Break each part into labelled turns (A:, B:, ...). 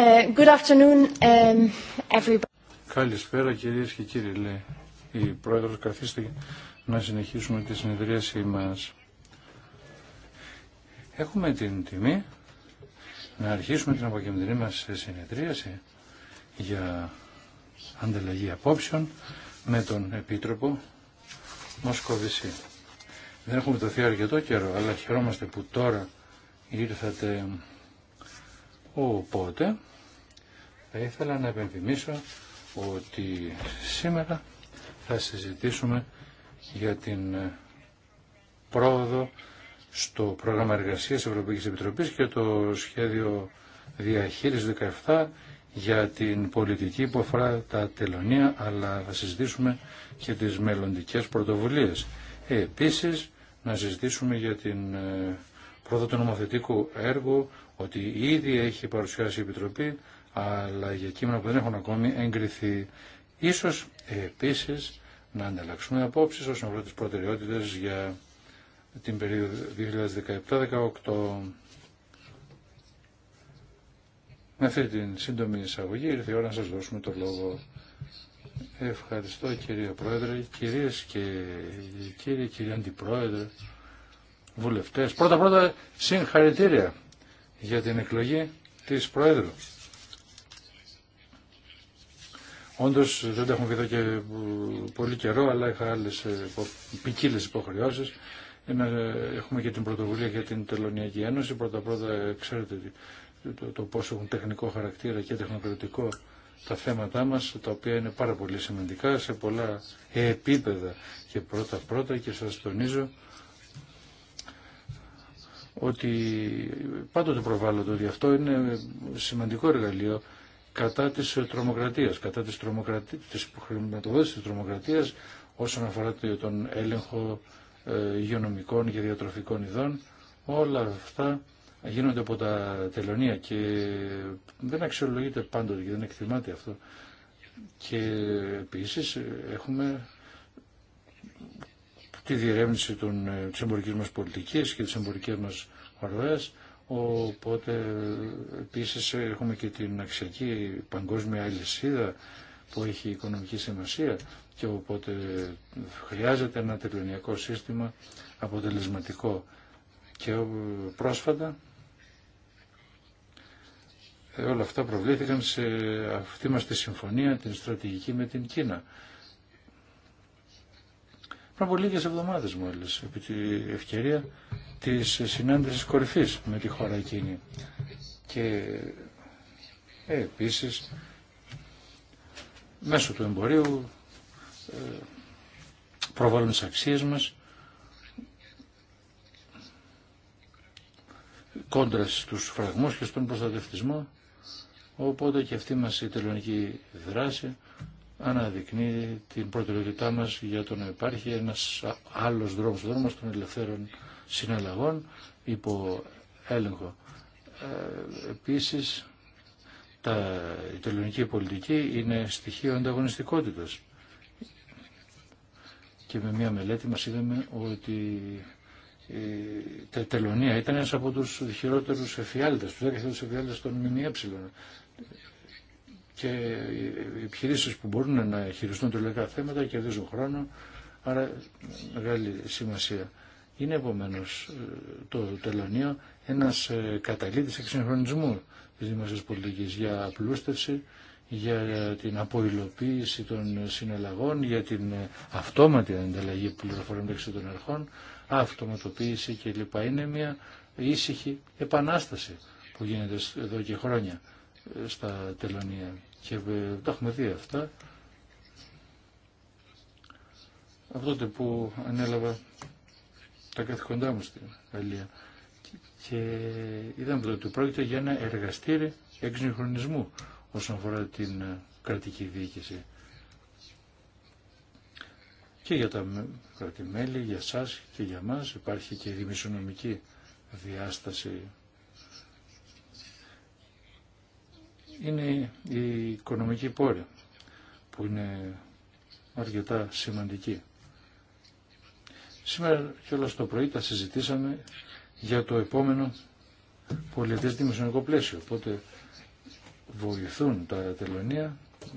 A: Ε, good afternoon, um, everybody.
B: Καλησπέρα κυρίες και κύριοι, λέει η Πρόεδρος. Καθίστε να συνεχίσουμε τη συνεδρίασή μας. Έχουμε την τιμή να αρχίσουμε την απογευματινή μας συνεδρίαση για ανταλλαγή απόψεων με τον Επίτροπο Μοσκοβισή. Δεν έχουμε θεία αρκετό καιρό, αλλά χαιρόμαστε που τώρα ήρθατε Οπότε θα ήθελα να επενθυμίσω ότι σήμερα θα συζητήσουμε για την ε, πρόοδο στο πρόγραμμα εργασίας Ευρωπαϊκής Επιτροπής και το σχέδιο διαχείρισης 17 για την πολιτική που αφορά τα τελωνία, αλλά θα συζητήσουμε και τις μελλοντικές πρωτοβουλίες. Ε, επίσης, να συζητήσουμε για την ε, πρώτα του νομοθετικού έργου, ότι ήδη έχει παρουσιάσει η Επιτροπή, αλλά για κείμενα που δεν έχουν ακόμη εγκριθεί. Ίσως ε, επίσης να ανταλλάξουμε απόψεις όσον αφορά τις προτεραιότητες για την περίοδο 2017-2018. Με αυτή την σύντομη εισαγωγή ήρθε η ώρα να σας δώσουμε το λόγο. Ευχαριστώ κύριε Πρόεδρε, κυρίες και κύριοι, κύριε Αντιπρόεδρε, βουλευτές. Πρώτα-πρώτα συγχαρητήρια για την εκλογή της Προέδρου. Όντω δεν τα έχουμε βγει εδώ και ε, πολύ καιρό, αλλά είχα άλλε ε, ποικίλε υποχρεώσει. Ε, έχουμε και την πρωτοβουλία για την Τελωνιακή Ένωση. Πρώτα-πρώτα, ξέρετε το, το πόσο έχουν τεχνικό χαρακτήρα και τεχνοκρατικό τα θέματά μας, τα οποία είναι πάρα πολύ σημαντικά σε πολλά επίπεδα. Και πρώτα-πρώτα και σας τονίζω ότι πάντοτε προβάλλονται ότι αυτό είναι σημαντικό εργαλείο κατά της τρομοκρατίας, κατά της, χρηματοδότηση της χρηματοδότησης της τρομοκρατίας όσον αφορά τον έλεγχο ε, υγειονομικών και διατροφικών ειδών. Όλα αυτά γίνονται από τα τελωνία και δεν αξιολογείται πάντοτε και δεν εκτιμάται αυτό. Και επίσης ε, έχουμε τη διερεύνηση των, ε, εμπορικής μας και της εμπορικής μας οπότε επίσης έχουμε και την αξιακή παγκόσμια αλυσίδα που έχει οικονομική σημασία και οπότε χρειάζεται ένα τελωνιακό σύστημα αποτελεσματικό. Και πρόσφατα όλα αυτά προβλήθηκαν σε αυτή μας τη συμφωνία, την στρατηγική με την Κίνα. Πριν από λίγε εβδομάδες μόλις, επί τη ευκαιρία της συνάντηση κορυφής με τη χώρα εκείνη. Και ε, επίσης, μέσω του εμπορίου ε, προβάλλουμε τι αξίες μας κόντρα στους φραγμούς και στον προστατευτισμό οπότε και αυτή μας η τελωνική δράση αναδεικνύει την προτεραιότητά μας για το να υπάρχει ένας άλλος δρόμος, δρόμος των ελευθέρων συναλλαγών υπό έλεγχο. Ε, επίσης, τα, η τελωνική πολιτική είναι στοιχείο ανταγωνιστικότητας. Και με μια μελέτη μας είδαμε ότι η τελωνία ήταν ένας από τους χειρότερους εφιάλτες, τους 10 τους εφιάλτες των ΜΜΕ και οι επιχείρησει που μπορούν να χειριστούν τελικά θέματα και κερδίζουν χρόνο, άρα μεγάλη σημασία. Είναι επομένω ε, το τελωνίο ένας ε, καταλήτη εξυγχρονισμού τη δημοσιακή πολιτική για απλούστευση, για την αποϊλοποίηση των συναλλαγών, για την ε, αυτόματη ανταλλαγή πληροφοριών μεταξύ των αρχών, αυτοματοποίηση κλπ. Είναι μια ήσυχη επανάσταση που γίνεται εδώ και χρόνια στα τελωνία. Και ε, τα έχουμε δει αυτά. Από τότε που ανέλαβα τα καθηκοντά μου στην Γαλλία. Και είδαμε ότι πρόκειται για ένα εργαστήρι εξυγχρονισμού όσον αφορά την ε, κρατική διοίκηση. Και για τα κρατημέλη, για εσά και για μας υπάρχει και η δημοσιονομική διάσταση είναι η οικονομική πόρη που είναι αρκετά σημαντική. Σήμερα και όλα στο πρωί τα συζητήσαμε για το επόμενο πολιτές δημοσιονομικό πλαίσιο. Οπότε βοηθούν τα τελωνία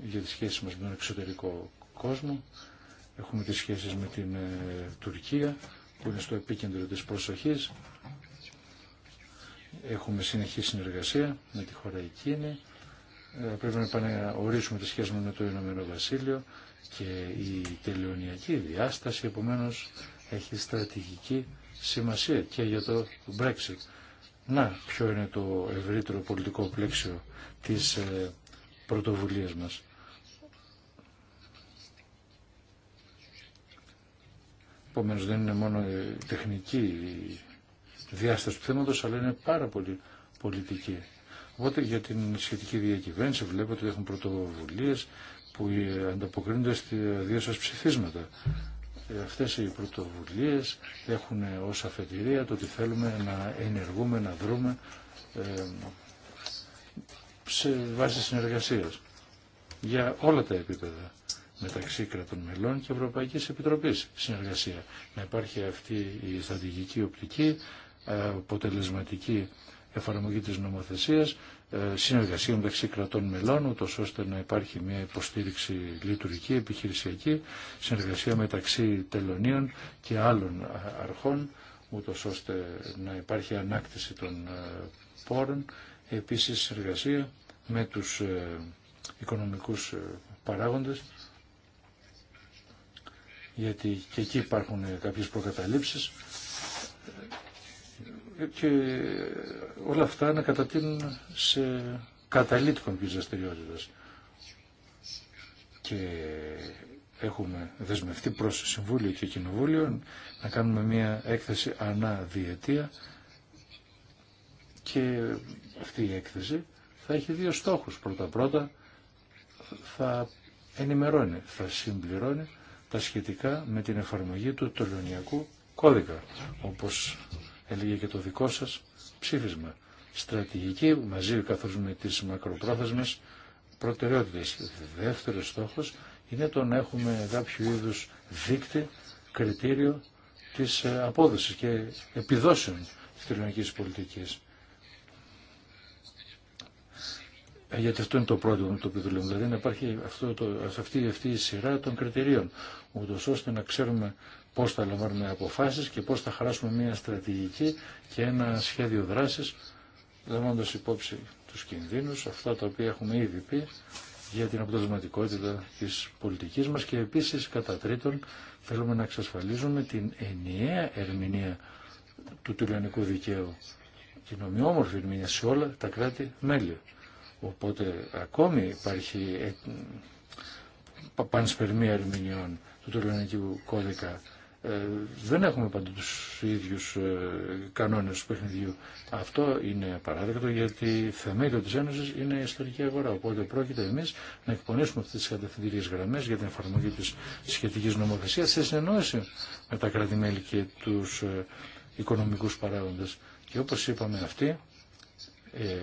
B: για τις σχέσεις μας με τον εξωτερικό κόσμο. Έχουμε τις σχέσεις με την ε, Τουρκία που είναι στο επίκεντρο της προσοχής. Έχουμε συνεχή συνεργασία με τη χώρα εκείνη ε, πρέπει να επαναορίσουμε τη σχέση με το Ηνωμένο Βασίλειο και η τελειωνιακή διάσταση επομένως έχει στρατηγική σημασία και για το Brexit. Να, ποιο είναι το ευρύτερο πολιτικό πλαίσιο της ε, πρωτοβουλίας μας. Επομένως δεν είναι μόνο τεχνική διάσταση του θέματος, αλλά είναι πάρα πολύ πολιτική. Οπότε για την σχετική διακυβέρνηση βλέπετε ότι έχουν πρωτοβουλίε που ανταποκρίνονται στη δύο σα ψηφίσματα. Ε, αυτές οι πρωτοβουλίες έχουν ω αφετηρία το ότι θέλουμε να ενεργούμε, να δρούμε ε, σε βάση συνεργασίας για όλα τα επίπεδα μεταξύ κρατών μελών και Ευρωπαϊκής Επιτροπής συνεργασία. Να υπάρχει αυτή η στρατηγική οπτική, ε, αποτελεσματική εφαρμογή της νομοθεσίας, ε, συνεργασία μεταξύ κρατών μελών, ούτως ώστε να υπάρχει μια υποστήριξη λειτουργική, επιχειρησιακή, συνεργασία μεταξύ τελωνίων και άλλων αρχών, ούτως ώστε να υπάρχει ανάκτηση των ε, πόρων, επίσης συνεργασία με τους ε, οικονομικούς παράγοντες, γιατί και εκεί υπάρχουν κάποιες προκαταλήψεις και όλα αυτά να κατατείνουν σε καταλήτη κομπής δραστηριότητα. Και έχουμε δεσμευτεί προς Συμβούλιο και Κοινοβούλιο να κάνουμε μια έκθεση ανά διετία και αυτή η έκθεση θα έχει δύο στόχους. Πρώτα-πρώτα θα ενημερώνει, θα συμπληρώνει τα σχετικά με την εφαρμογή του τελωνιακού κώδικα, όπως έλεγε και το δικό σας ψήφισμα. Στρατηγική μαζί με τις μακροπρόθεσμες προτεραιότητες. Δεύτερος στόχος είναι το να έχουμε κάποιο είδους δίκτυ, κριτήριο της ε, απόδοσης και επιδόσεων της κοινωνική πολιτικής. γιατί αυτό είναι το πρώτο το οποίο δουλεύουμε. Δηλαδή να υπάρχει αυτό το, αυτή, αυτή η σειρά των κριτηρίων, ούτω ώστε να ξέρουμε πώ θα λαμβάνουμε αποφάσει και πώ θα χαράσουμε μια στρατηγική και ένα σχέδιο δράση, λαμβάνοντα υπόψη του κινδύνου, αυτά τα οποία έχουμε ήδη πει για την αποτελεσματικότητα τη πολιτική μα και επίση, κατά τρίτον, θέλουμε να εξασφαλίζουμε την ενιαία ερμηνεία του τουλιανικού δικαίου, την ομοιόμορφη ερμηνεία σε όλα τα κράτη-μέλη. Οπότε ακόμη υπάρχει ε, πανσπερμία ερμηνεών του Τελωνικού Κώδικα. Ε, δεν έχουμε πάντα τους ίδιους ε, κανόνες του παιχνιδιού. Αυτό είναι παράδειγμα γιατί θεμέλιο της Ένωσης είναι η ιστορική αγορά. Οπότε πρόκειται εμείς να εκπονήσουμε αυτές τις κατευθυντήριες γραμμές για την εφαρμογή της σχετικής νομοθεσίας σε συνεννόηση με τα κράτη-μέλη και τους οικονομικούς παράγοντες. Και όπως είπαμε αυτοί ε,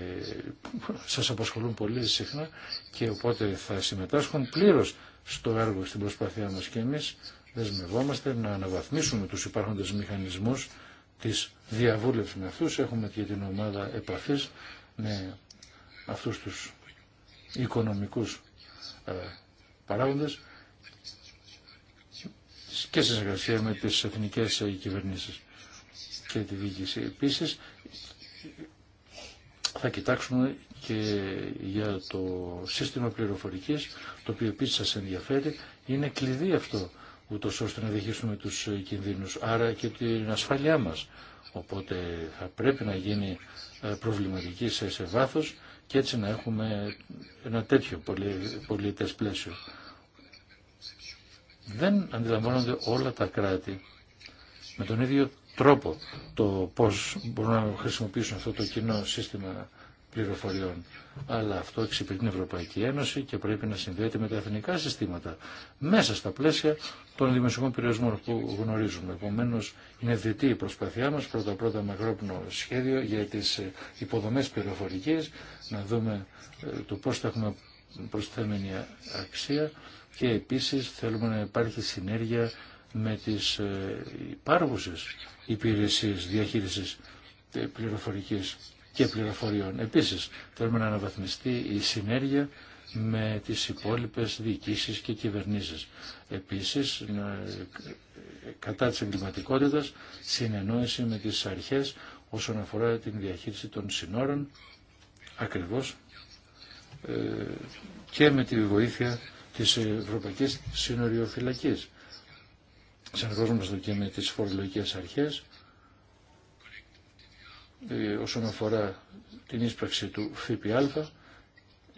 B: σας απασχολούν πολύ συχνά και οπότε θα συμμετάσχουν πλήρως στο έργο, στην προσπάθειά μας και εμείς δεσμευόμαστε να αναβαθμίσουμε τους υπάρχοντες μηχανισμούς της διαβούλευσης με αυτούς. Έχουμε και την ομάδα επαφής με αυτούς τους οικονομικούς ε, παράγοντες και σε συνεργασία με τις εθνικές κυβερνήσεις και τη διοίκηση. Επίσης θα κοιτάξουμε και για το σύστημα πληροφορικής, το οποίο επίσης σας ενδιαφέρει. Είναι κλειδί αυτό, ούτως ώστε να διχίσουμε τους κινδύνους, άρα και την ασφάλειά μας. Οπότε θα πρέπει να γίνει ε, προβληματική σε, σε βάθος και έτσι να έχουμε ένα τέτοιο πολιτές πλαίσιο. Δεν αντιλαμβάνονται όλα τα κράτη με τον ίδιο τρόπο το πώς μπορούν να χρησιμοποιήσουν αυτό το κοινό σύστημα πληροφοριών. Αλλά αυτό εξυπηρετεί την Ευρωπαϊκή Ένωση και πρέπει να συνδέεται με τα εθνικά συστήματα μέσα στα πλαίσια των δημοσιογών περιορισμών που γνωρίζουμε. Επομένω, είναι δυτή η προσπάθειά μα. Πρώτα-πρώτα, μακρόπνο σχέδιο για τι ε, υποδομέ πληροφορική, να δούμε ε, το πώ θα έχουμε προσθέμενη αξία και επίση θέλουμε να υπάρχει συνέργεια με τις ε, υπάρχουσες υπηρεσίες διαχείρισης ε, πληροφορικής και πληροφοριών. Επίσης, θέλουμε να αναβαθμιστεί η συνέργεια με τις υπόλοιπες διοικήσεις και κυβερνήσεις. Επίσης, ε, κατά της εγκληματικότητας, συνεννόηση με τις αρχές όσον αφορά την διαχείριση των συνόρων, ακριβώς, και με τη βοήθεια της Ευρωπαϊκής Συνοριοφυλακής συνεργαζόμαστε και με τις φορολογικές αρχές ε, όσον αφορά την ίσπραξη του ΦΠΑ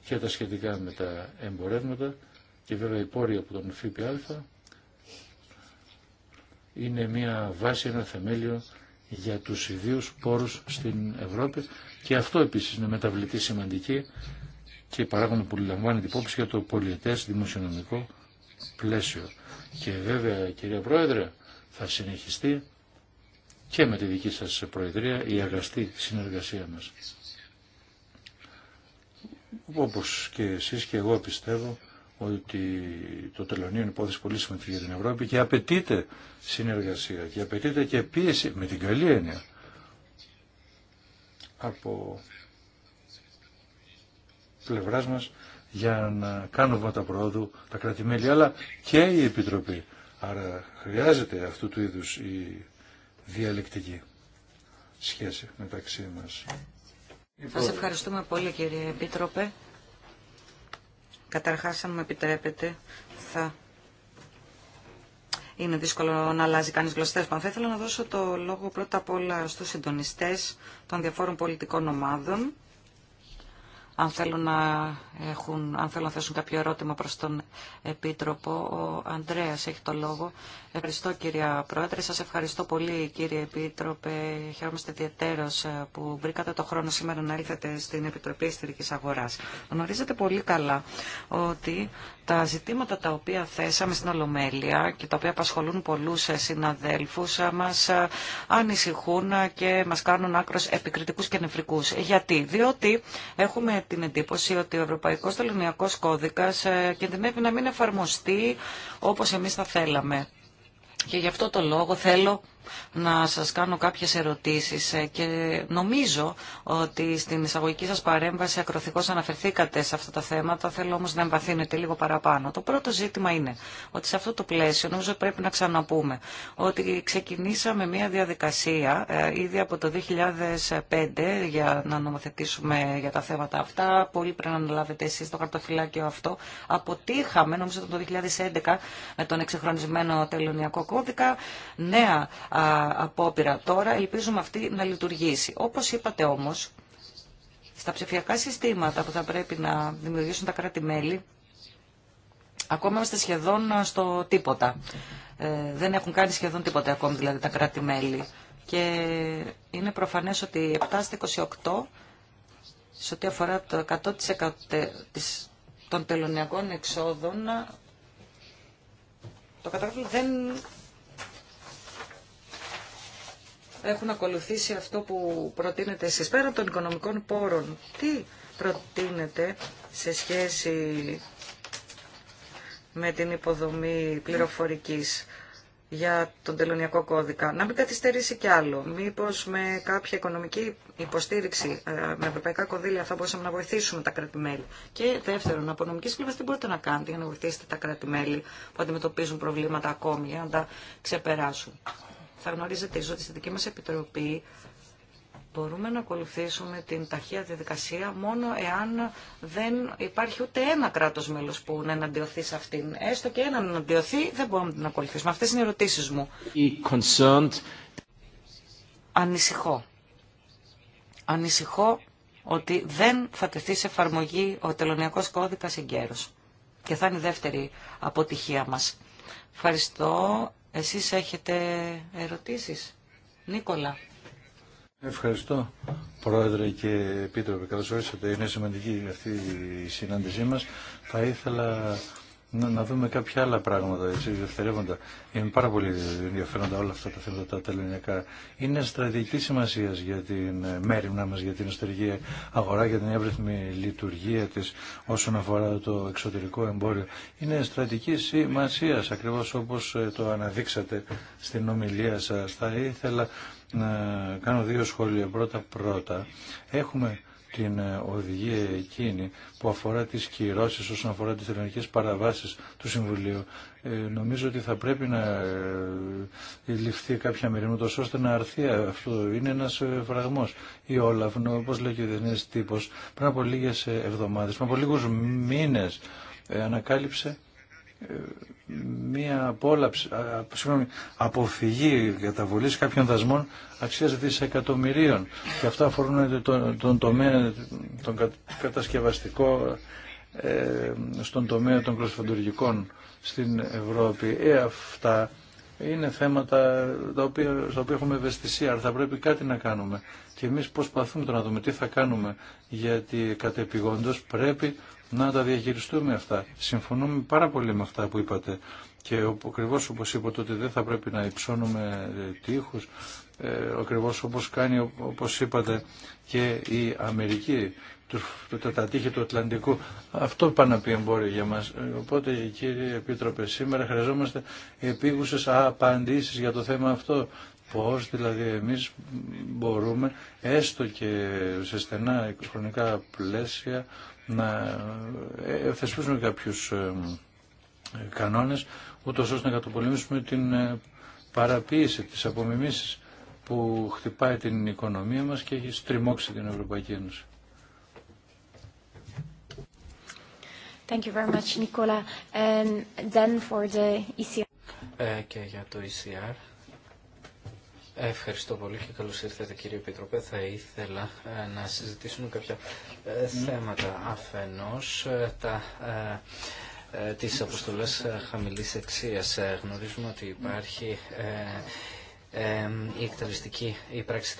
B: και τα σχετικά με τα εμπορεύματα και βέβαια η πόρη από τον ΦΠΑ είναι μια βάση, ένα θεμέλιο για τους ιδίους πόρους στην Ευρώπη και αυτό επίσης είναι μεταβλητή σημαντική και παράγοντα που λαμβάνει την υπόψη για το πολιετές δημοσιονομικό πλαίσιο. Και βέβαια κύριε Πρόεδρε θα συνεχιστεί και με τη δική σας Προεδρία η αγαστή συνεργασία μας. Όπως και εσείς και εγώ πιστεύω ότι το τελωνίο είναι υπόθεση πολύ σημαντική για την Ευρώπη και απαιτείται συνεργασία και απαιτείται και πίεση με την καλή έννοια από πλευράς μας για να κάνουν τα προόδου τα κρατημέλη, αλλά και η Επιτροπή. Άρα χρειάζεται αυτού του είδους η διαλεκτική σχέση μεταξύ μας.
C: Σας ευχαριστούμε πολύ κύριε Επίτροπε. Καταρχάς, αν μου επιτρέπετε, θα... Είναι δύσκολο να αλλάζει κανείς γλωστές. θα ήθελα να δώσω το λόγο πρώτα απ' όλα στους συντονιστές των διαφόρων πολιτικών ομάδων αν θέλουν να, έχουν, αν θέσουν κάποιο ερώτημα προς τον Επίτροπο, ο Ανδρέας έχει το λόγο. Ευχαριστώ κυρία Πρόεδρε, σας ευχαριστώ πολύ κύριε Επίτροπε. Χαίρομαστε ιδιαίτερως ε, που βρήκατε το χρόνο σήμερα να ήλθετε στην Επιτροπή Ιστορικής Αγοράς. Γνωρίζετε πολύ καλά ότι τα ζητήματα τα οποία θέσαμε στην Ολομέλεια και τα οποία απασχολούν πολλούς ε, συναδέλφους ε, μας ανησυχούν και μας κάνουν άκρος επικριτικούς και νευρικούς. Γιατί, διότι έχουμε την εντύπωση ότι ο Ευρωπαϊκός Τελωνιακό Κώδικας ε, κινδυνεύει να μην εφαρμοστεί όπως εμείς θα θέλαμε. Και γι' αυτό το λόγο θέλω να σας κάνω κάποιες ερωτήσεις ε, και νομίζω ότι στην εισαγωγική σας παρέμβαση ακροθικώς αναφερθήκατε σε αυτά τα θέματα, θέλω όμως να εμβαθύνετε λίγο παραπάνω. Το πρώτο ζήτημα είναι ότι σε αυτό το πλαίσιο νομίζω πρέπει να ξαναπούμε ότι ξεκινήσαμε μια διαδικασία ε, ήδη από το 2005 για να νομοθετήσουμε για τα θέματα αυτά, πολύ πρέπει να αναλάβετε εσείς το χαρτοφυλάκιο αυτό. Αποτύχαμε νομίζω το 2011 με τον εξεχρονισμένο τελωνιακό κώδικα νέα απόπειρα. Τώρα ελπίζουμε αυτή να λειτουργήσει. Όπως είπατε όμως, στα ψηφιακά συστήματα που θα πρέπει να δημιουργήσουν τα κράτη-μέλη, ακόμα είμαστε σχεδόν στο τίποτα. Ε, δεν έχουν κάνει σχεδόν τίποτα ακόμη δηλαδή τα κράτη-μέλη. Και είναι προφανές ότι 7 στα 28, σε ό,τι αφορά το 100% των τελωνιακών εξόδων, το κατάλληλο δεν έχουν ακολουθήσει αυτό που προτείνετε εσείς πέραν των οικονομικών πόρων. Τι προτείνετε σε σχέση με την υποδομή πληροφορικής για τον τελωνιακό κώδικα. Να μην καθυστερήσει κι άλλο. Μήπως με κάποια οικονομική υποστήριξη ε, με ευρωπαϊκά κονδύλια θα μπορούσαμε να βοηθήσουμε τα κράτη-μέλη. Και δεύτερον, από νομική πλευρά τι μπορείτε να κάνετε για να βοηθήσετε τα κράτη-μέλη που αντιμετωπίζουν προβλήματα ακόμη για να τα ξεπεράσουν. Θα γνωρίζετε ίσως ότι στη δική μας Επιτροπή μπορούμε να ακολουθήσουμε την ταχεία διαδικασία μόνο εάν δεν υπάρχει ούτε ένα κράτος μέλος που να εναντιωθεί σε αυτήν. Έστω και έναν εναντιωθεί δεν μπορούμε να την ακολουθήσουμε. Αυτές είναι οι ερωτήσεις μου. Concerned... Ανησυχώ. Ανησυχώ ότι δεν θα τεθεί σε εφαρμογή ο τελωνιακός κώδικας εγκαίρως. Και θα είναι η δεύτερη αποτυχία μας. Ευχαριστώ. Εσείς έχετε ερωτήσεις. Νίκολα.
B: Ευχαριστώ Πρόεδρε και Επίτροπε. Καλώς ορίσατε. Είναι σημαντική αυτή η συνάντησή μας. Θα ήθελα να, να δούμε κάποια άλλα πράγματα, έτσι, δευτερεύοντα. Είναι πάρα πολύ ενδιαφέροντα όλα αυτά τα θέματα τα τελεμιακά. Είναι στρατηγική σημασία για την ε, μέρημνα μα, για την εσωτερική αγορά, για την εύρυθμη λειτουργία τη όσον αφορά το εξωτερικό εμπόριο. Είναι στρατηγική σημασία, ακριβώ όπω ε, το αναδείξατε στην ομιλία σα. Θα ήθελα να κάνω δύο σχόλια. Πρώτα-πρώτα, έχουμε την ε, οδηγία εκείνη που αφορά τις κυρώσεις όσον αφορά τις ελληνικές παραβάσεις του Συμβουλίου. Ε, νομίζω ότι θα πρέπει να ε, ληφθεί κάποια μερίμνου ώστε να αρθεί αυτό. Είναι ένας φραγμός. Η Όλαφ, όπως λέει και ο Διεθνής Τύπος, πριν από λίγες εβδομάδες, πριν από λίγους μήνες ανακάλυψε μία απόλαψη, αποφυγή καταβολής κάποιων δασμών αξίας δισεκατομμυρίων. Και αυτά αφορούν τον, τομέα, τον κατασκευαστικό, ε, στον τομέα των κλωσφαντουργικών στην Ευρώπη. Ε, αυτά είναι θέματα τα οποία, στα οποία έχουμε ευαισθησία, αλλά θα πρέπει κάτι να κάνουμε. Και εμείς προσπαθούμε να δούμε τι θα κάνουμε, γιατί κατεπηγόντως πρέπει να τα διαχειριστούμε αυτά. Συμφωνούμε πάρα πολύ με αυτά που είπατε και ακριβώ όπω είπατε ότι δεν θα πρέπει να υψώνουμε ε, τείχους, ε, ακριβώ όπω κάνει όπω είπατε και η Αμερική τα τείχη του Ατλαντικού. Αυτό πάνε να πει εμπόριο για μα. Ε, οπότε κύριε Επίτροπε, σήμερα χρειαζόμαστε επίγουσε απαντήσει για το θέμα αυτό. Πώ δηλαδή εμεί μπορούμε έστω και σε στενά χρονικά πλαίσια να ε, ε, θεσπίσουμε κάποιους ε, κανόνε ούτω ώστε να καταπολεμήσουμε την παραποίηση, τι απομιμήσει που χτυπάει την οικονομία μα και έχει στριμώξει την Ευρωπαϊκή Ένωση.
A: Thank you very much, Nicola. And then e και για το ECR. Ευχαριστώ πολύ και καλώς ήρθατε κύριε Επιτροπέ. Θα ήθελα ε, να συζητήσουμε κάποια ε, ναι. θέματα αφενός. Ε, τα τις αποστολές χαμηλής αξίας. Γνωρίζουμε ότι υπάρχει η εκτελεστική, η πράξη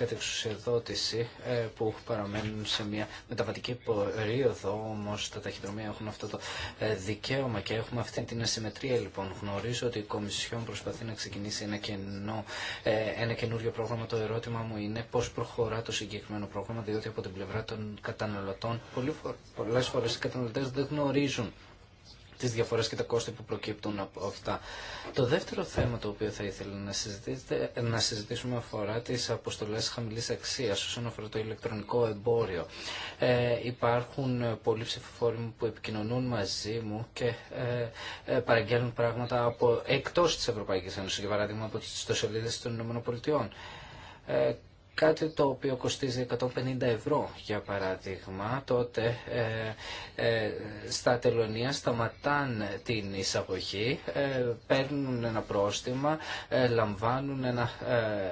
A: ε, που παραμένουν σε μια μεταβατική περίοδο, όμως τα ταχυδρομεία έχουν αυτό το ε, δικαίωμα και έχουμε αυτή την ασυμμετρία λοιπόν. Γνωρίζω ότι η Κομισιόν προσπαθεί να ξεκινήσει ένα, ε, ένα καινούριο πρόγραμμα. Το ερώτημα μου είναι πώς προχωρά το συγκεκριμένο πρόγραμμα, διότι από την πλευρά των καταναλωτών πολλές φορές οι καταναλωτές δεν γνωρίζουν τι διαφορέ και τα κόστη που προκύπτουν από αυτά. Το δεύτερο θέμα το οποίο θα ήθελα να, να συζητήσουμε αφορά τις αποστολέ χαμηλή αξία όσον αφορά το ηλεκτρονικό εμπόριο. Ε, υπάρχουν πολλοί ψηφοφόροι μου που επικοινωνούν μαζί μου και ε, ε παραγγέλνουν πράγματα από εκτός της Ευρωπαϊκής Ένωσης, για παράδειγμα από τι ιστοσελίδε των ΗΠΑ κάτι το οποίο κοστίζει 150 ευρώ για παράδειγμα, τότε ε, ε, στα τελωνία σταματάνε την εισαγωγή, ε, παίρνουν ένα πρόστιμα, ε, λαμβάνουν ένα,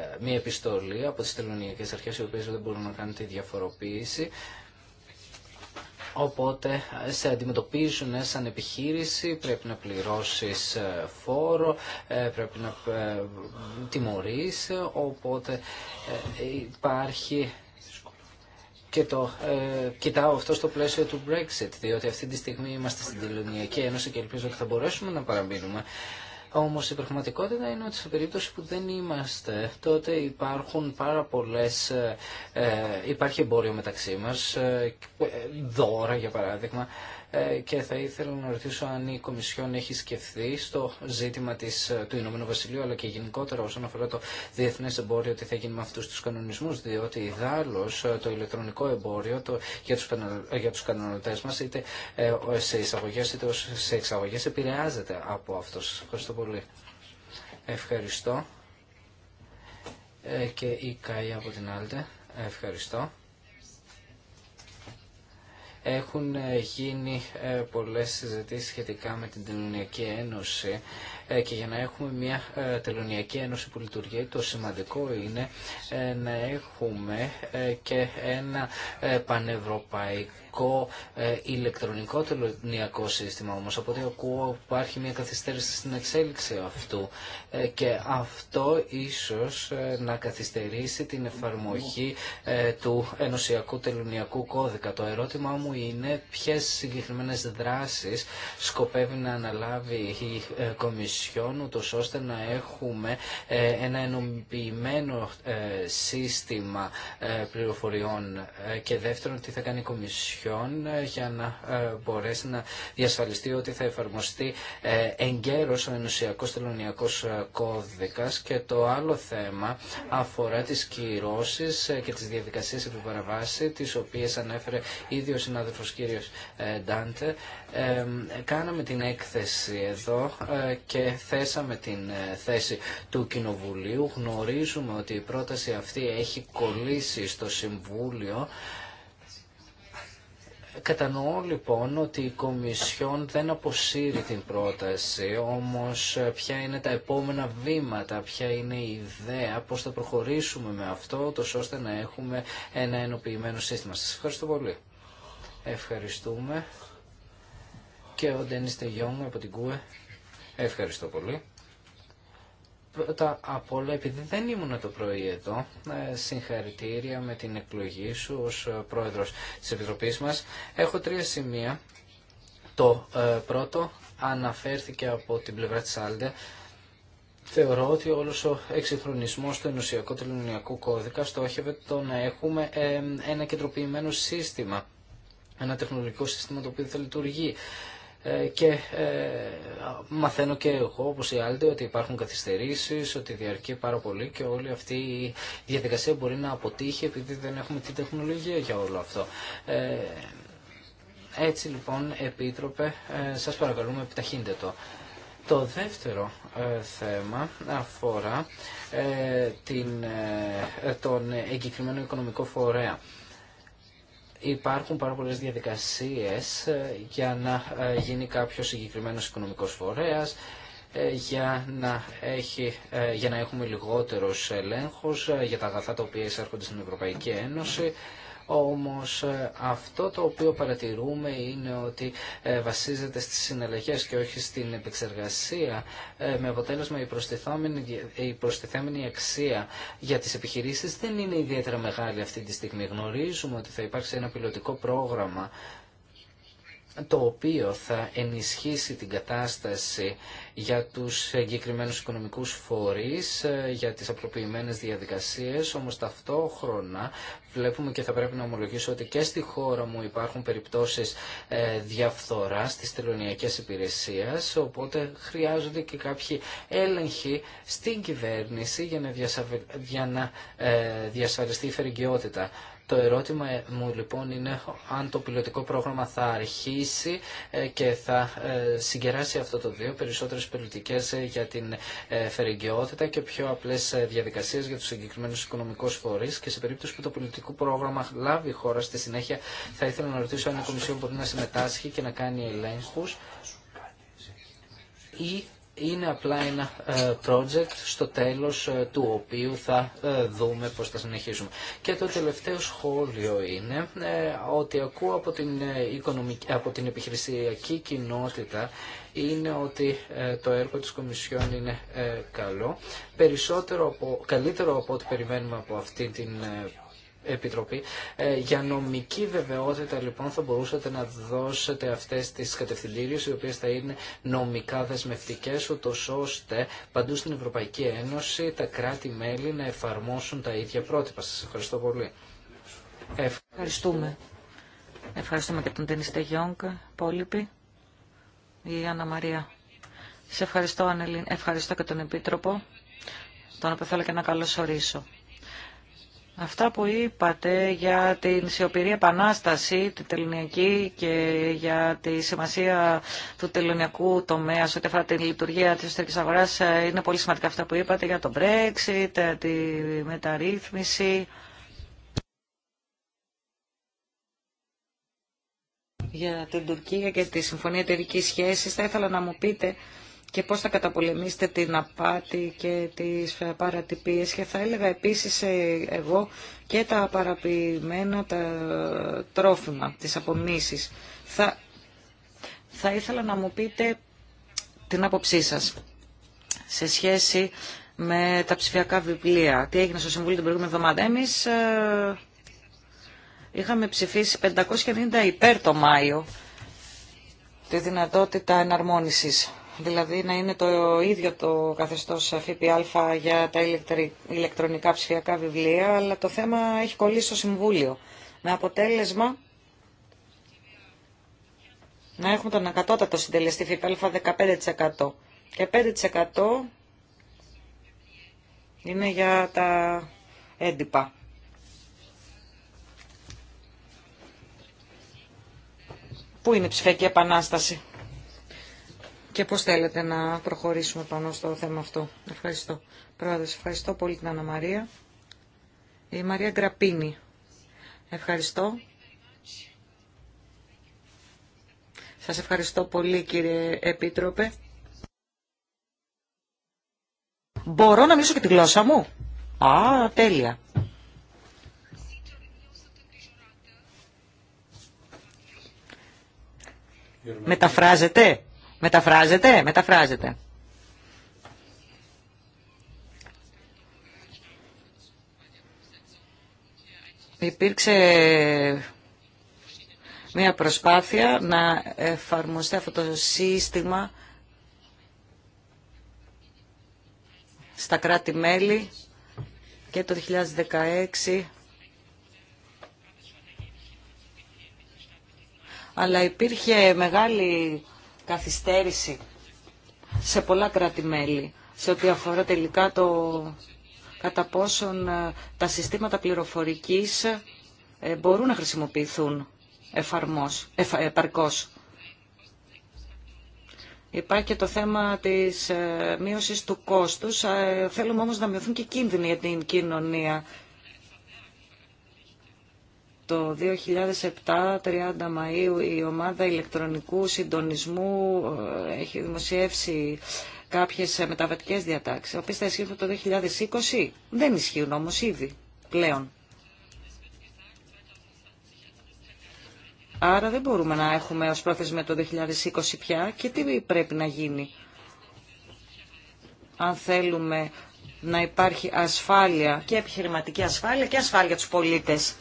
A: ε, μία επιστολή από τις τελωνιακές αρχές οι οποίες δεν μπορούν να κάνουν τη διαφοροποίηση Οπότε ε, σε αντιμετωπίζουν ε, σαν επιχείρηση, πρέπει να πληρώσεις ε, φόρο, πρέπει να τιμωρείς, οπότε υπάρχει και το κοιτάω αυτό στο πλαίσιο του Brexit, διότι αυτή τη στιγμή είμαστε στην Τελωνιακή Ένωση και ελπίζω ότι θα μπορέσουμε να παραμείνουμε. Όμως η πραγματικότητα είναι ότι σε περίπτωση που δεν είμαστε, τότε υπάρχουν πάρα πολλές, ε, ε υπάρχει εμπόριο μεταξύ μας, ε, ε, δώρα για παράδειγμα, ε, και θα ήθελα να ρωτήσω αν η Κομισιόν έχει σκεφτεί στο ζήτημα της, ε, του Ηνωμένου Βασιλείου αλλά και γενικότερα όσον αφορά το διεθνές εμπόριο τι θα γίνει με αυτούς τους κανονισμούς διότι ιδάλλως ε, το ηλεκτρονικό εμπόριο το, για, τους, για τους μας είτε σε εισαγωγές είτε σε εξαγωγές επηρεάζεται από αυτός. Ευχαριστώ πολύ. Ευχαριστώ. και η ΚΑΙ από την άλλη. Ευχαριστώ. Έχουν ε, γίνει ε, πολλές συζητήσεις σχετικά με την Τελωνιακή Ένωση ε, και για να έχουμε μια ε, τελωνιακή ένωση που λειτουργεί. Το σημαντικό είναι ε, να έχουμε και ένα πανευρωπαϊκό ηλεκτρονικό τελωνιακό σύστημα όμως από ό,τι ακούω υπάρχει μια καθυστέρηση στην εξέλιξη αυτού και αυτό ίσως να καθυστερήσει την εφαρμογή του ενωσιακού τελωνιακού κώδικα. Το ερώτημά μου είναι ποιες συγκεκριμένες δράσεις σκοπεύει να αναλάβει η Κομισιόν νησιών ώστε να έχουμε ε, ένα ενοποιημένο ε, σύστημα ε, πληροφοριών και δεύτερον τι θα κάνει η Κομισιόν για να μπορέσει να διασφαλιστεί ότι θα εφαρμοστεί εγκαίρως ο ενωσιακός τελωνιακός κώδικας και το άλλο θέμα αφορά τις κυρώσεις και τις διαδικασίες επιπαραβάση τις οποίες ανέφερε ήδη ο συνάδελφος κύριος Ντάντε κάναμε την έκθεση εδώ ε, και θέσαμε την ε, θέση του Κοινοβουλίου. Γνωρίζουμε ότι η πρόταση αυτή έχει κολλήσει στο Συμβούλιο. Κατανοώ λοιπόν ότι η Κομισιόν δεν αποσύρει την πρόταση, όμως ε, ποια είναι τα επόμενα βήματα, ποια είναι η ιδέα, πώς θα προχωρήσουμε με αυτό, τόσο ώστε να έχουμε ένα ενοποιημένο σύστημα. Σας ευχαριστώ πολύ. Ευχαριστούμε και ο Ντένις μου από την ΚΟΥΕ Ευχαριστώ πολύ. Πρώτα απ' όλα, επειδή δεν ήμουν το πρωί εδώ, ε, συγχαρητήρια με την εκλογή σου ως ε, πρόεδρος της Επιτροπής μας. Έχω τρία σημεία. Το ε, πρώτο αναφέρθηκε από την πλευρά της Άλντε. Θεωρώ ότι όλος ο εξυγχρονισμός του ενωσιακού τελωνιακού κώδικα στόχευε το να έχουμε ένα κεντροποιημένο σύστημα, ένα τεχνολογικό σύστημα το οποίο θα λειτουργεί. Ε, και ε, μαθαίνω και εγώ όπως οι άλλοι ότι υπάρχουν καθυστερήσεις, ότι διαρκεί πάρα πολύ και όλη αυτή η διαδικασία μπορεί να αποτύχει επειδή δεν έχουμε την τεχνολογία για όλο αυτό. Ε, έτσι λοιπόν, Επίτροπε, σας παρακαλούμε επιταχύντε το. Το δεύτερο θέμα αφορά την, τον εγκεκριμένο οικονομικό φορέα. Υπάρχουν πάρα πολλές διαδικασίες ε, για να ε, γίνει κάποιος συγκεκριμένος οικονομικός φορέας, ε, για να, έχει, για να έχουμε λιγότερους ελέγχος για τα αγαθά τα οποία εισέρχονται στην Ευρωπαϊκή Ένωση όμως ε, αυτό το οποίο παρατηρούμε είναι ότι ε, βασίζεται στις συναλλαγές και όχι στην επεξεργασία ε, με αποτέλεσμα η προστιθέμενη, η προστιθέμενη αξία για τις επιχειρήσεις δεν είναι ιδιαίτερα μεγάλη αυτή τη στιγμή. Γνωρίζουμε ότι θα υπάρξει ένα πιλωτικό πρόγραμμα το οποίο θα ενισχύσει την κατάσταση για τους εγκεκριμένου οικονομικούς φορείς, ε, για τις απλοποιημένες διαδικασίες, όμως ταυτόχρονα βλέπουμε και θα πρέπει να ομολογήσω ότι και στη χώρα μου υπάρχουν περιπτώσεις ε, διαφθοράς της τελωνιακής υπηρεσίας, οπότε χρειάζονται και κάποιοι έλεγχοι στην κυβέρνηση για να ε, διασφαλιστεί η φερικαιότητα. Το ερώτημα ε, μου λοιπόν είναι αν το πιλωτικό πρόγραμμα θα αρχίσει ε, και θα ε, συγκεράσει αυτό το δύο περισσότερες πολιτικές για την φερεγγιότητα και πιο απλές διαδικασίες για τους συγκεκριμένους οικονομικούς φορείς και σε περίπτωση που το πολιτικό πρόγραμμα λάβει η χώρα στη συνέχεια θα ήθελα να ρωτήσω αν η Κομισιόν μπορεί να συμμετάσχει και να κάνει ελέγχους είναι απλά ένα ε, project στο τέλος ε, του οποίου θα ε, δούμε πώς θα συνεχίσουμε. Και το τελευταίο σχόλιο είναι ότι ακούω από την, οικονομική, από την επιχειρησιακή κοινότητα είναι ότι το έργο της Κομισιόν είναι καλό, περισσότερο από, καλύτερο από ό,τι περιμένουμε από αυτή την Επιτροπή. Ε, για νομική βεβαιότητα λοιπόν θα μπορούσατε να δώσετε αυτές τις κατευθυντήριε, οι οποίες θα είναι νομικά δεσμευτικές ούτω ώστε παντού στην Ευρωπαϊκή Ένωση τα κράτη-μέλη να εφαρμόσουν τα ίδια πρότυπα. Σα ευχαριστώ πολύ. Ευχαριστούμε.
C: Ευχαριστούμε και τον Τενίστε Γιόγκ, η Άννα Μαρία. Σε ευχαριστώ, Ανελίν. Ευχαριστώ και τον Επίτροπο, τον οποίο θέλω και να καλωσορίσω. Αυτά που είπατε για την σιωπηρή επανάσταση, την τελωνιακή και για τη σημασία του τελωνιακού τομέα σε ό,τι αφορά τη λειτουργία της εσωτερικής αγοράς ε, είναι πολύ σημαντικά αυτά που είπατε για το Brexit, ε, τη μεταρρύθμιση. Για την Τουρκία και τη Συμφωνία Εταιρική σχέση. θα ήθελα να μου πείτε και πώς θα καταπολεμήσετε την απάτη και τις παρατυπίες και θα έλεγα επίσης εγώ και τα παραποιημένα τα τρόφιμα, τις απομνήσεις. Θα, θα ήθελα να μου πείτε την άποψή σας σε σχέση με τα ψηφιακά βιβλία. Τι έγινε στο Συμβούλιο την προηγούμενη εβδομάδα. Εμείς ε, είχαμε ψηφίσει 590 υπέρ το Μάιο τη δυνατότητα εναρμόνισης δηλαδή να είναι το ίδιο το καθεστώς ΦΠΑ για τα ηλεκτρονικά ψηφιακά βιβλία, αλλά το θέμα έχει κολλήσει στο Συμβούλιο. Με αποτέλεσμα να έχουμε τον το συντελεστή ΦΠΑ 15% και 5% είναι για τα έντυπα. Πού είναι η ψηφιακή επανάσταση και πώς θέλετε να προχωρήσουμε πάνω στο θέμα αυτό. Ευχαριστώ. Πρόεδρος, ευχαριστώ πολύ την Αννα Μαρία. Η Μαρία Γκραπίνη. Ευχαριστώ. Σας ευχαριστώ πολύ κύριε Επίτροπε. Μπορώ να μιλήσω και τη γλώσσα μου. Α, τέλεια. Μεταφράζεται. Μεταφράζεται, μεταφράζεται. Υπήρξε μια προσπάθεια να εφαρμοστεί αυτό το σύστημα στα κράτη-μέλη και το 2016 αλλά υπήρχε μεγάλη καθυστέρηση σε πολλά κράτη-μέλη σε ό,τι αφορά τελικά το κατά πόσον ε, τα συστήματα πληροφορικής ε, μπορούν να χρησιμοποιηθούν εφαρμός, εφα, ε, επαρκώς. Υπάρχει και το θέμα της μείωσης του κόστους. Θέλουμε όμως να μειωθούν και κίνδυνοι για την κοινωνία. Το 2007, 30 Μαΐου, η ομάδα ηλεκτρονικού συντονισμού ε, έχει δημοσιεύσει κάποιες μεταβατικές διατάξεις, οι οποίες θα ισχύουν το 2020. Δεν ισχύουν όμως ήδη πλέον. Άρα δεν μπορούμε να έχουμε ως πρόθεσμα το 2020 πια και τι πρέπει να γίνει αν θέλουμε να υπάρχει ασφάλεια και επιχειρηματική ασφάλεια και ασφάλεια τους πολίτες.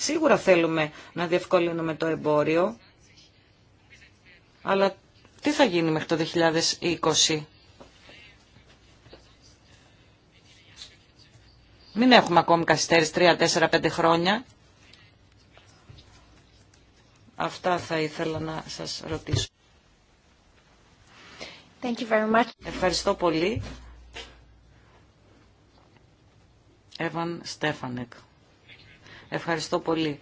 C: Σίγουρα θέλουμε να διευκολύνουμε το εμπόριο, αλλά τι θα γίνει μέχρι το 2020. Μην έχουμε ακόμη καθυστέρηση 3, 4, 5 χρόνια. Αυτά θα ήθελα να σας ρωτήσω. Thank you very much. Ευχαριστώ πολύ. Εύαν Στέφανεκ. Ευχαριστώ πολύ.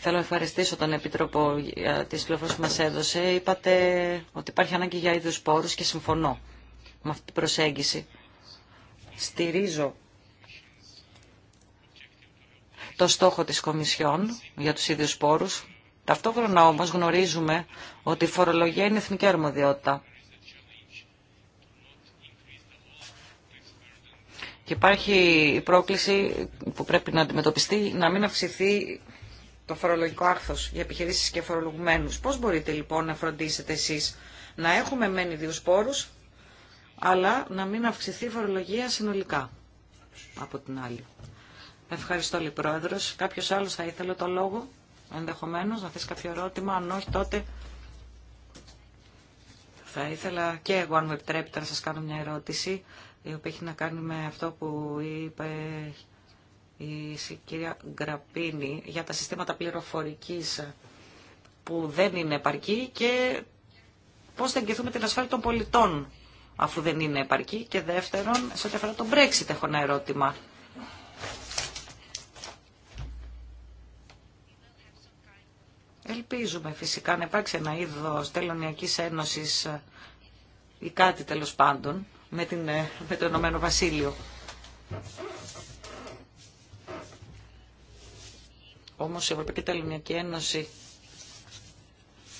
C: Θέλω να ευχαριστήσω τον Επίτροπο για τι που μας έδωσε. Είπατε ότι υπάρχει ανάγκη για ίδιου πόρους και συμφωνώ με αυτή την προσέγγιση. Στηρίζω το στόχο της Κομισιόν για τους ίδιους πόρους. Ταυτόχρονα όμως γνωρίζουμε ότι η φορολογία είναι εθνική αρμοδιότητα. Και υπάρχει η πρόκληση που πρέπει να αντιμετωπιστεί να μην αυξηθεί το φορολογικό άρθρος για επιχειρήσεις και φορολογουμένου. Πώς μπορείτε λοιπόν να φροντίσετε εσείς να έχουμε μεν ιδίους πόρους, αλλά να μην αυξηθεί η φορολογία συνολικά από την άλλη. Ευχαριστώ λοιπόν πρόεδρο. Κάποιος άλλο θα ήθελε το λόγο, ενδεχομένω, να θες κάποιο ερώτημα, αν όχι τότε... Θα ήθελα και εγώ, αν μου επιτρέπετε, να σα κάνω μια ερώτηση η οποία έχει να κάνει με αυτό που είπε η κυρία Γκραπίνη για τα συστήματα πληροφορικής που δεν είναι επαρκή και πώς θα εγκαιθούμε την ασφάλεια των πολιτών αφού δεν είναι επαρκή και δεύτερον σε ό,τι αφορά τον Brexit έχω ένα ερώτημα. Ελπίζουμε φυσικά να υπάρξει ένα είδος τελωνιακής ένωσης ή κάτι τέλος πάντων ε, με, το Ηνωμένο Βασίλειο. Όμως η Ευρωπαϊκή Τελωνιακή Ένωση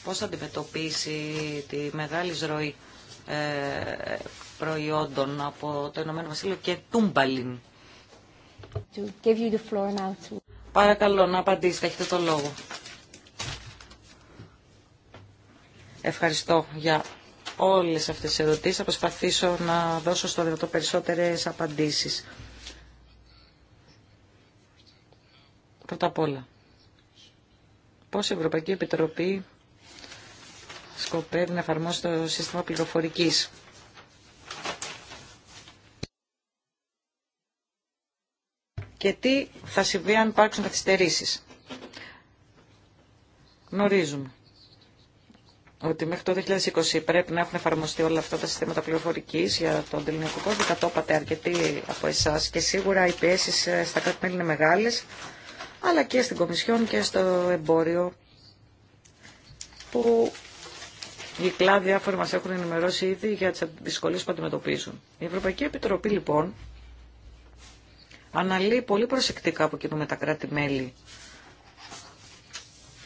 C: πώς θα αντιμετωπίσει τη μεγάλη ροή ε, προϊόντων από το Ηνωμένο Βασίλειο και Τούμπαλιν. Παρακαλώ να απαντήσετε, έχετε το λόγο. Ευχαριστώ για όλες αυτές τις ερωτήσεις. Θα προσπαθήσω να δώσω στο δυνατό περισσότερες απαντήσεις. Πρώτα απ' όλα, πώς η Ευρωπαϊκή Επιτροπή σκοπεύει να εφαρμόσει το σύστημα πληροφορικής. Και τι θα συμβεί αν υπάρξουν καθυστερήσεις. Γνωρίζουμε ότι μέχρι το 2020 πρέπει να έχουν εφαρμοστεί όλα αυτά τα συστήματα πληροφορική για τον ελληνικό κόσμο. Κατόπατε αρκετοί από εσά και σίγουρα οι πιέσει ε, στα κράτη-μέλη είναι μεγάλε, αλλά και στην Κομισιόν και στο εμπόριο που οι κλάδοι διάφοροι μα έχουν ενημερώσει ήδη για τι δυσκολίε που αντιμετωπίζουν. Η Ευρωπαϊκή Επιτροπή λοιπόν αναλύει πολύ προσεκτικά από κοινού με τα κράτη-μέλη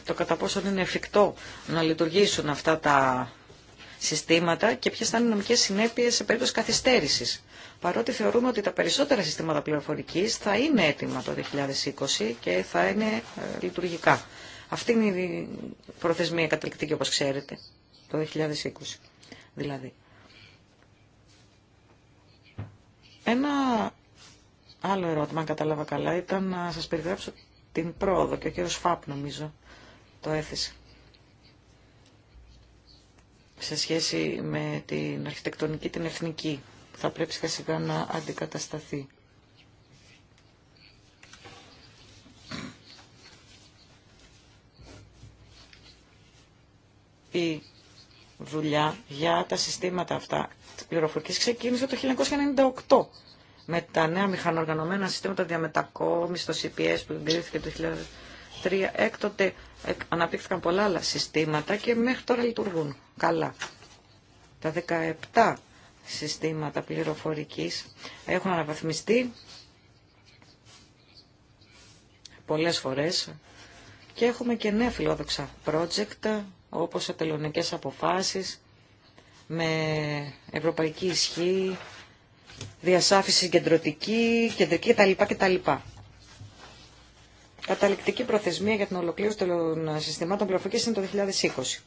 C: το κατά πόσο είναι εφικτό να λειτουργήσουν αυτά τα συστήματα και ποιε θα είναι οι νομικέ συνέπειε σε περίπτωση καθυστέρηση. Παρότι θεωρούμε ότι τα περισσότερα συστήματα πληροφορική θα είναι έτοιμα το 2020 και θα είναι ε, λειτουργικά. Αυτή είναι η προθεσμία καταληκτική, όπω ξέρετε, το 2020 δηλαδή. Ένα άλλο ερώτημα, αν κατάλαβα καλά, ήταν να σας περιγράψω την πρόοδο και ο κύριος Φαπ νομίζω το έθεσε. Σε σχέση με την αρχιτεκτονική, την εθνική, θα πρέπει σιγά σιγά να αντικατασταθεί. Η δουλειά για τα συστήματα αυτά της πληροφορικής ξεκίνησε το 1998 με τα νέα μηχανοργανωμένα συστήματα διαμετακόμισης, το CPS που εγκρίθηκε το Έκτοτε αναπτύχθηκαν πολλά άλλα συστήματα και μέχρι τώρα λειτουργούν καλά. Τα 17 συστήματα πληροφορικής έχουν αναβαθμιστεί πολλές φορές και έχουμε και νέα φιλόδοξα project όπως ατελωνικές αποφάσεις με ευρωπαϊκή ισχύ, διασάφηση κεντρωτική, κεντρική κτλ. κτλ καταληκτική προθεσμία για την ολοκλήρωση των συστημάτων πληροφορική είναι το 2020.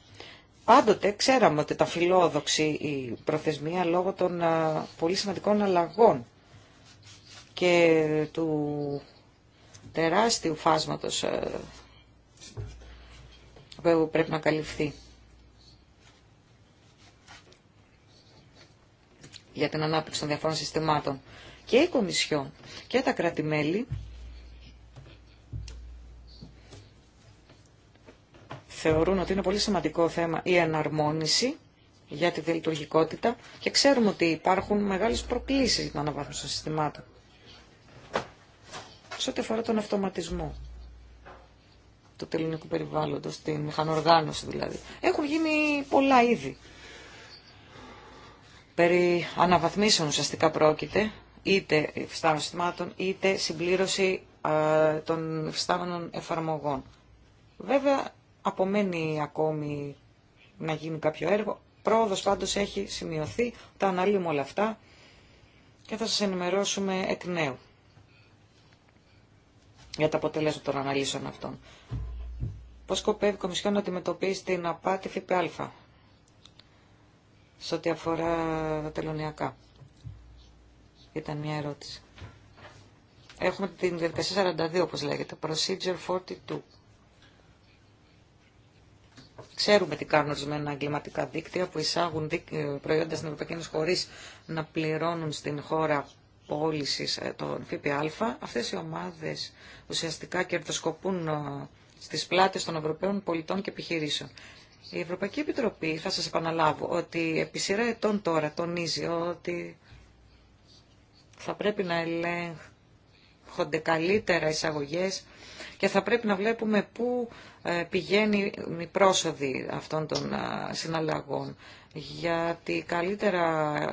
C: Πάντοτε ξέραμε ότι τα φιλόδοξη η προθεσμία λόγω των πολύ σημαντικών αλλαγών και του τεράστιου φάσματος που πρέπει να καλυφθεί. για την ανάπτυξη των διαφόρων συστημάτων. Και η Κομισιόν και τα κράτη-μέλη θεωρούν ότι είναι πολύ σημαντικό θέμα η εναρμόνιση για τη διελειτουργικότητα και ξέρουμε ότι υπάρχουν μεγάλες προκλήσεις για την αναβάθμιση των συστημάτων. Σε ό,τι αφορά τον αυτοματισμό του τελεινικού περιβάλλοντος, την μηχανοργάνωση δηλαδή, έχουν γίνει πολλά είδη. Περί αναβαθμίσεων ουσιαστικά πρόκειται, είτε υφιστάμενων συστημάτων, είτε συμπλήρωση ε, των υφιστάμενων εφαρμογών. Βέβαια, απομένει ακόμη να γίνει κάποιο έργο. Πρόοδος πάντως έχει σημειωθεί, τα αναλύουμε όλα αυτά και θα σας ενημερώσουμε εκ νέου για τα αποτελέσματα των αναλύσεων αυτών. Πώς σκοπεύει η Κομισιόν να αντιμετωπίσει την απάτη ΦΠΑ σε ό,τι αφορά τα τελωνιακά. Ήταν μια ερώτηση. Έχουμε την διαδικασία 42, όπως λέγεται, Procedure 42. Ξέρουμε τι κάνουν ορισμένα εγκληματικά δίκτυα που εισάγουν ε, προϊόντα στην Ευρωπαϊκή Ένωση χωρί να πληρώνουν στην χώρα πώληση ε, τον ΦΠΑ. Αυτέ οι ομάδε ουσιαστικά κερδοσκοπούν ε, στι πλάτε των Ευρωπαίων πολιτών και επιχειρήσεων. Η Ευρωπαϊκή Επιτροπή, θα σα επαναλάβω, ότι επί σειρά ετών τώρα τονίζει ότι θα πρέπει να ελέγχονται καλύτερα εισαγωγές και θα πρέπει να βλέπουμε πού ε, πηγαίνει η πρόσοδη αυτών των ε, συναλλαγών γιατί καλύτερα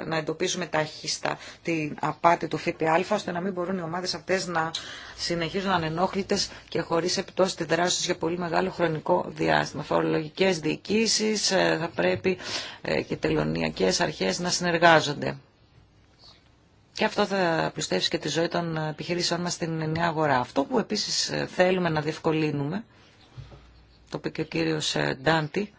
C: να εντοπίσουμε ταχύστα την απάτη του ΦΠΑ, ώστε να μην μπορούν οι ομάδες αυτές να συνεχίζουν ανενόχλητες και χωρίς επιπτώσει τη δράση για πολύ μεγάλο χρονικό διάστημα. Φορολογικές διοικήσεις ε, θα πρέπει και τελωνιακές αρχές να συνεργάζονται. Και αυτό θα πλουστεύσει και τη ζωή των επιχειρήσεών μας στην νέα αγορά. Αυτό που επίσης θέλουμε να διευκολύνουμε, το είπε και ο κύριος ε, Ντάντι,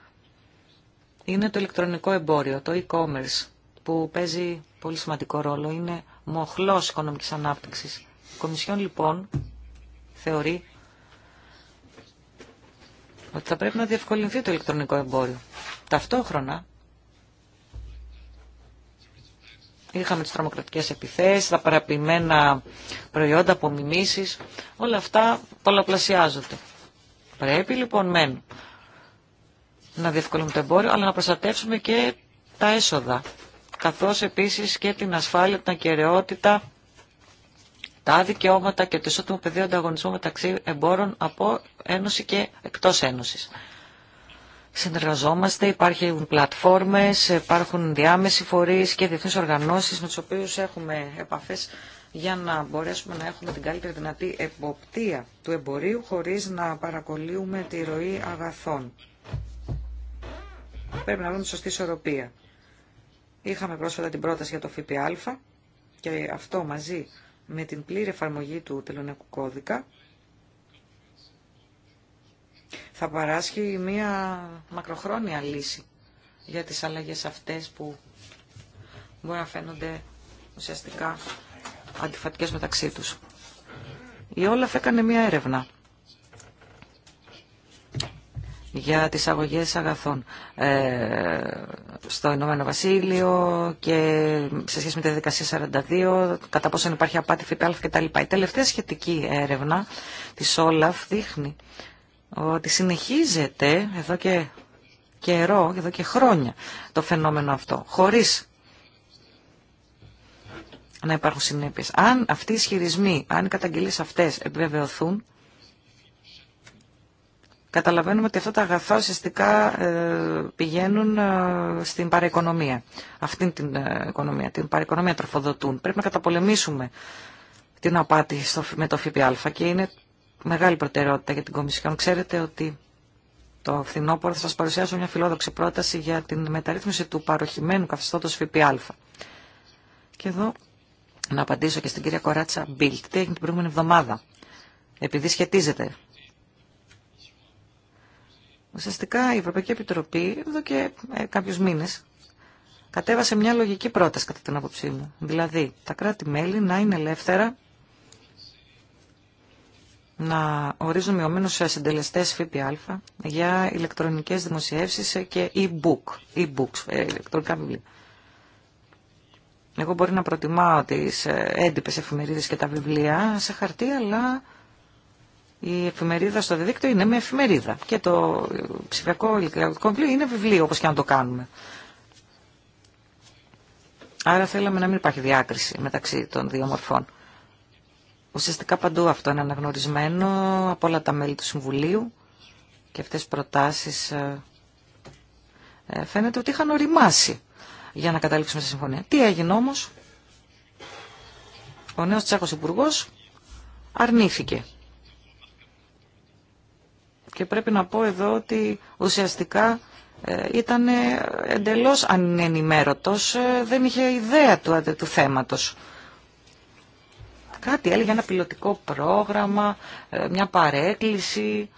C: είναι το ηλεκτρονικό εμπόριο, το e-commerce, που παίζει πολύ σημαντικό ρόλο. Είναι μοχλός οικονομικής ανάπτυξης. Η Κομισιόν λοιπόν θεωρεί ότι θα πρέπει να διευκολυνθεί το ηλεκτρονικό εμπόριο. Ταυτόχρονα Είχαμε τις τρομοκρατικές επιθέσεις, τα παραποιημένα προϊόντα, μιμήσεις. Όλα αυτά πολλαπλασιάζονται. Πρέπει λοιπόν μεν να διευκολύνουμε το εμπόριο, αλλά να προστατεύσουμε και τα έσοδα. Καθώς επίσης και την ασφάλεια, την ακαιρεότητα, τα δικαιώματα και το ισότιμο πεδίο ανταγωνισμού μεταξύ εμπόρων από Ένωση και εκτός Ένωσης συνεργαζόμαστε, υπάρχουν πλατφόρμες, υπάρχουν διάμεσοι φορείς και διεθνείς οργανώσεις με τους οποίους έχουμε επαφές για να μπορέσουμε να έχουμε την καλύτερη δυνατή εποπτεία του εμπορίου χωρίς να παρακολύουμε τη ροή αγαθών. Πρέπει να βρούμε τη σωστή ισορροπία. Είχαμε πρόσφατα την πρόταση για το ΦΠΑ και αυτό μαζί με την πλήρη εφαρμογή του τελωνιακού κώδικα θα παράσχει μία μακροχρόνια λύση για τις αλλαγές αυτές που μπορεί να φαίνονται ουσιαστικά αντιφατικές μεταξύ τους. Η Όλαφ έκανε μία έρευνα για τις αγωγές αγαθών ε, στο Ηνωμένο Βασίλειο και σε σχέση με τη διαδικασία 42, κατά πόσο υπάρχει απάτη ΦΠΑ κτλ. Η τελευταία σχετική έρευνα της Όλαφ δείχνει ότι συνεχίζεται εδώ και καιρό, εδώ και χρόνια το φαινόμενο αυτό, χωρίς να υπάρχουν συνέπειες. Αν αυτοί οι ισχυρισμοί, αν οι καταγγελίες αυτές επιβεβαιωθούν, καταλαβαίνουμε ότι αυτά τα αγαθά ουσιαστικά ε, πηγαίνουν ε, στην παραοικονομία. Αυτήν την ε, οικονομία, την παραοικονομία τροφοδοτούν. Πρέπει να καταπολεμήσουμε την απάτη με το ΦΠΑ και είναι μεγάλη προτεραιότητα για την Κομισιόν. Ξέρετε ότι το φθινόπωρο θα σα παρουσιάσω μια φιλόδοξη πρόταση για την μεταρρύθμιση του παροχημένου καθεστώτο ΦΠΑ. Και εδώ να απαντήσω και στην κυρία Κοράτσα Μπίλτ. Τι έγινε την προηγούμενη εβδομάδα. Επειδή σχετίζεται. Ουσιαστικά η Ευρωπαϊκή Επιτροπή εδώ και ε, κάποιους κατέβασε μια λογική πρόταση κατά την άποψή μου. Δηλαδή τα κράτη-μέλη να είναι ελεύθερα να ορίζουν μειωμένου συντελεστέ ΦΠΑ για ηλεκτρονικές δημοσιεύσεις και e-book, e-books, ε, ηλεκτρονικά βιβλία. Εγώ μπορεί να προτιμάω τις ε, έντυπες εφημερίδες και τα βιβλία σε χαρτί, αλλά η εφημερίδα στο διδίκτυο είναι με εφημερίδα. Και το ψηφιακό ηλεκτρονικό βιβλίο είναι βιβλίο, όπως και αν το κάνουμε. Άρα θέλαμε να μην υπάρχει διάκριση μεταξύ των δύο μορφών. Ουσιαστικά παντού αυτό είναι αναγνωρισμένο από όλα τα μέλη του Συμβουλίου και αυτές οι προτάσεις ε, ε, φαίνεται ότι είχαν οριμάσει για να καταλήξουμε σε συμφωνία. Τι έγινε όμως, ο νέος Τσέχος υπουργό αρνήθηκε. Και πρέπει να πω εδώ ότι ουσιαστικά ε, ήταν εντελώς ανενημέρωτος, δεν είχε ιδέα του, του θέματος. Κάτι έλεγε ένα πιλωτικό πρόγραμμα, ε, μια παρέκκληση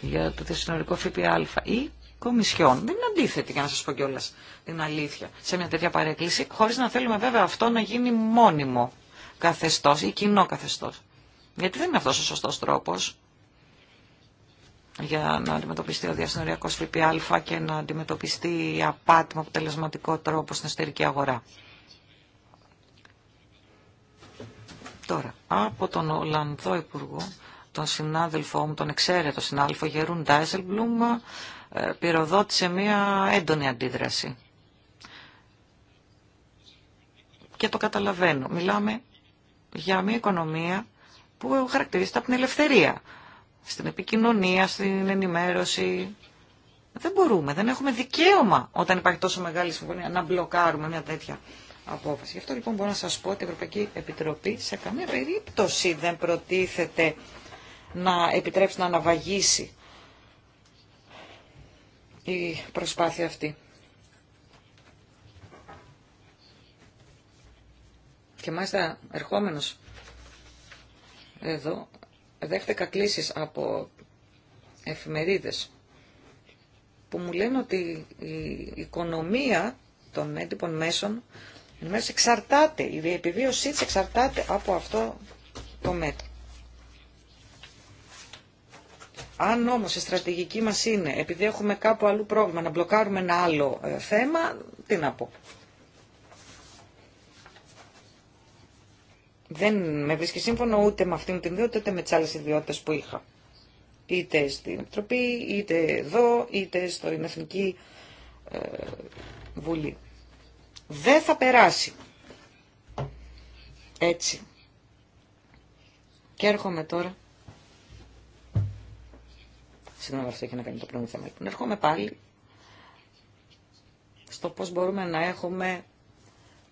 C: για το διασυνορικό ΦΠΑ ή Κομισιόν. Δεν είναι αντίθετη, για να σα πω κιόλα την αλήθεια, σε μια τέτοια παρέκκληση, χωρί να θέλουμε βέβαια αυτό να γίνει μόνιμο καθεστώ ή κοινό καθεστώ. Γιατί δεν είναι αυτό ο σωστό τρόπο για να αντιμετωπιστεί ο διασυνοριακό ΦΠΑ και να αντιμετωπιστεί η απάτη με αποτελεσματικό τρόπο στην εσωτερική αγορά. Τώρα, από τον Ολλανδό Υπουργό, τον συνάδελφό μου, τον εξαίρετο συνάδελφο Γερούν Ντάισελμπλουμ, ε, πυροδότησε μία έντονη αντίδραση. Και το καταλαβαίνω. Μιλάμε για μία οικονομία που χαρακτηρίζεται από την ελευθερία. Στην επικοινωνία, στην ενημέρωση. Δεν μπορούμε, δεν έχουμε δικαίωμα όταν υπάρχει τόσο μεγάλη συμφωνία να μπλοκάρουμε μια τέτοια απόφαση. Γι' αυτό λοιπόν μπορώ να σας πω ότι η Ευρωπαϊκή Επιτροπή σε καμία περίπτωση δεν προτίθεται να επιτρέψει να αναβαγίσει η προσπάθεια αυτή. Και μάλιστα ερχόμενος εδώ δέχτηκα κλήσεις από εφημερίδες που μου λένε ότι η οικονομία των έντυπων μέσων ενημέρωση εξαρτάται, η επιβίωσή της εξαρτάται από αυτό το μέτρο. Αν όμως η στρατηγική μας είναι, επειδή έχουμε κάπου αλλού πρόβλημα, να μπλοκάρουμε ένα άλλο ε, θέμα, τι να πω. Δεν με βρίσκει σύμφωνο ούτε με αυτήν την ιδιότητα, ούτε με τις άλλες ιδιότητες που είχα. Είτε στην Επιτροπή, είτε εδώ, είτε στο Εθνική ε, Βουλή δεν θα περάσει. Έτσι. Και έρχομαι τώρα. Συγγνώμη, αυτό έχει να κάνει το πρώτο θέμα. Λοιπόν, έρχομαι πάλι στο πώς μπορούμε να έχουμε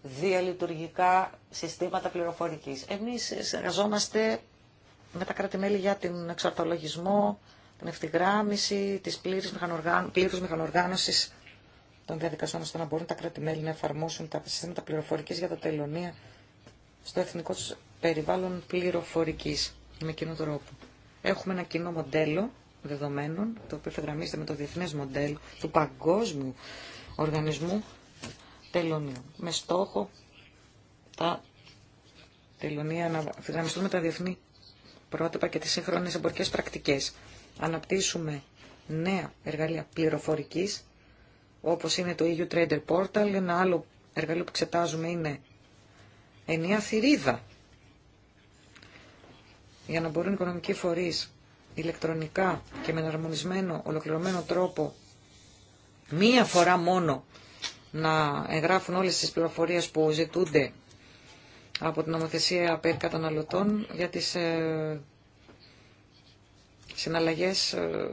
C: διαλειτουργικά συστήματα πληροφορικής. Εμείς εργαζόμαστε με τα κρατη για την εξορθολογισμό, την ευθυγράμμιση της πλήρους, μηχανοργάνωση. πλήρους μηχανοργάνωσης των διαδικασιών ώστε να μπορούν τα κράτη-μέλη να εφαρμόσουν τα συστήματα πληροφορική για τα τελωνία στο εθνικό περιβάλλον πληροφορική με κοινό τρόπο. Έχουμε ένα κοινό μοντέλο δεδομένων, το οποίο φεγγραμμίζεται με το διεθνές μοντέλο του παγκόσμιου οργανισμού Τελωνίων. με στόχο τα τελωνία να φεγραμμιστούν με τα διεθνή πρότυπα και τι σύγχρονε εμπορικέ πρακτικέ. Αναπτύσσουμε νέα εργαλεία πληροφορική όπως είναι το EU Trader Portal. Ένα άλλο εργαλείο που εξετάζουμε είναι ενιαία θηρίδα για να μπορούν οι οικονομικοί φορείς ηλεκτρονικά και με εναρμονισμένο ολοκληρωμένο τρόπο μία φορά μόνο να εγγράφουν όλες τις πληροφορίες που ζητούνται από την νομοθεσία περί καταναλωτών για τις ε, συναλλαγές ε,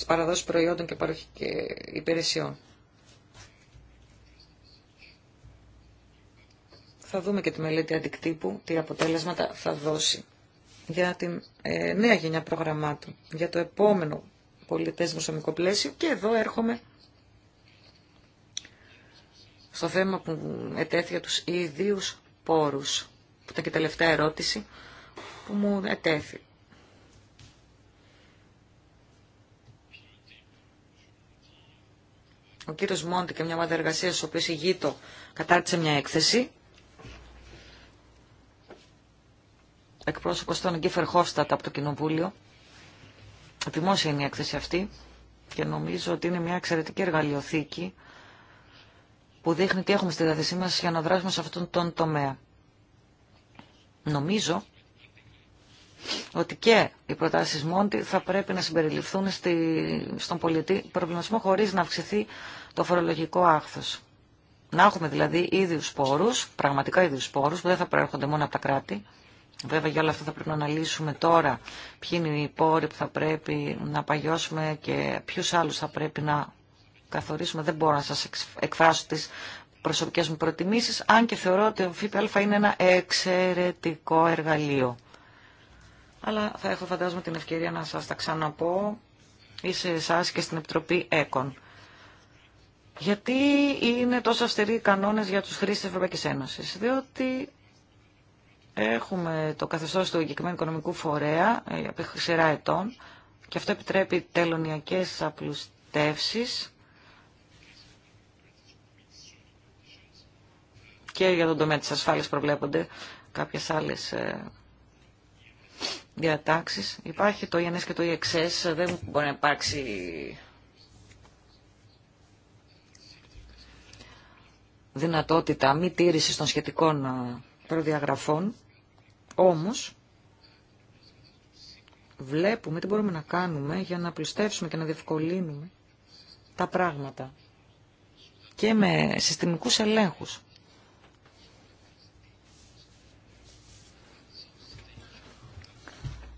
C: της παραδόσης προϊόντων και υπηρεσιών. Θα δούμε και τη μελέτη αντικτύπου, τι αποτέλεσματα θα δώσει για την ε, νέα γενιά προγραμμάτων, για το επόμενο πολιτές μουσομικό πλαίσιο και εδώ έρχομαι στο θέμα που ετέθη για τους ιδίους πόρους, που ήταν και η τελευταία ερώτηση που μου ετέθη. Ο κύριος Μόντι και μια ομάδα εργασία, ο οποίο ηγείτο, κατάρτισε μια έκθεση. Εκπρόσωπος των Γκίφερ Χόφστατ από το Κοινοβούλιο. Δημόσια είναι η έκθεση αυτή και νομίζω ότι είναι μια εξαιρετική εργαλειοθήκη που δείχνει τι έχουμε στη διάθεσή μα για να δράσουμε σε αυτόν τον τομέα. Νομίζω ότι και οι προτάσεις Μόντι θα πρέπει να συμπεριληφθούν στη, στον πολιτή προβληματισμό χωρίς να αυξηθεί το φορολογικό άχθο. Να έχουμε δηλαδή ίδιους πόρου, πραγματικά ίδιους πόρου, που δεν θα προέρχονται μόνο από τα κράτη. Βέβαια για όλα αυτά θα πρέπει να αναλύσουμε τώρα ποιοι είναι οι πόροι που θα πρέπει να παγιώσουμε και ποιου άλλου θα πρέπει να καθορίσουμε. Δεν μπορώ να σα εκφράσω τι προσωπικέ μου προτιμήσει, αν και θεωρώ ότι ο ΦΠΑ είναι ένα εξαιρετικό εργαλείο. Αλλά θα έχω φαντάζομαι την ευκαιρία να σα τα ξαναπώ ή σε εσά και στην Επιτροπή ΕΚΟΝ. Γιατί είναι τόσο αυστηροί οι κανόνες για τους χρήστες της Ευρωπαϊκής Ένωσης. Διότι έχουμε το καθεστώς του εγκεκριμένου οικονομικού φορέα από ε, σειρά ετών και αυτό επιτρέπει τελωνιακές απλουστεύσεις και για τον τομέα της ασφάλειας προβλέπονται κάποιες άλλες ε, διατάξεις. Υπάρχει το ΙΕΝΕΣ e και το ΙΕΞΕΣ, e δεν μπορεί να υπάρξει δυνατότητα μη τήρησης των σχετικών ε, προδιαγραφών, όμως βλέπουμε τι μπορούμε να κάνουμε για να πλουστεύσουμε και να διευκολύνουμε τα πράγματα και με συστημικούς ελέγχους.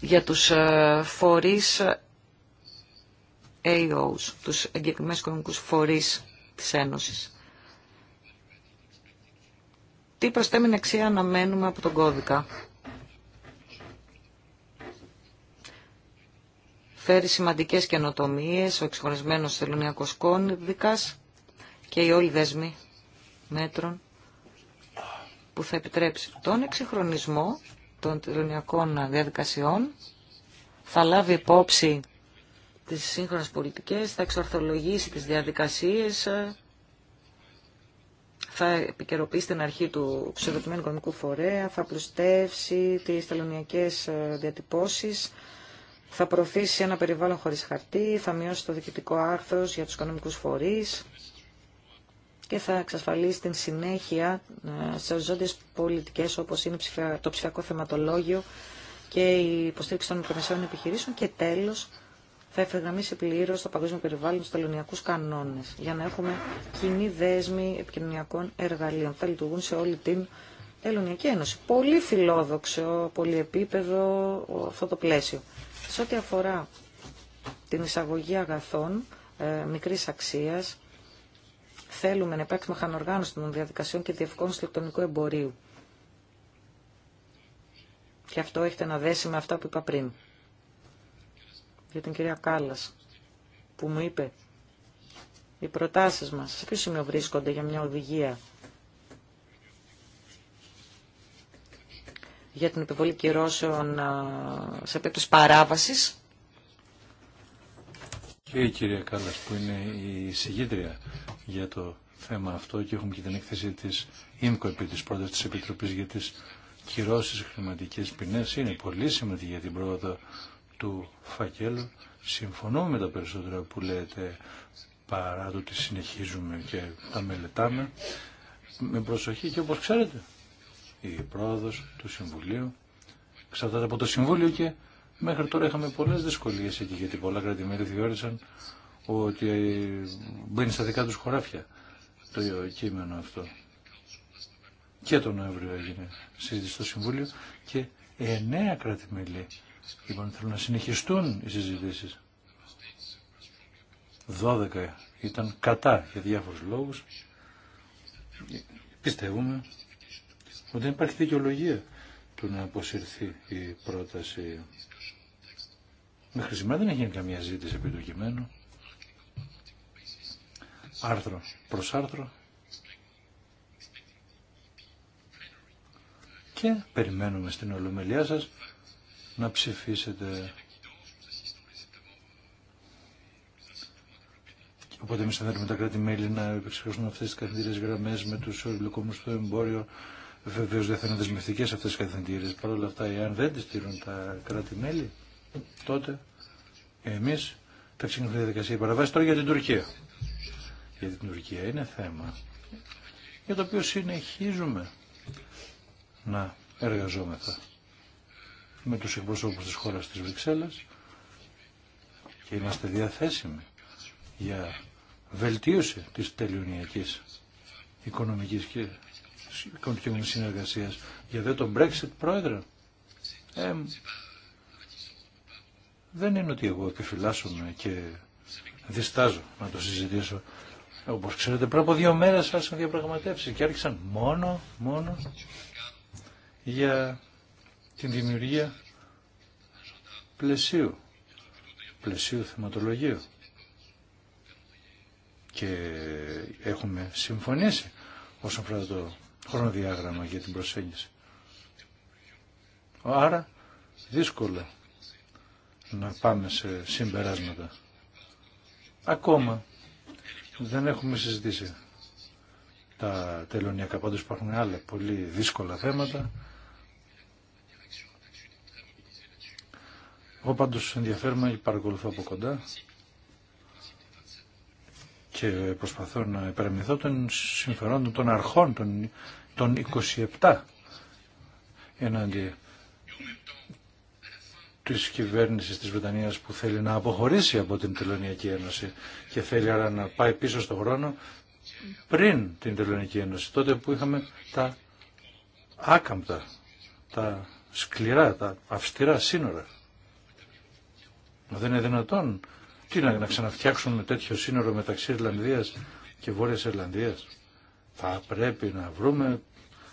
C: Για τους ε, φορείς AOs, e τους εγκεκριμένους οικονομικούς φορείς της Ένωσης τι προστέμενη αξία αναμένουμε από τον κώδικα. Φέρει σημαντικές καινοτομίες, ο εξχωρισμένος θελωνιακός κώδικας και οι όλοι δεσμοί μέτρων που θα επιτρέψει τον εξυγχρονισμό των τελωνιακών διαδικασιών, θα λάβει υπόψη τις σύγχρονες πολιτικές, θα εξορθολογήσει τις διαδικασίες θα επικαιροποιήσει την αρχή του ξεδοτημένου οικονομικού φορέα, θα πλουστεύσει τις τελωνιακέ ε, διατυπώσεις, θα προωθήσει ένα περιβάλλον χωρίς χαρτί, θα μειώσει το διοικητικό άρθρο για τους οικονομικού φορείς και θα εξασφαλίσει την συνέχεια ε, σε οριζόντιε πολιτικές όπως είναι το ψηφιακό θεματολόγιο και η υποστήριξη των μικρομεσαίων επιχειρήσεων και τέλος θα εφεγραμμίσει πλήρω το παγκόσμιο περιβάλλον στου τελωνιακού κανόνε, για να έχουμε κοινή δέσμη επικοινωνιακών εργαλείων θα λειτουργούν σε όλη την τελωνιακή Ένωση. Πολύ φιλόδοξο, πολυεπίπεδο αυτό το πλαίσιο. Σε ό,τι αφορά την εισαγωγή αγαθών ε, μικρής αξίας, θέλουμε να υπάρξει μαχανοργάνωση των διαδικασιών και διευκόνωση του ηλεκτρονικού εμπορίου. Και αυτό έχετε να δέσει με αυτά που είπα πριν για την κυρία Κάλλας που μου είπε οι προτάσεις μας σε ποιο σημείο βρίσκονται για μια οδηγία για την επιβολή κυρώσεων σε περίπτωση παράβασης.
B: Και η κυρία Κάλλας που είναι η συγκίτρια για το θέμα αυτό και έχουμε και την έκθεση της ΙΜΚΟ επί της πρώτης της Επιτροπής για τις κυρώσεις χρηματικές ποινές είναι πολύ σημαντική για την πρόοδο του φακέλου συμφωνώ με τα περισσότερα που λέτε παρά το ότι συνεχίζουμε και τα μελετάμε με προσοχή και όπως ξέρετε η πρόοδος του Συμβουλίου εξαρτάται από το Συμβούλιο και μέχρι τώρα είχαμε πολλές δυσκολίες εκεί γιατί πολλά κρατημένη θεώρησαν ότι ε, μπαίνει στα δικά τους χωράφια το κείμενο αυτό. Και τον Νοέμβριο έγινε συζήτηση στο Συμβούλιο και εννέα κρατημέλη Λοιπόν, θέλω να συνεχιστούν οι συζητήσεις. 12 ήταν κατά για διάφορους λόγους. Πιστεύουμε ότι δεν υπάρχει δικαιολογία του να αποσυρθεί η πρόταση. Μέχρι σήμερα δεν έχει γίνει καμία ζήτηση επί του κειμένου. Άρθρο προς άρθρο. Και περιμένουμε στην ολομελία σας να ψηφίσετε. Οπότε εμεί θα θέλουμε τα κράτη-μέλη να επεξεργαστούν αυτέ τι καθημερινέ γραμμέ με του μου στο εμπόριο. Βεβαίω δεν θα είναι δεσμευτικέ αυτέ τι καθημερινέ. Παρ' όλα αυτά, εάν δεν τι στείλουν τα κράτη-μέλη, τότε εμεί θα ξεκινήσουμε τη διαδικασία παραβάση. Τώρα για την Τουρκία. Για την Τουρκία είναι θέμα για το οποίο συνεχίζουμε να εργαζόμεθα με τους εκπροσώπους της χώρας της Βρυξέλλας και είμαστε διαθέσιμοι για βελτίωση της τελειωνιακής οικονομικής και οικονομικής συνεργασίας για δε τον Brexit πρόεδρε ε, δεν είναι ότι εγώ επιφυλάσσομαι και διστάζω να το συζητήσω όπως ξέρετε πριν από δύο μέρες άρχισαν διαπραγματεύσει και άρχισαν μόνο μόνο για την δημιουργία πλαισίου, πλαισίου θεματολογίου. Και έχουμε συμφωνήσει όσον αφορά το χρονοδιάγραμμα για την προσέγγιση. Άρα δύσκολο να πάμε σε συμπεράσματα. Ακόμα δεν έχουμε συζητήσει τα τελωνιακά. Πάντως υπάρχουν άλλα πολύ δύσκολα θέματα Εγώ πάντως ενδιαφέρομαι και παρακολουθώ από κοντά και προσπαθώ να επερμηθώ των συμφερόντων των αρχών των, των 27 εναντί τη κυβέρνηση της Βρετανίας που θέλει να αποχωρήσει από την Τελωνιακή Ένωση και θέλει άρα να πάει πίσω στον χρόνο πριν την Τελωνιακή Ένωση, τότε που είχαμε τα άκαμπτα, τα σκληρά, τα αυστηρά σύνορα. Δεν είναι δυνατόν. Τι να, να με τέτοιο σύνορο μεταξύ Ιρλανδίας και Βόρειας Ιρλανδίας. Θα πρέπει να βρούμε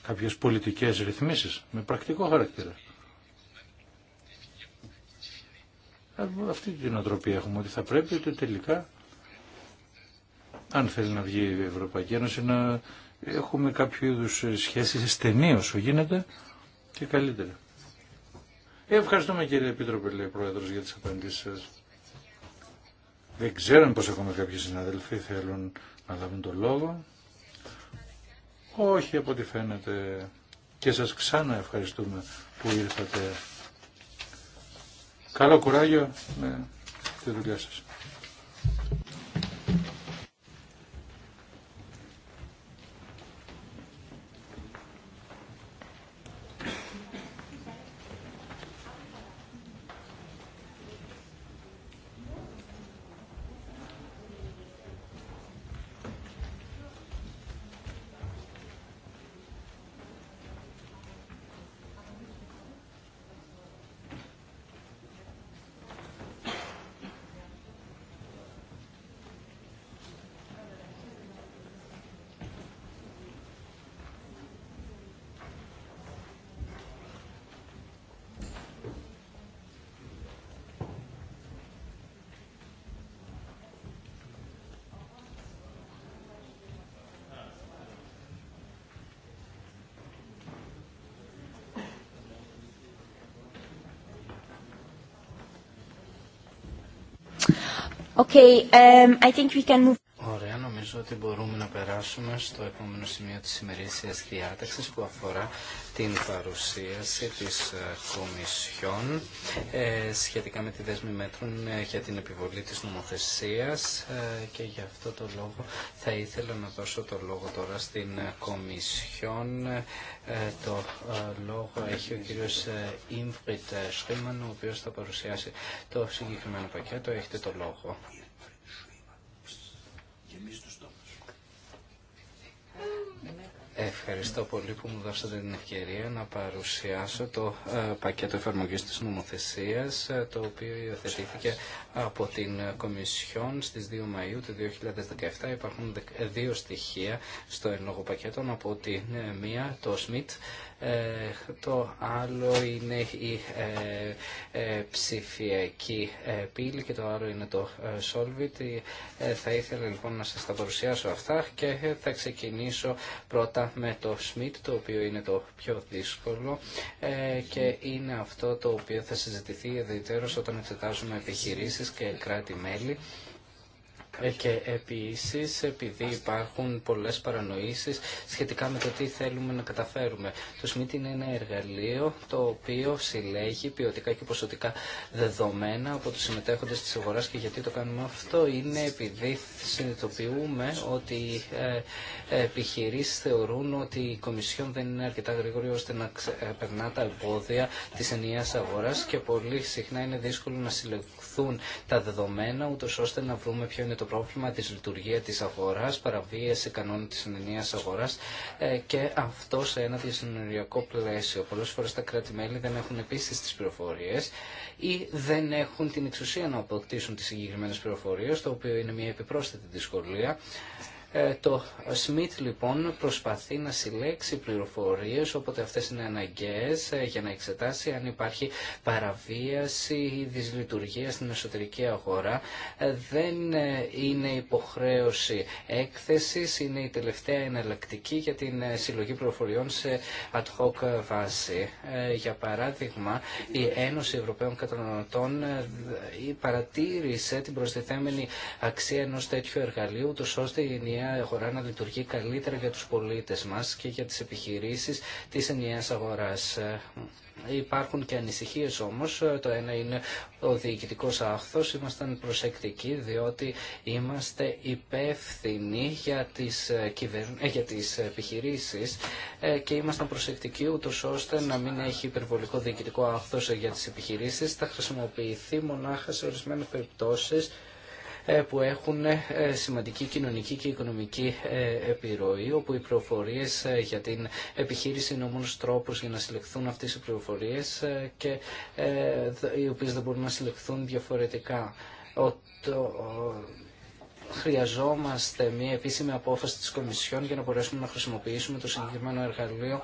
B: κάποιες πολιτικές ρυθμίσεις με πρακτικό χαρακτήρα. Ε, αυτή την οτροπία έχουμε ότι θα πρέπει ότι τελικά αν θέλει να βγει η Ευρωπαϊκή Ένωση να έχουμε κάποιο είδους σχέσεις στενή όσο γίνεται και καλύτερα. Ευχαριστούμε κύριε Επίτροπε, λέει Πρόεδρο, για τι απαντήσει σα. Δεν ξέρω πώ ακόμα κάποιοι συναδελφοί θέλουν να λάβουν το λόγο. Όχι από ό,τι φαίνεται. Και σας ξανά ευχαριστούμε που ήρθατε. Καλό κουράγιο με τη δουλειά σας.
A: Okay, um, I think we can move... Ωραία, νομίζω ότι μπορούμε να περάσουμε στο επόμενο σημείο της σημερινής διάταξης που αφορά την παρουσίαση της ε, Κομισιόν ε, σχετικά με τη δέσμη μέτρων ε, για την επιβολή της νομοθεσίας ε, και γι' αυτό το λόγο θα ήθελα να δώσω το λόγο τώρα στην Κομισιόν. το λόγο έχει ο κύριος Ιμφριτ Στρίμαν ο οποίος θα παρουσιάσει το συγκεκριμένο πακέτο. Έχετε το λόγο. Ευχαριστώ πολύ που μου δώσατε την ευκαιρία να παρουσιάσω το ε, πακέτο εφαρμογής της νομοθεσίας, ε, το οποίο υιοθετήθηκε από την Κομισιόν στις 2 Μαΐου του 2017. Υπάρχουν ε, δύο στοιχεία στο εν λόγω πακέτο, από τη μία το ΣΜΙΤ το άλλο είναι η ε, ε, ψηφιακή ε, πύλη και το άλλο είναι το Solvit. Θα ήθελα λοιπόν να σας τα παρουσιάσω αυτά και θα ξεκινήσω πρώτα με το SMIT, το οποίο είναι το πιο δύσκολο και είναι αυτό το οποίο θα συζητηθεί ιδιαίτερως όταν εξετάζουμε επιχειρήσεις και κράτη-μέλη. Ε, και επίσης επειδή υπάρχουν πολλές παρανοήσεις σχετικά με το τι θέλουμε να καταφέρουμε. Το SMIT είναι ένα εργαλείο το οποίο συλλέγει ποιοτικά και ποσοτικά δεδομένα από τους συμμετέχοντες της αγοράς και γιατί το κάνουμε αυτό είναι επειδή συνειδητοποιούμε ότι ε, επιχειρήσεις θεωρούν ότι η Κομισιόν δεν είναι αρκετά γρήγορη ώστε να ε, περνά τα εμπόδια της ενιαίας αγοράς και πολύ συχνά είναι δύσκολο να συλλεγούν αναλυθούν τα δεδομένα, ούτω ώστε να βρούμε ποιο είναι το πρόβλημα, τη λειτουργία τη αγορά, παραβίαση κανόνων τη ενιαία αγορά ε, και αυτό σε ένα διασυνοριακό πλαίσιο. Πολλέ φορέ τα κράτη-μέλη δεν έχουν επίση τι πληροφορίε ή δεν έχουν την εξουσία να αποκτήσουν τι συγκεκριμένε πληροφορίε, το οποίο είναι μια επιπρόσθετη δυσκολία. Ε, το ΣΜΙΤ λοιπόν προσπαθεί να συλλέξει πληροφορίες όποτε αυτές είναι αναγκαίες ε, για να εξετάσει αν υπάρχει παραβίαση ή δυσλειτουργία στην εσωτερική αγορά. Ε, δεν είναι υποχρέωση έκθεσης, είναι η τελευταία εναλλακτική για την συλλογή πληροφοριών σε ad hoc βάση. Για παράδειγμα, η Ένωση Ευρωπαίων Καταναλωτών παρατήρησε την προστιθέμενη αξία ενός τέτοιου εργαλείου, ώστε η μια αγορά να λειτουργεί καλύτερα για τους πολίτες μας και για τις επιχειρήσεις της ενιαίας αγοράς. Υπάρχουν και ανησυχίες όμως. Το ένα είναι ο διοικητικός άχθος. Ήμασταν προσεκτικοί διότι είμαστε υπεύθυνοι για τις, ε, κυβερ... Ε, για τις επιχειρήσεις ε, και ήμασταν προσεκτικοί ούτως ώστε να μην έχει υπερβολικό διοικητικό άχθος για τις επιχειρήσεις. Θα χρησιμοποιηθεί μονάχα σε ορισμένες περιπτώσεις ε, που έχουν ε, σημαντική κοινωνική και οικονομική ε, επιρροή, όπου οι πληροφορίε για την επιχείρηση είναι ο μόνο τρόπο για να συλλεχθούν αυτέ οι πληροφορίε και οι οποίε δεν μπορούν να συλλεχθούν διαφορετικά. Χρειαζόμαστε μια επίσημη απόφαση της Κομισιόν για να μπορέσουμε να χρησιμοποιήσουμε το συγκεκριμένο εργαλείο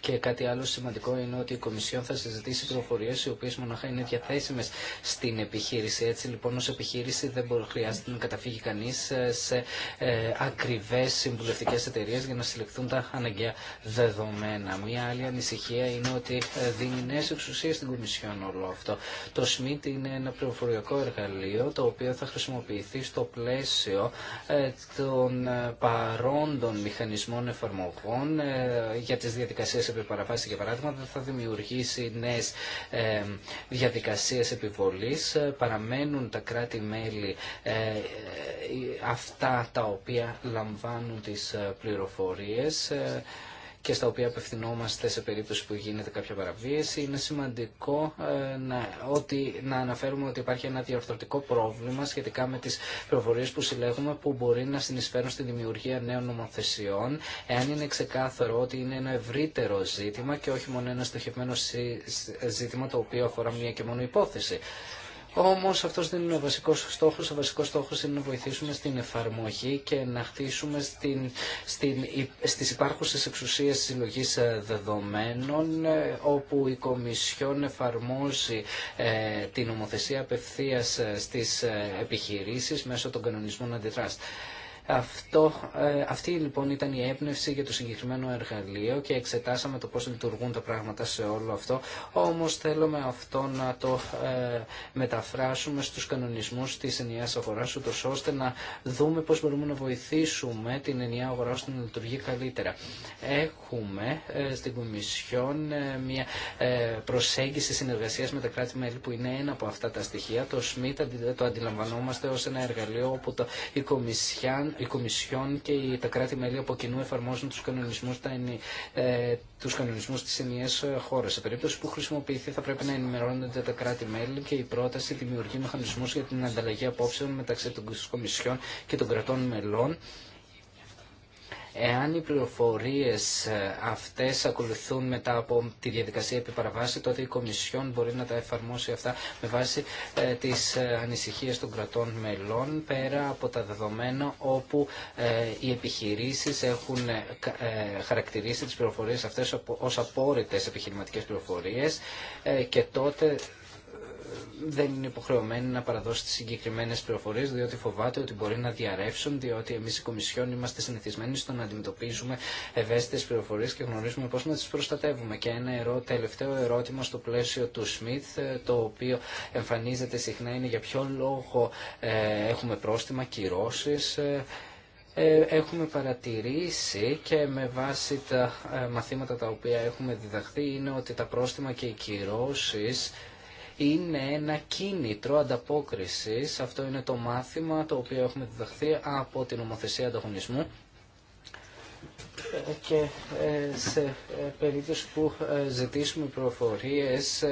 A: και κάτι άλλο σημαντικό είναι ότι η Κομισιόν θα συζητήσει πληροφορίε οι οποίε μονάχα είναι διαθέσιμε στην επιχείρηση. Έτσι λοιπόν ω επιχείρηση δεν μπορεί, χρειάζεται να καταφύγει κανεί ε, σε ε, ακριβέ συμβουλευτικέ εταιρείε για να συλλεχθούν τα αναγκαία δεδομένα. Μία άλλη ανησυχία είναι ότι ε, δίνει νέε εξουσίε στην Κομισιόν όλο αυτό. Το SMIT είναι ένα πληροφοριακό εργαλείο το οποίο θα χρησιμοποιηθεί στο πλαίσιο ε, των παρόντων μηχανισμών εφαρμογών για τι διαδικασίε επί παραβάση για παράδειγμα δεν θα δημιουργήσει νέες διαδικασίες επιβολής. Ε, παραμένουν τα κράτη-μέλη ε, ε, αυτά τα οποία λαμβάνουν τις πληροφορίες και στα οποία απευθυνόμαστε σε περίπτωση που γίνεται κάποια παραβίαση. Είναι σημαντικό ε, να, ότι, να αναφέρουμε ότι υπάρχει ένα διορθωτικό πρόβλημα σχετικά με τις προφορίες που συλλέγουμε που μπορεί να συνεισφέρουν στη δημιουργία νέων νομοθεσιών εάν είναι ξεκάθαρο ότι είναι ένα ευρύτερο ζήτημα και όχι μόνο ένα στοχευμένο ζήτημα το οποίο αφορά μία και μόνο υπόθεση. Όμω αυτός δεν είναι ο βασικός στόχος. Ο βασικός στόχος είναι να βοηθήσουμε στην εφαρμογή και να χτίσουμε στην, στην, στις υπάρχουσες εξουσίες συλλογής ε, δεδομένων ε, όπου η Κομισιόν εφαρμόζει ε, την νομοθεσία απευθεία στις επιχειρήσεις μέσω των κανονισμών αντιδράσεων. Αυτό, ε, αυτή λοιπόν ήταν η έμπνευση για το συγκεκριμένο εργαλείο και εξετάσαμε το πώς λειτουργούν τα πράγματα σε όλο αυτό. Όμως θέλουμε αυτό να το ε, μεταφράσουμε στους κανονισμούς της ενιαίας αγοράς ούτως ώστε να δούμε πώς μπορούμε να βοηθήσουμε την ενιαία αγορά ώστε να λειτουργεί καλύτερα. Έχουμε ε, στην Κομισιόν ε, μια προσέγγιση συνεργασίας με τα κράτη-μέλη που είναι ένα από αυτά τα στοιχεία. Το ΣΜΙΤ το αντιλαμβανόμαστε ως ένα εργαλείο όπου το, η Κομισιόν η Κομισιόν και τα κράτη-μέλη από κοινού εφαρμόζουν τους κανονισμούς, τα, ε, τους κανονισμούς της ενιαίας χώρας. Σε περίπτωση που χρησιμοποιηθεί θα πρέπει να ενημερώνονται τα κράτη-μέλη και η πρόταση δημιουργεί μηχανισμούς για την ανταλλαγή απόψεων μεταξύ των Κομισιών και των κρατών μελών Εάν οι πληροφορίε ε, αυτές ακολουθούν μετά από τη διαδικασία επιπαραβάση, τότε η Κομισιόν μπορεί να τα εφαρμόσει αυτά με βάση ε, τις ε, ανησυχίε των κρατών μελών, πέρα από τα δεδομένα όπου οι επιχειρήσεις έχουν χαρακτηρίσει τις πληροφορίες αυτές ως απόρριτες επιχειρηματικές πληροφορίες και τότε δεν είναι υποχρεωμένη να παραδώσει τι συγκεκριμένε πληροφορίε, διότι φοβάται ότι μπορεί να διαρρεύσουν διότι εμεί οι Κομισιόν είμαστε συνηθισμένοι στο να αντιμετωπίζουμε ευαίσθητε πληροφορίε και γνωρίζουμε πώ να τι προστατεύουμε. Και ένα ερώ, τελευταίο ερώτημα στο πλαίσιο του Σμιθ το οποίο εμφανίζεται συχνά είναι για ποιο λόγο ε, έχουμε πρόστιμα, κυρώσει ε, ε, έχουμε παρατηρήσει και με βάση τα μαθήματα τα οποία έχουμε διδαχθεί είναι ότι τα πρόστιμα και οι κυρώσεις είναι ένα κίνητρο ανταπόκρισης. Αυτό είναι το μάθημα το οποίο έχουμε διδαχθεί από την ομοθεσία ανταγωνισμού ε, και ε, σε ε, περίπτωση που ζητήσουμε προφορίες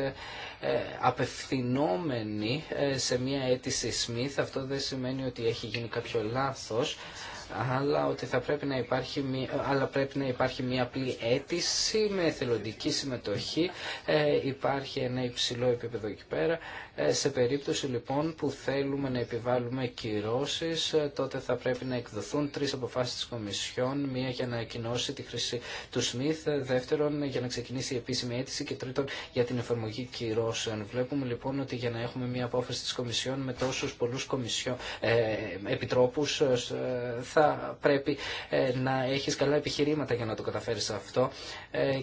A: απευθυνόμενοι σε μια αίτηση Smith, αυτό δεν σημαίνει ότι έχει γίνει κάποιο λάθος αλλά ότι θα πρέπει να υπάρχει μία, αλλά πρέπει να υπάρχει μία απλή αίτηση με εθελοντική συμμετοχή. Ε, υπάρχει ένα υψηλό επίπεδο εκεί πέρα ε, σε περίπτωση λοιπόν που θέλουμε να επιβάλλουμε κυρώσεις, ε, τότε θα πρέπει να εκδοθούν τρεις αποφάσεις της Κομισιόν, μία για να ανακοινώσει τη χρήση του ΣΜΙΘ, δεύτερον για να ξεκινήσει η επίσημη αίτηση και τρίτον για την εφαρμογή κυρώσεων. Βλέπουμε λοιπόν ότι για να έχουμε μία απόφαση της Κομισιόν με τόσους πολλούς κομισιό, ε, επιτρόπους ε, θα πρέπει να έχεις καλά επιχειρήματα για να το καταφέρεις αυτό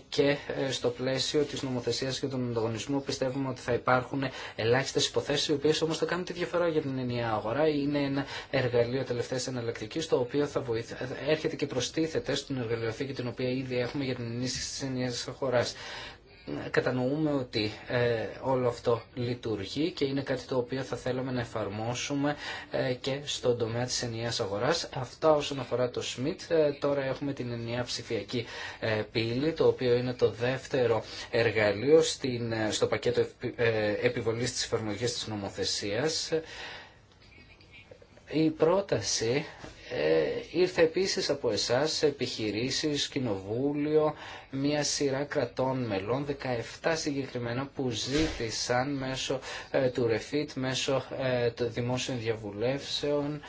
A: και στο πλαίσιο της νομοθεσίας και των ανταγωνισμού πιστεύουμε ότι θα υπάρχουν ελάχιστε υποθέσει, οι οποίε όμω θα κάνουν τη διαφορά για την ενιαία αγορά. Είναι ένα εργαλείο τελευταία εναλλακτική, το οποίο θα βοηθ... έρχεται και προστίθεται στην εργαλειοθήκη την οποία ήδη έχουμε για την ενίσχυση τη ενιαία αγορά κατανοούμε ότι ε, όλο αυτό λειτουργεί και είναι κάτι το οποίο θα θέλαμε να εφαρμόσουμε ε, και στον τομέα της ενιαίας αγοράς. Αυτά όσον αφορά το SMIT. Ε, τώρα έχουμε την ενιαία ψηφιακή πύλη, το οποίο είναι το δεύτερο εργαλείο στο πακέτο επιβολής της εφαρμογής της νομοθεσίας. Η πρόταση ε, ήρθε επίσης από εσάς επιχειρήσεις, κοινοβούλιο, μια σειρά κρατών μελών, 17 συγκεκριμένα που ζήτησαν μέσω ε, του ρεφίτ, μέσω ε, των δημόσιων διαβουλεύσεων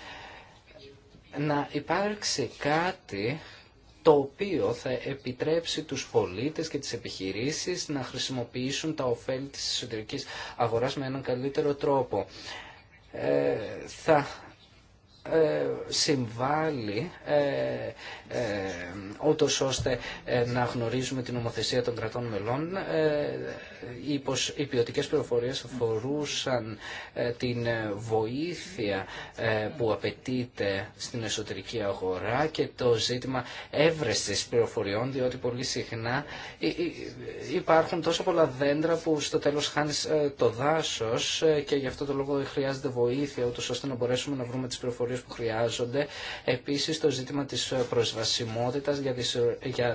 A: να υπάρξει κάτι το οποίο θα επιτρέψει τους πολίτες και τις επιχειρήσεις να χρησιμοποιήσουν τα ωφέλη της εσωτερικής αγοράς με έναν καλύτερο τρόπο. θα ε, συμβάλλει ότως ε, ε, ώστε να γνωρίζουμε την ομοθεσία των κρατών μελών οι ποιοτικέ πληροφορίε αφορούσαν ε, την βοήθεια ε, που απαιτείται στην εσωτερική αγορά και το ζήτημα έβρεση πληροφοριών, διότι πολύ συχνά υπάρχουν τόσο πολλά δέντρα που στο τέλος χάνεις ε, το δάσος και γι' αυτό το λόγο χρειάζεται βοήθεια, ώστε να μπορέσουμε να βρούμε τις πληροφορίε που χρειάζονται. επίση το ζήτημα της προσβασιμότητας για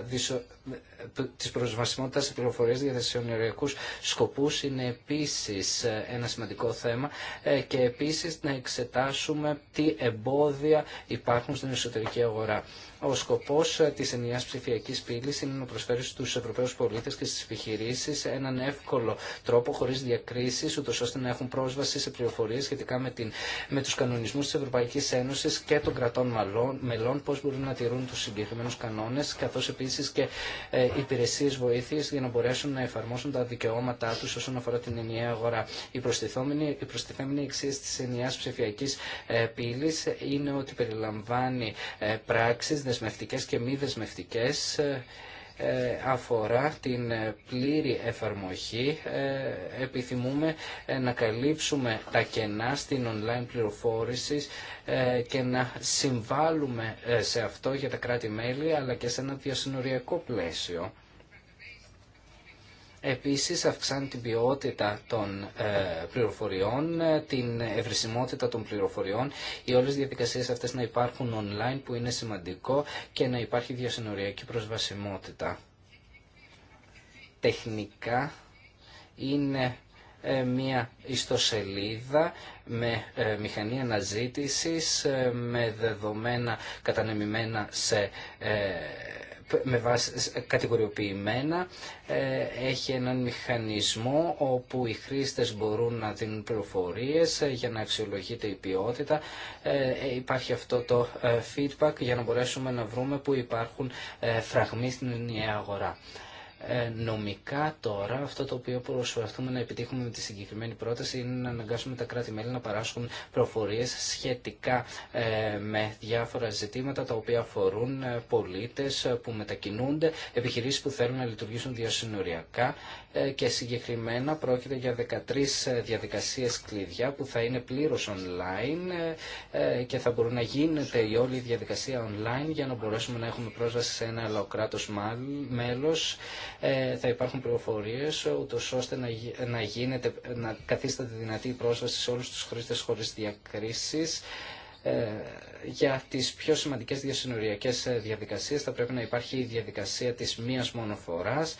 A: Τη προσβασιμότητας σε πληροφορίε για θεσιονεριακούς σκοπού είναι επίση ε, ένα σημαντικό θέμα ε, και επίσης να εξετάσουμε τι εμπόδια υπάρχουν στην εσωτερική αγορά. Ο σκοπό ε, τη ενιαία ψηφιακή πύλη είναι να προσφέρει στου Ευρωπαίου πολίτε και στι επιχειρήσει έναν εύκολο τρόπο χωρί διακρίσει, ούτω ώστε να έχουν πρόσβαση σε πληροφορίε σχετικά με, την, με του κανονισμού τη Ευρωπαϊκή Ένωση και των κρατών μελών, μελών πώ μπορούν να τηρούν του συγκεκριμένου κανόνε, καθώ επίση και ε, υπηρεσίε βοήθεια για να μπορέσουν να εφαρμόσουν τα δικαιώματά του όσον αφορά την ενιαία αγορά. Η προστιθέμενη, η προστιθέμενη τη ενιαία ψηφιακή ε, πύλη είναι ότι περιλαμβάνει ε, πράξει, δεσμευτικές και μη δεσμευτικές ε, ε, αφορά την ε, πλήρη εφαρμογή. Επιθυμούμε να καλύψουμε τα κενά στην online πληροφόρηση και να συμβάλλουμε σε αυτό για τα κράτη-μέλη αλλά και σε ένα διασυνοριακό πλαίσιο. Επίσης αυξάνει την ποιότητα των ε, πληροφοριών, ε, την ευρυσιμότητα των πληροφοριών, οι όλες οι διαδικασίες αυτές να υπάρχουν online που είναι σημαντικό και να υπάρχει διασυνοριακή προσβασιμότητα. Τεχνικά είναι ε, μια ιστοσελίδα με μηχανή αναζήτησης, με δεδομένα κατανεμημένα σε με βάση κατηγοριοποιημένα ε, έχει έναν μηχανισμό όπου οι χρήστες μπορούν να δίνουν πληροφορίες ε, για να αξιολογείται η ποιότητα. Ε, υπάρχει αυτό το feedback για να μπορέσουμε να βρούμε που υπάρχουν φραγμοί στην ενιαία αγορά. Ε, νομικά τώρα αυτό το οποίο προσπαθούμε να επιτύχουμε με τη συγκεκριμένη πρόταση είναι να αναγκάσουμε τα κράτη-μέλη να παράσχουν προφορίες σχετικά ε, με διάφορα ζητήματα τα οποία αφορούν ε, πολίτες που μετακινούνται, επιχειρήσεις που θέλουν να λειτουργήσουν διασυνοριακά ε, και συγκεκριμένα πρόκειται για 13 ε, διαδικασίες κλειδιά που θα είναι πλήρως online ε, και θα μπορούν να γίνεται η όλη διαδικασία online για να μπορέσουμε να έχουμε πρόσβαση σε ένα άλλο μέλος. Θα υπάρχουν πληροφορίες ούτως ώστε να, γίνεται, να καθίσταται δυνατή η πρόσβαση σε όλους τους χρήστες χωρίς διακρίσεις για τις πιο σημαντικές διασυνοριακές διαδικασίες θα πρέπει να υπάρχει η διαδικασία της μίας μόνο φοράς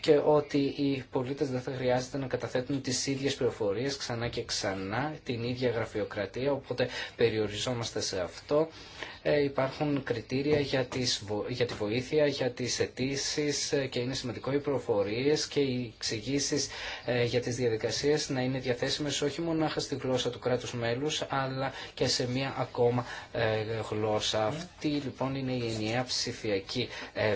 A: και ότι οι πολίτες δεν θα χρειάζεται να καταθέτουν τις ίδιες πληροφορίε, ξανά και ξανά, την ίδια γραφειοκρατία, οπότε περιοριζόμαστε σε αυτό. Ε, υπάρχουν κριτήρια για, τις, για τη βοήθεια, για τις αιτήσει ε, και είναι σημαντικό οι προφορίες και οι εξηγήσει ε, για τις διαδικασίες να είναι διαθέσιμες όχι μονάχα στη γλώσσα του κράτους μέλους αλλά και σε μία ακόμα γλώσσα. Αυτή λοιπόν είναι η ενιαία ψηφιακή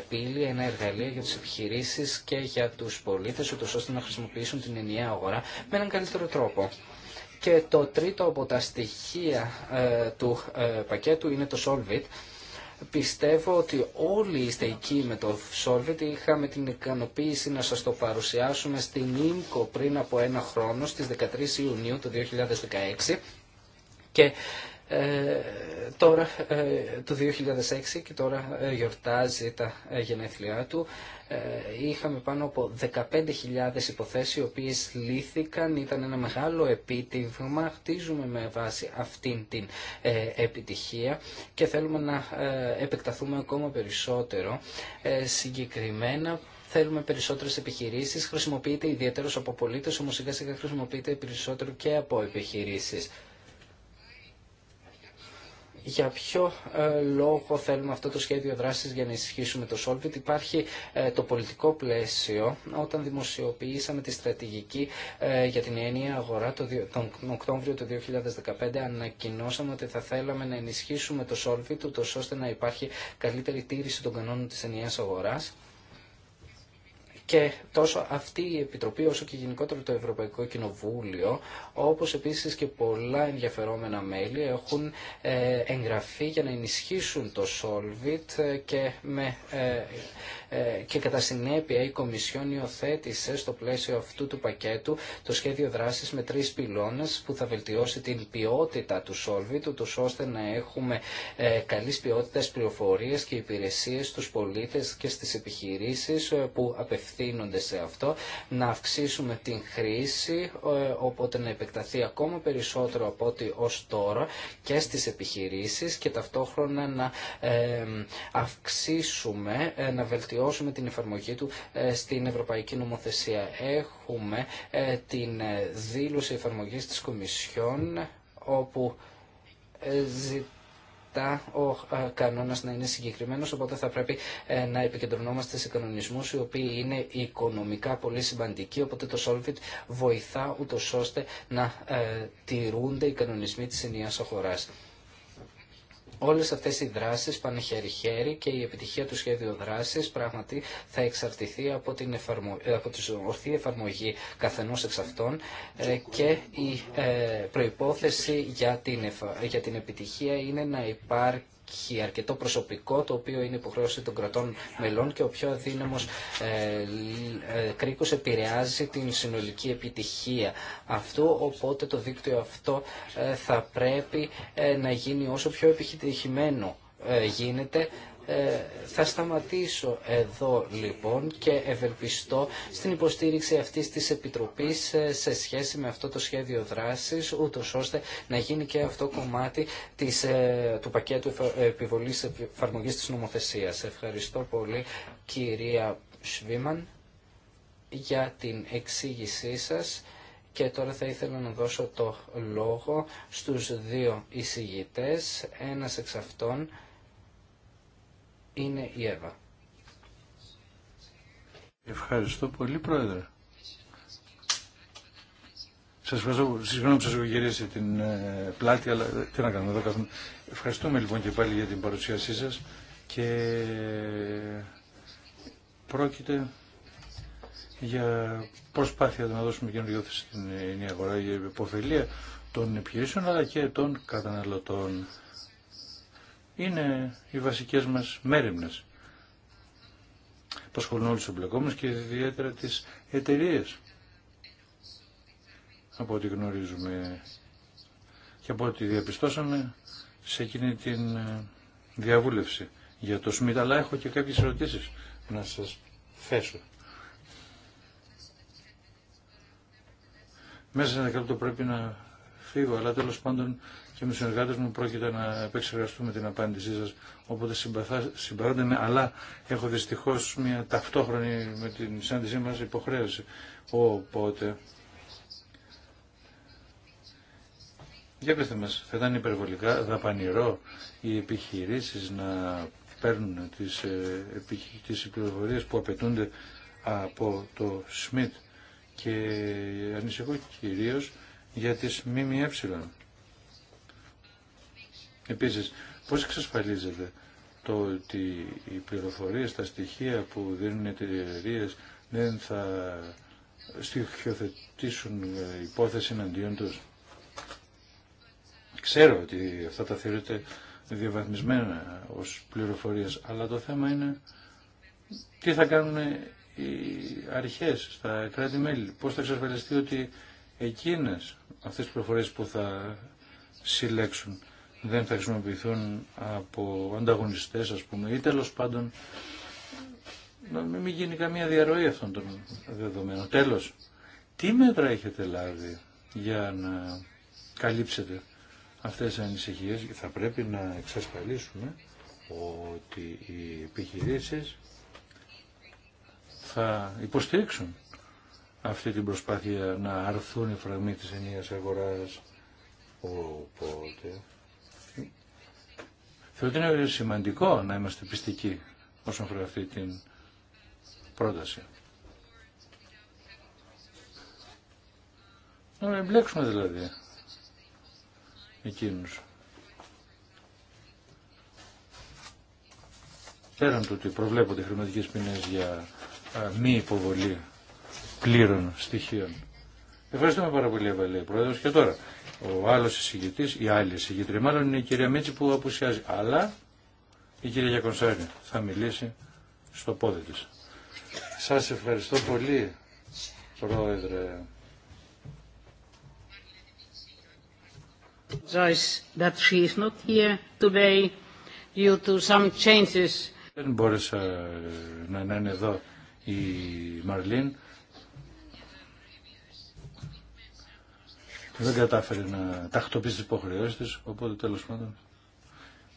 A: πύλη, ένα εργαλείο για τις επιχειρήσεις και για τους πολίτες, ούτως ώστε να χρησιμοποιήσουν την ενιαία αγορά με έναν καλύτερο τρόπο. Και το τρίτο από τα στοιχεία ε, του ε, πακέτου είναι το Solvit. Πιστεύω ότι όλοι είστε εκεί με το Solvit. Είχαμε την ικανοποίηση να σας το παρουσιάσουμε στην ΙΜΚΟ πριν από ένα χρόνο, στις 13 Ιουνίου του 2016. Ε, και τώρα, το 2006 και τώρα γιορτάζει τα γενέθλιά του. Ε, είχαμε πάνω από 15.000 υποθέσεις οι οποίες λύθηκαν, ήταν ένα μεγάλο επίτευγμα, χτίζουμε με βάση αυτήν την ε, επιτυχία και θέλουμε να ε, επεκταθούμε ακόμα περισσότερο συγκεκριμένα θέλουμε περισσότερε επιχειρήσει. Χρησιμοποιείται ιδιαίτερω από πολίτε, όμω σιγά σιγά χρησιμοποιείται περισσότερο και από επιχειρήσει για ποιο ε, λόγο θέλουμε αυτό το σχέδιο δράσης για να ισχύσουμε το Solvit. Υπάρχει ε, το πολιτικό πλαίσιο. Όταν δημοσιοποιήσαμε τη στρατηγική ε, για την ενιαία αγορά τον Οκτώβριο του 2015 ανακοινώσαμε ότι θα θέλαμε να ενισχύσουμε το Solvit ούτως ώστε να υπάρχει καλύτερη τήρηση των κανόνων της ενιαίας αγοράς. Και τόσο αυτή η Επιτροπή όσο και γενικότερα το Ευρωπαϊκό Κοινοβούλιο όπως επίσης και πολλά ενδιαφερόμενα μέλη έχουν ε, εγγραφεί για να ενισχύσουν το Solvit ε, και, με, ε, και κατά συνέπεια η Κομισιόν υιοθέτησε στο πλαίσιο αυτού του πακέτου το σχέδιο δράσης με τρεις πυλώνες που θα βελτιώσει την ποιότητα του Solvit ούτως ώστε να έχουμε καλής ποιότητας πληροφορίες και υπηρεσίες στους πολίτες και στις επιχειρήσεις που απευθύνονται σε αυτό, να αυξήσουμε την χρήση, οπότε να επεκταθεί ακόμα περισσότερο από ό,τι ως τώρα και στις επιχειρήσεις και ταυτόχρονα να αυξήσουμε, ε, να βελτιώσουμε την εφαρμογή του ε, στην Ευρωπαϊκή Νομοθεσία. Έχουμε ε, την δήλωση εφαρμογής της Κομισιόν όπου ζητάμε αυτά ο ε, κανόνας να είναι συγκεκριμένος, οπότε θα πρέπει ε, να επικεντρωνόμαστε σε κανονισμούς οι οποίοι είναι οικονομικά πολύ σημαντικοί, οπότε το Solvit βοηθά ούτως ώστε να ε, τηρούνται οι κανονισμοί της ενιαίας αγοράς. Όλες αυτές οι δράσεις πάνε χέρι-χέρι και η επιτυχία του σχέδιου δράσης πράγματι θα εξαρτηθεί από την, ε, από την ορθή εφαρμογή καθενός εξ αυτών ε, και η ε, προϋπόθεση για την, για την επιτυχία είναι να υπάρχει έχει αρκετό προσωπικό το οποίο είναι υποχρέωση των κρατών μελών και ο πιο αδύναμος ε, ε, κρίκος επηρεάζει την συνολική επιτυχία αυτού οπότε το δίκτυο αυτό ε, θα πρέπει να γίνει όσο πιο επιτυχημένο γίνεται ε, θα σταματήσω εδώ λοιπόν και ευελπιστώ στην υποστήριξη αυτής της Επιτροπής ε, σε σχέση με αυτό το σχέδιο δράσης ούτως ώστε να γίνει και αυτό κομμάτι της, ε, του πακέτου επιβολής εφαρμογής της νομοθεσίας. Ευχαριστώ πολύ κυρία Σβήμαν για την εξήγησή σας και τώρα θα ήθελα να δώσω το λόγο στους δύο εισηγητές, ένας εξ αυτών είναι η Εύα.
B: Ευχαριστώ πολύ, Πρόεδρε. Σα ευχαριστώ. Συγγνώμη που σα έχω γυρίσει την ε, πλάτη, αλλά ε, τι να κάνουμε εδώ καθόλου. Ευχαριστούμε λοιπόν και πάλι για την παρουσίασή σα και πρόκειται για προσπάθεια να δώσουμε καινούργια όθηση στην αγορά για υποφελία των επιχειρήσεων αλλά και των καταναλωτών είναι οι βασικές μας μέρημνες. Πασχολούν όλους τους εμπλεκόμενους και ιδιαίτερα τις εταιρείε. Από ό,τι γνωρίζουμε και από ό,τι διαπιστώσαμε σε εκείνη την ε, διαβούλευση για το ΣΜΙΤ. Αλλά έχω και κάποιες ερωτήσεις να σας θέσω. Μέσα σε ένα το πρέπει να φύγω, αλλά τέλος πάντων και με συνεργάτε μου πρόκειται να επεξεργαστούμε την απάντησή σα. Οπότε συμπαράτε με, αλλά έχω δυστυχώ μια ταυτόχρονη με την συνάντησή μα υποχρέωση. Οπότε. Για πετε μα, θα ήταν υπερβολικά δαπανηρό οι επιχειρήσει να παίρνουν τις, ε, τις που απαιτούνται από το ΣΜΙΤ και ανησυχώ κυρίως για τις ΜΜΕ Επίσης, πώς εξασφαλίζεται το ότι οι πληροφορίες, τα στοιχεία που δίνουν οι εταιρείε δεν θα στοιχειοθετήσουν ε, υπόθεση εναντίον τους. Ξέρω ότι αυτά τα θεωρείται διαβαθμισμένα ως πληροφορίες, αλλά το θέμα είναι τι θα κάνουν οι αρχές στα κράτη-μέλη, πώς θα εξασφαλιστεί ότι εκείνες αυτές τις πληροφορίες που θα συλλέξουν δεν θα χρησιμοποιηθούν από ανταγωνιστές ας πούμε ή τέλος πάντων να μην γίνει καμία διαρροή αυτών των δεδομένων. Τέλος, τι μέτρα έχετε λάβει για να καλύψετε αυτές τις ανησυχίες. Θα πρέπει να εξασφαλίσουμε ότι οι επιχειρήσεις θα υποστηρίξουν αυτή την προσπάθεια να αρθούν οι φραγμοί της ενίας αγοράς. Οπότε Θεωρώ ότι είναι σημαντικό να είμαστε πιστικοί όσον αφορά αυτή την πρόταση. Να εμπλέξουμε δηλαδή εκείνους. Πέραν του ότι προβλέπονται χρηματικές ποινές για μη υποβολή πλήρων στοιχείων. Ευχαριστούμε πάρα πολύ, Ευαλή Πρόεδρος. Και τώρα, ο άλλος εισηγητής, η άλλη εισηγητρία, μάλλον είναι η κυρία Μίτση που απουσιάζει. Αλλά η κυρία Γιακονσάρη θα μιλήσει στο πόδι της. Σας ευχαριστώ πολύ, Πρόεδρε. Δεν μπόρεσα να είναι εδώ η Μαρλίν δεν κατάφερε να τακτοποιήσει τι υποχρεώσει. της, οπότε τέλος πάντων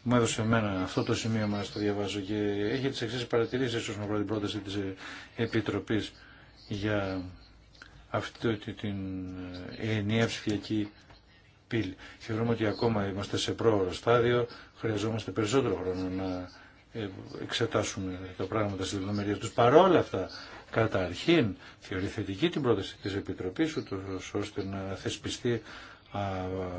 B: μου έδωσε εμένα αυτό το σημείο μας το διαβάζω και έχει τις εξή παρατηρήσεις όσον αφορά την πρόταση τη επίτροπή για αυτή την ε, ενιαία ψηφιακή πύλη. Θεωρούμε ότι ακόμα είμαστε σε πρόωρο στάδιο, χρειαζόμαστε περισσότερο χρόνο να ε, εξετάσουμε τα πράγματα τα λεπτομέρεια τους. Παρόλα αυτά, καταρχήν αρχήν, θεωρεί την πρόταση της Επιτροπής, ούτως ώστε να θεσπιστεί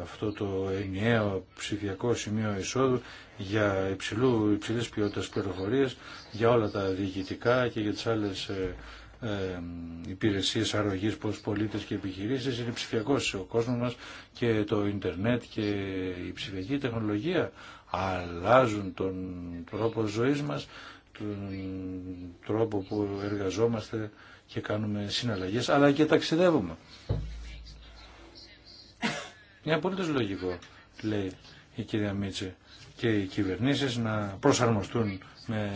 B: αυτό το ενιαίο ψηφιακό σημείο εισόδου για υψηλού, υψηλής ποιότητας πληροφορίες για όλα τα διοικητικά και για τις άλλες ε, ε, υπηρεσίες αρρωγής προς πολίτες και επιχειρήσεις. Είναι ψηφιακό ο κόσμος μας και το ίντερνετ και η ψηφιακή τεχνολογία αλλάζουν τον τρόπο ζωής μας, τον τρόπο που εργαζόμαστε και κάνουμε συναλλαγές, αλλά και ταξιδεύουμε. Είναι απολύτως λογικό, λέει η κυρία Μίτσε, και οι κυβερνήσεις να προσαρμοστούν με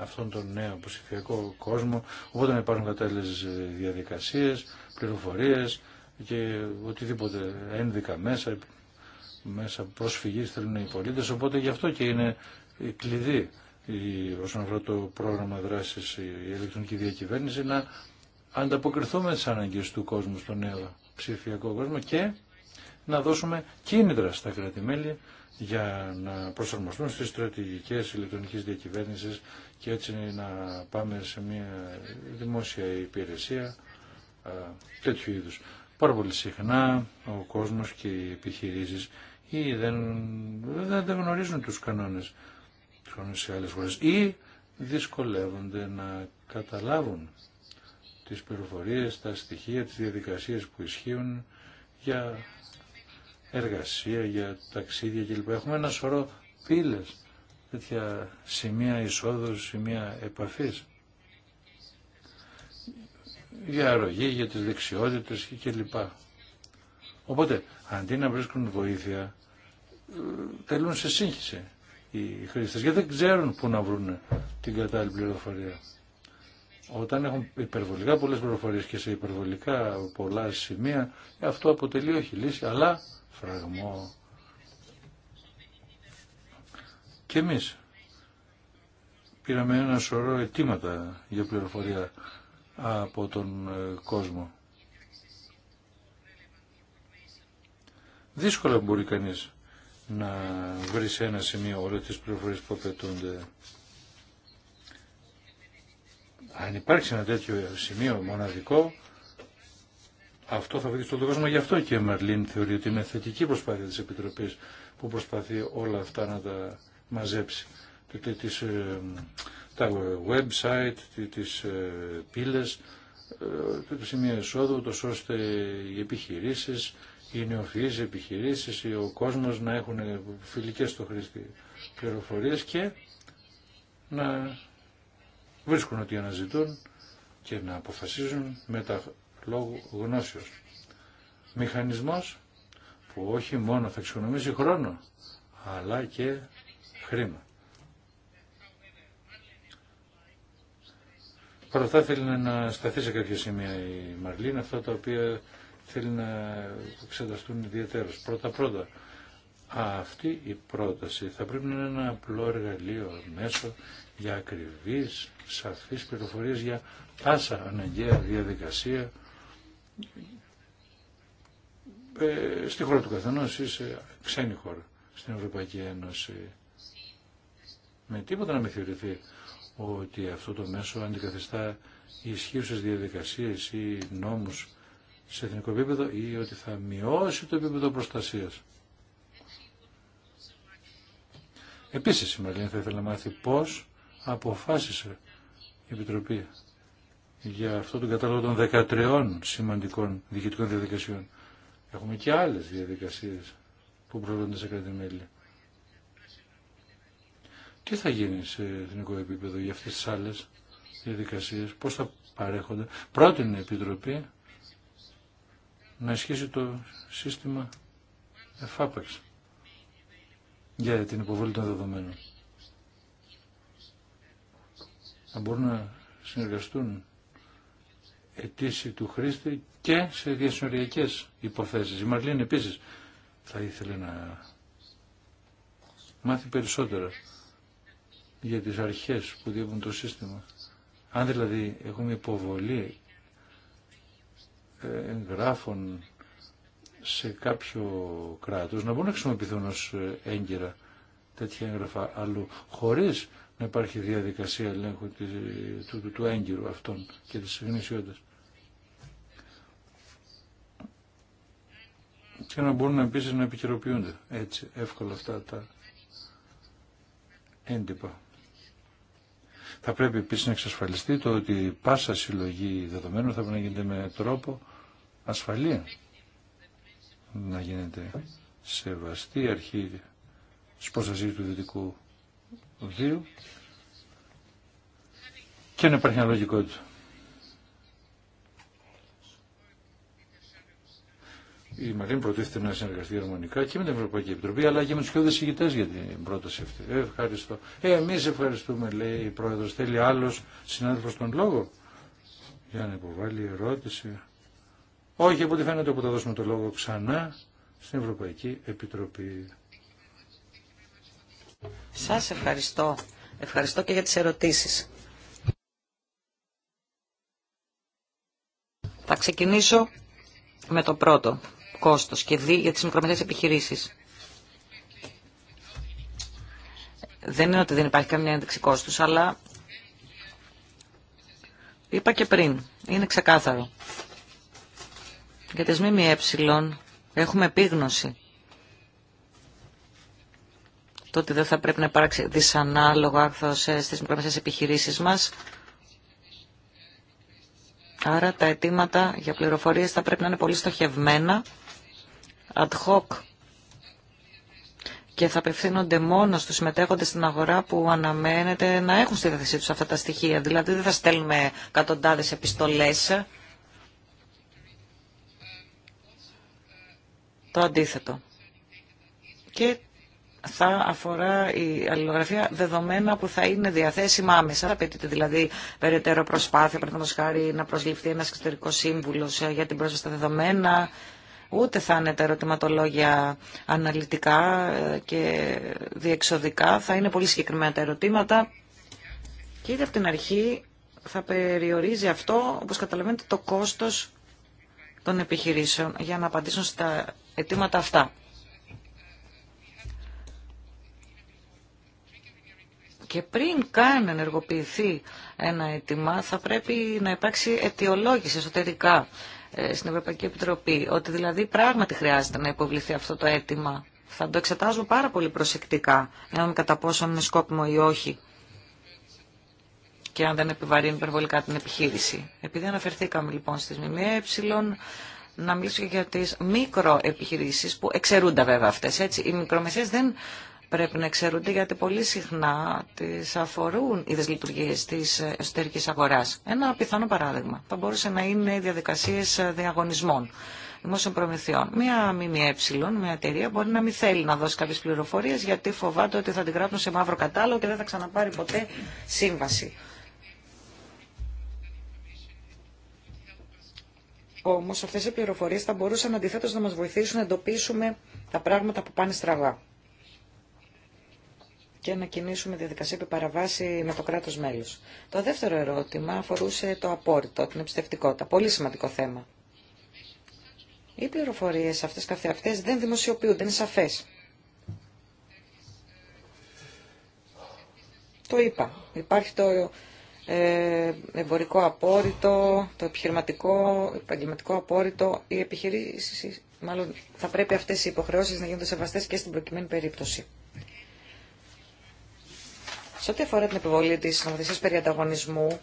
B: αυτόν τον νέο ψηφιακό κόσμο, οπότε να υπάρχουν κατάλληλες διαδικασίες, πληροφορίες και οτιδήποτε ένδικα μέσα, μέσα προσφυγή θέλουν οι πολίτε, οπότε γι' αυτό και είναι κλειδί όσον αφορά το πρόγραμμα δράση η ηλεκτρονική διακυβέρνηση να ανταποκριθούμε στις ανάγκες του κόσμου στον νέο ψηφιακό κόσμο και να δώσουμε κίνητρα στα κράτη-μέλη για να προσαρμοστούν στις στρατηγικές ηλεκτρονικής διακυβέρνησης και έτσι να πάμε σε μια δημόσια υπηρεσία τέτοιου είδους. Πάρα πολύ συχνά ο κόσμος και οι επιχειρήσεις ή δεν, δεν, γνωρίζουν τους κανόνες, σε άλλες χώρες ή δυσκολεύονται να καταλάβουν τις πληροφορίες, τα στοιχεία, τις διαδικασίες που ισχύουν για εργασία, για ταξίδια κλπ. Έχουμε ένα σωρό πύλες, τέτοια σημεία εισόδου, σημεία επαφής για αρρωγή, για τις δεξιότητες και κλπ. Οπότε, αντί να βρίσκουν βοήθεια, τελούν σε σύγχυση οι χρήστες γιατί δεν ξέρουν πού να βρουν την κατάλληλη πληροφορία. Όταν έχουν υπερβολικά πολλές πληροφορίες και σε υπερβολικά πολλά σημεία, αυτό αποτελεί όχι λύση, αλλά φραγμό. Και εμείς πήραμε ένα σωρό αιτήματα για πληροφορία από τον ε, κόσμο. Δύσκολα μπορεί κανείς να βρει σε ένα σημείο όλε τις πληροφορίες που απαιτούνται. Αν υπάρξει ένα τέτοιο σημείο μοναδικό, αυτό θα βγει στον κόσμο. Γι' αυτό και η Μαρλίν θεωρεί ότι είναι θετική προσπάθεια της Επιτροπής που προσπαθεί όλα αυτά να τα μαζέψει. Τις, ε, τα website, τις ε, πύλες, ε, το σημείο εσόδου, ώστε οι επιχειρήσεις, οι νεοφυείς επιχειρήσεις, ο κόσμος να έχουν φιλικές στο χρήστη πληροφορίες και να βρίσκουν ότι αναζητούν και να αποφασίζουν με τα λόγου γνώσεως. Μηχανισμός που όχι μόνο θα εξοικονομήσει χρόνο, αλλά και χρήμα. Πρώτα θα να σταθεί σε κάποια σημεία η Μαρλίν, αυτά τα οποία θέλει να εξεταστούν ιδιαίτερως. Πρώτα-πρώτα, αυτή η πρόταση θα πρέπει να είναι ένα απλό εργαλείο μέσο για ακριβείς, σαφείς πληροφορίε για πάσα αναγκαία διαδικασία ε, στη χώρα του καθενός ή σε ξένη χώρα, στην Ευρωπαϊκή Ένωση. Με τίποτα να μην θεωρηθεί ότι αυτό το μέσο αντικαθιστά ισχύουσες διαδικασίες ή νόμους σε εθνικό επίπεδο ή ότι θα μειώσει το επίπεδο προστασίας. Επίσης η Μαρλίνα θα ήθελε να μάθει πώς αποφάσισε η μαρλινα θα ηθελα να μαθει πως αποφασισε η επιτροπη για αυτό τον κατάλογο των 13 σημαντικών διοικητικών διαδικασιών. Έχουμε και άλλες διαδικασίες που προβλέπονται σε κράτη-μέλη. Τι θα γίνει σε εθνικό επίπεδο για αυτές τις άλλες διαδικασίες, πώς θα παρέχονται. Πρότεινε η Επιτροπή να ισχύσει το σύστημα εφάπαξ για την υποβολή των δεδομένων. Να μπορούν να συνεργαστούν αιτήσει του χρήστη και σε διασυνοριακές υποθέσεις. Η Μαρλίν επίσης θα ήθελε να μάθει περισσότερα για τις αρχές που διέπουν το σύστημα. Αν δηλαδή έχουμε υποβολή εγγράφων σε κάποιο κράτος να μπορούν να χρησιμοποιηθούν ως ε, έγκυρα τέτοια έγγραφα αλλού χωρίς να υπάρχει διαδικασία ελέγχου του, του, του έγκυρου αυτών και της γνησιότητας. Και να μπορούν επίσης να επικαιροποιούνται έτσι εύκολα αυτά τα έντυπα. Θα πρέπει επίσης να εξασφαλιστεί το ότι πάσα συλλογή δεδομένων θα πρέπει να γίνεται με τρόπο ασφαλεία να γίνεται σεβαστή αρχή τη προστασία του δυτικού βίου και να υπάρχει αναλογικότητα. Η Μαρίνη προτίθεται να συνεργαστεί αρμονικά και με την Ευρωπαϊκή Επιτροπή αλλά και με του πιο δεσηγητέ για την πρόταση αυτή. Ε, ευχαριστώ. Ε, Εμεί ευχαριστούμε, λέει η Πρόεδρο. Θέλει άλλο συνάδελφο τον λόγο για να υποβάλει ερώτηση. Όχι, από ό,τι φαίνεται που θα δώσουμε το λόγο ξανά στην Ευρωπαϊκή Επιτροπή.
C: Σας ευχαριστώ. Ευχαριστώ και για τις ερωτήσεις. Θα ξεκινήσω με το πρώτο κόστος και δι για τις μικρομεσαίες επιχειρήσεις. Δεν είναι ότι δεν υπάρχει καμία ένδειξη κόστους, αλλά είπα και πριν, είναι ξεκάθαρο για τις ΜΜΕ έχουμε επίγνωση το ότι δεν θα πρέπει να υπάρξει δυσανάλογο άκθοσες ε, στις μικρομεσαίες επιχειρήσεις μας. Άρα τα αιτήματα για πληροφορίες θα πρέπει να είναι πολύ στοχευμένα, ad hoc και θα απευθύνονται μόνο στους συμμετέχοντες στην αγορά που αναμένεται να έχουν στη διάθεσή τους αυτά τα στοιχεία. Δηλαδή δεν θα στέλνουμε εκατοντάδες επιστολές το αντίθετο. Και θα αφορά η αλληλογραφία δεδομένα που θα είναι διαθέσιμα άμεσα. Απαιτείται δηλαδή περαιτέρω προσπάθεια, παραδείγματο χάρη να προσληφθεί ένα εξωτερικό σύμβουλο ε, για την πρόσβαση στα δεδομένα. Ούτε θα είναι τα ερωτηματολόγια αναλυτικά ε, και διεξοδικά. Θα είναι πολύ συγκεκριμένα τα ερωτήματα. Και ήδη από την αρχή θα περιορίζει αυτό, όπως καταλαβαίνετε, το κόστος των επιχειρήσεων για να απαντήσουν στα αιτήματα αυτά. Και πριν καν ενεργοποιηθεί ένα αίτημα, θα πρέπει να υπάρξει αιτιολόγηση εσωτερικά ε, στην Ευρωπαϊκή Επιτροπή, ότι δηλαδή πράγματι χρειάζεται να υποβληθεί αυτό το αίτημα. Θα το εξετάζω πάρα πολύ προσεκτικά, να δούμε κατά πόσο είναι σκόπιμο ή όχι και αν δεν επιβαρύνει υπερβολικά την επιχείρηση. Επειδή αναφερθήκαμε λοιπόν στις ΜΜΕ, να μιλήσω για τις μικροεπιχειρήσεις που εξαιρούνται βέβαια αυτές. Έτσι. Οι μικρομεσαίες δεν πρέπει να εξαιρούνται γιατί πολύ συχνά τις αφορούν οι δυσλειτουργίες της εσωτερικής αγοράς. Ένα πιθανό παράδειγμα θα μπορούσε να είναι οι διαδικασίες διαγωνισμών δημόσιων προμηθειών. Μία ΜΜΕ, μια εταιρεία, μπορεί να μην θέλει να δώσει κάποιε πληροφορίε γιατί φοβάται ότι θα την γράψουν σε μαύρο κατάλογο και δεν θα ξαναπάρει ποτέ σύμβαση. Όμως αυτές οι πληροφορίες θα μπορούσαν αντιθέτως να μας βοηθήσουν να εντοπίσουμε τα πράγματα που πάνε στραβά και να κινήσουμε διαδικασία επί παραβάση με το κράτος μέλος. Το δεύτερο ερώτημα αφορούσε το απόρριτο, την εμπιστευτικότητα. Πολύ σημαντικό θέμα. Οι πληροφορίες αυτές καθεαυτές δεν δημοσιοποιούνται, είναι σαφές. Το είπα. Υπάρχει το ε, εμπορικό απόρριτο, το επιχειρηματικό, επαγγελματικό απόρριτο, οι επιχειρήσει, μάλλον θα πρέπει αυτές οι υποχρεώσεις να γίνονται σεβαστές και στην προκειμένη περίπτωση. Σε ό,τι αφορά την επιβολή της νομοθεσίας περί ανταγωνισμού,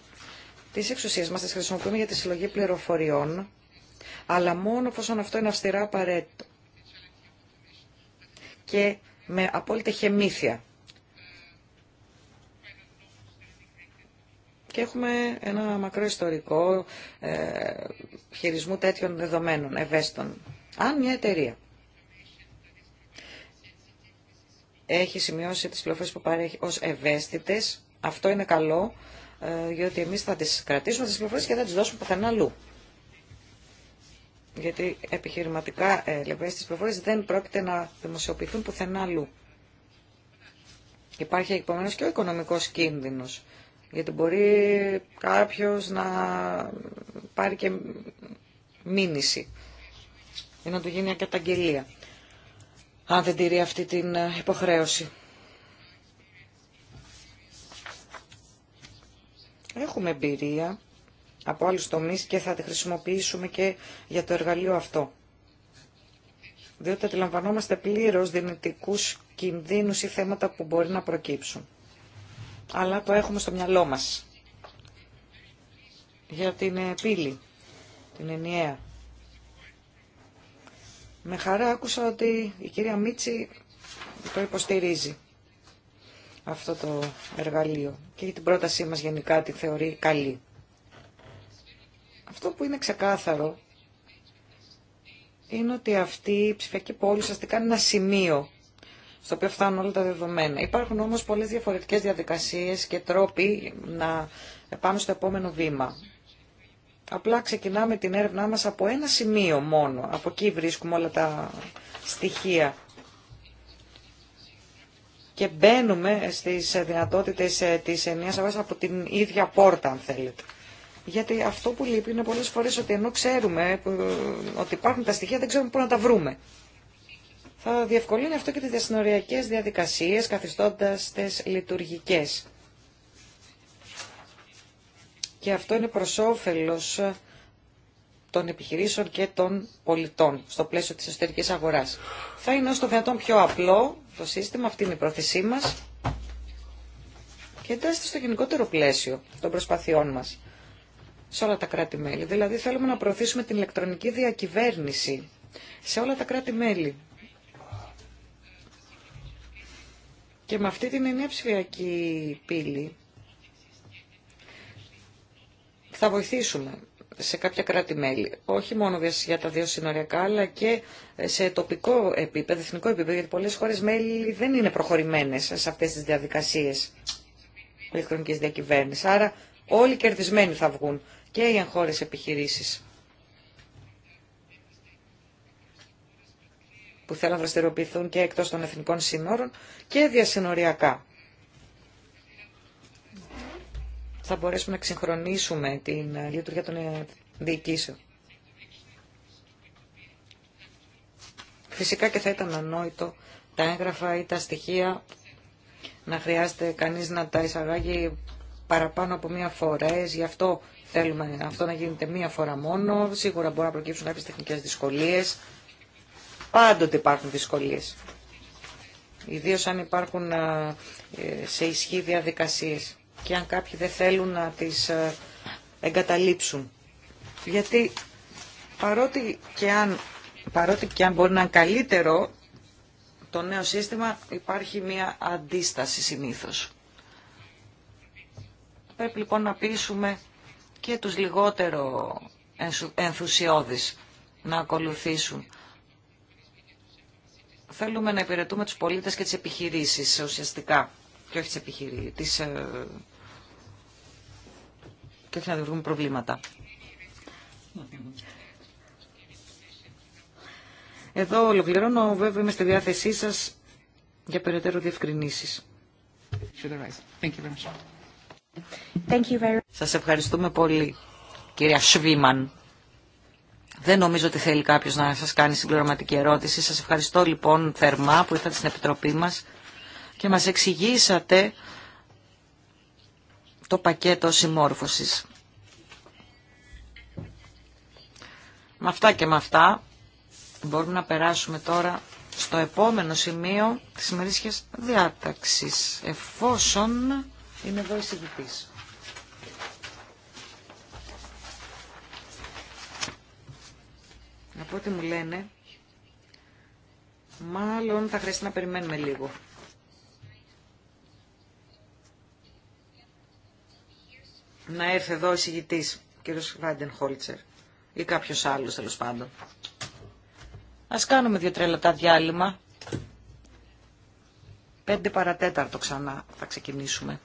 C: τις εξουσίες μας τις χρησιμοποιούμε για τη συλλογή πληροφοριών, αλλά μόνο εφόσον αυτό είναι αυστηρά απαραίτητο και με απόλυτη χεμήθεια. και έχουμε ένα μακρό ιστορικό ε, χειρισμού τέτοιων δεδομένων, ευαίσθητων. Αν μια εταιρεία έχει σημειώσει τις πληροφορίες που παρέχει ως ευαίσθητες, αυτό είναι καλό, ε, διότι εμείς θα τις κρατήσουμε τις πληροφορίες και θα τις δώσουμε πουθενά αλλού. Γιατί επιχειρηματικά ε, ευαίσθητες πληροφορίες δεν πρόκειται να δημοσιοποιηθούν πουθενά αλλού. Υπάρχει επομένω και ο οικονομικός κίνδυνος γιατί μπορεί κάποιος να πάρει και μήνυση ή να του γίνει καταγγελία, αν δεν τηρεί αυτή την ε, υποχρέωση. Έχουμε εμπειρία από άλλους τομείς και θα τη χρησιμοποιήσουμε και για το εργαλείο αυτό. Διότι αντιλαμβανόμαστε πλήρως δυνητικούς κινδύνους ή θέματα που μπορεί να προκύψουν αλλά το έχουμε στο μυαλό μας. Για την πύλη, την ενιαία. Με χαρά άκουσα ότι η κυρία Μίτσι το υποστηρίζει αυτό το εργαλείο και για την πρότασή μας γενικά τη θεωρεί καλή. Αυτό που είναι ξεκάθαρο είναι ότι αυτή η ψηφιακή πόλη ουσιαστικά είναι ένα σημείο στο οποίο φτάνουν όλα τα δεδομένα. Υπάρχουν όμως πολλές διαφορετικές διαδικασίες και τρόποι να πάμε στο επόμενο βήμα. Απλά ξεκινάμε την έρευνά μας από ένα σημείο μόνο. Από εκεί βρίσκουμε όλα τα στοιχεία. Και μπαίνουμε στις δυνατότητες ε, της ενίας από την ίδια πόρτα, αν θέλετε. Γιατί αυτό που λείπει είναι πολλές φορές ότι ενώ ξέρουμε ότι υπάρχουν τα στοιχεία, δεν ξέρουμε πού να τα βρούμε. Θα διευκολύνει αυτό και τις διασυνοριακές διαδικασίες, καθιστώντας τις λειτουργικές. Και αυτό είναι προς όφελος των επιχειρήσεων και των πολιτών στο πλαίσιο της εσωτερικής αγοράς. Θα είναι ως το δυνατόν πιο απλό το σύστημα, αυτή είναι η πρόθεσή μας και εντάσσεται στο γενικότερο πλαίσιο των προσπαθειών μας σε όλα τα κράτη-μέλη. Δηλαδή θέλουμε να προωθήσουμε την ηλεκτρονική διακυβέρνηση σε όλα τα κράτη-μέλη. Και με αυτή την ενιαία ψηφιακή πύλη θα βοηθήσουμε σε κάποια κράτη-μέλη, όχι μόνο για τα δύο συνοριακά, αλλά και σε τοπικό επίπεδο, εθνικό επίπεδο, γιατί πολλές χώρες μέλη δεν είναι προχωρημένες σε αυτές τις διαδικασίες ηλεκτρονικής διακυβέρνησης. Άρα όλοι κερδισμένοι θα βγουν και οι εγχώρες επιχειρήσεις. που θέλουν να δραστηριοποιηθούν και εκτός των εθνικών σύνορων και διασυνοριακά. Θα μπορέσουμε να ξυγχρονίσουμε την ε, λειτουργία των ε, διοικήσεων. Φυσικά και θα ήταν ανόητο τα έγγραφα ή τα στοιχεία να χρειάζεται κανείς να τα εισαγάγει παραπάνω από μία φορά. Γι' αυτό θέλουμε αυτό να γίνεται μία φορά μόνο. Σίγουρα μπορεί να προκύψουν κάποιες τεχνικές δυσκολίες. Πάντοτε υπάρχουν δυσκολίες. Ιδίως αν υπάρχουν ε, σε ισχύ διαδικασίες και αν κάποιοι δεν θέλουν να τις ε, εγκαταλείψουν. Γιατί παρότι και αν, παρότι και αν μπορεί να είναι καλύτερο το νέο σύστημα υπάρχει μια αντίσταση συνήθως. Πρέπει λοιπόν να πείσουμε και τους λιγότερο ενθουσιώδεις να ακολουθήσουν Θέλουμε να υπηρετούμε τους πολίτες και τις επιχειρήσεις ουσιαστικά και όχι τις επιχειρήσεις, ε, και όχι να δημιουργούμε προβλήματα. Εδώ ολοκληρώνω, βέβαια είμαι στη διάθεσή σας για περαιτέρω διευκρινήσεις. Σας ευχαριστούμε πολύ, κυρία Σβήμαν. Δεν νομίζω ότι θέλει κάποιος να σας κάνει συμπληρωματική ερώτηση. Σας ευχαριστώ λοιπόν θερμά που ήρθατε στην Επιτροπή μας και μας εξηγήσατε το πακέτο συμμόρφωσης. Με αυτά και με αυτά μπορούμε να περάσουμε τώρα στο επόμενο σημείο της ημερήσιας διάταξης, εφόσον είναι εδώ η ό,τι μου λένε, μάλλον θα χρειαστεί να περιμένουμε λίγο. Να έρθει εδώ ο εισηγητής, κύριος Βάντεν Χόλτσερ, ή κάποιος άλλος τέλος πάντων. Ας κάνουμε δύο τρελατά διάλειμμα. Πέντε παρατέταρτο ξανά θα ξεκινήσουμε.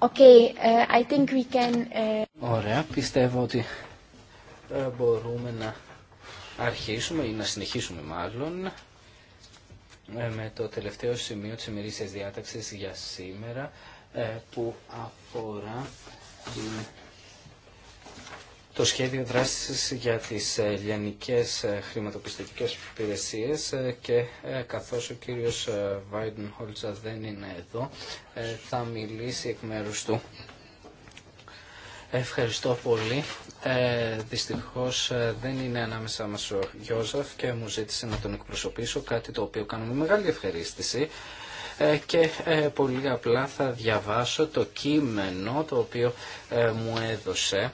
A: Okay, uh, I think we can... Uh, Ωραία, πιστεύω ότι ε, μπορούμε να αρχίσουμε ή να συνεχίσουμε μάλλον ε, με το τελευταίο σημείο της ημερήσιας διάταξης για σήμερα ε, που αφορά την το σχέδιο δράσης για τις ε, λιανικές ε, χρηματοπιστωτικές υπηρεσίες ε, και καθώς ο κύριος Βάιντεν Χόλτσα δεν είναι εδώ θα μιλήσει εκ μέρους του. Ευχαριστώ πολύ. Ε, δυστυχώς δεν είναι ανάμεσα μας ο Γιώζαφ και μου ζήτησε να τον εκπροσωπήσω, κάτι το οποίο κάνουμε μεγάλη ευχαρίστηση. Ε, και ε, πολύ απλά θα διαβάσω το κείμενο το οποίο ε, μου έδωσε,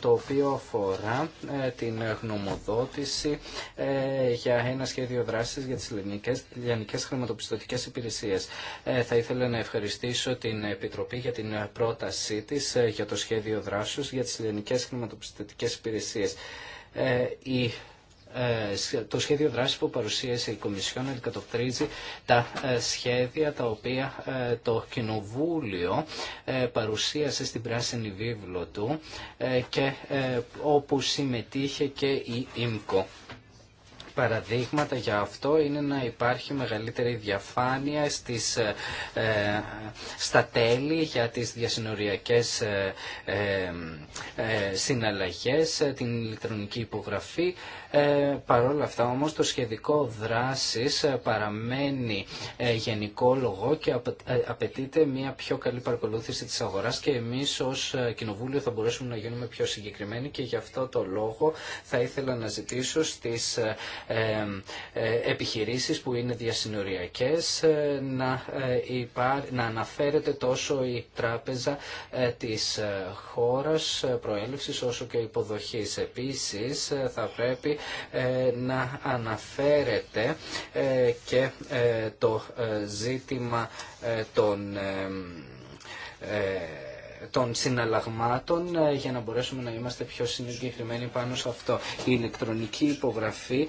A: το οποίο αφορά την γνωμοδότηση για ένα σχέδιο δράσης για τις λιανικές χρηματοπιστωτικές υπηρεσίες. Θα ήθελα να ευχαριστήσω την Επιτροπή για την πρότασή της για το σχέδιο δράσης για τις ελληνικές χρηματοπιστωτικές υπηρεσίες. Ε, το σχέδιο δράση που παρουσίασε η Κομισιόν αντικατοπτρίζει τα ε, σχέδια τα οποία ε, το Κοινοβούλιο παρουσίασε στην Πράσινη Βίβλο του και όπου συμμετείχε και η ΙΜΚΟ. Παραδείγματα για αυτό είναι να υπάρχει μεγαλύτερη διαφάνεια στις, ε, στα τέλη για τις διασυνοριακές συναλλαγές, την ηλεκτρονική υπογραφή, ε, Παρ' όλα αυτά όμως το σχεδικό δράσης ε, παραμένει ε, γενικό λογό και ε, απαιτείται μια πιο καλή παρακολούθηση της αγοράς και εμείς ως Κοινοβούλιο θα μπορέσουμε να γίνουμε πιο συγκεκριμένοι και γι' αυτό το λόγο θα ήθελα να ζητήσω στις επιχειρήσεις που είναι διασυνοριακές να, υπά... να αναφέρεται τόσο η τράπεζα της χώρας προέλευσης όσο και υποδοχής. Επίσης θα πρέπει ε, να αναφέρεται ε, και ε, το ζήτημα των των συναλλαγμάτων ε, για να μπορέσουμε να είμαστε πιο συγκεκριμένοι πάνω σε αυτό. Η ηλεκτρονική υπογραφή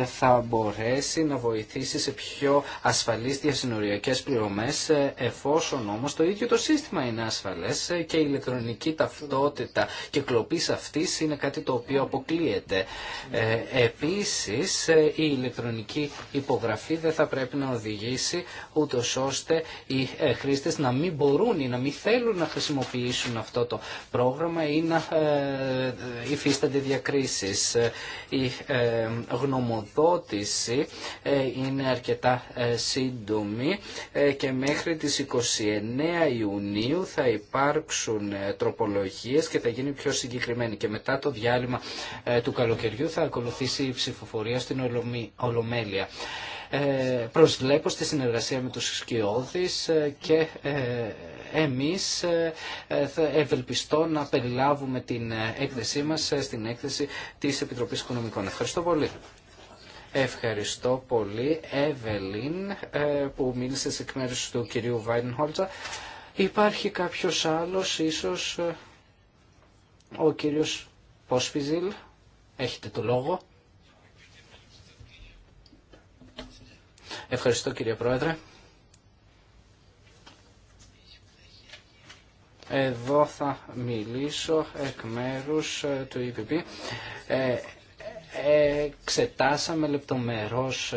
A: ε, θα μπορέσει να βοηθήσει σε πιο ασφαλείς διασυνοριακές πληρωμές ε, εφόσον όμως το ίδιο το σύστημα είναι ασφαλές και η ηλεκτρονική ταυτότητα και κλοπής αυτής είναι κάτι το οποίο αποκλείεται. Επίσης η ηλεκτρονική υπογραφή δεν θα πρέπει να οδηγήσει ούτως ώστε οι χρήστες να μην μπορούν ή να μην θέλουν να χρησιμοποιήσουν υφίσουν αυτό το πρόγραμμα ή να ε, ε, υφίστανται διακρίσεις. Ε, η γνωμοδότηση είναι αρκετά σύντομη και μέχρι τις 29 Ιουνίου θα υπάρξουν τροπολογίες και θα γίνει πιο συγκεκριμένη και μετά το διάλειμμα του καλοκαιριού θα ακολουθήσει η ψηφοφορία στην Ολομέλεια. Προσβλέπω στη συνεργασία με τους σκιώδεις και εμείς ε, ε, ευελπιστώ να περιλάβουμε την ε, έκθεσή μας στην έκθεση της Επιτροπής Οικονομικών. Ευχαριστώ πολύ. Ευχαριστώ πολύ, Εύελιν, που μίλησε εκ μέρους του κυρίου Βάιντενχόλτσα. Υπάρχει κάποιος άλλος, ίσως ο κύριος Πόσφιζιλ. Έχετε το λόγο. Ευχαριστώ κύριε Πρόεδρε. Εδώ θα μιλήσω εκ μέρους ε, του EPP. Ε, ε, εξετάσαμε λεπτομερώς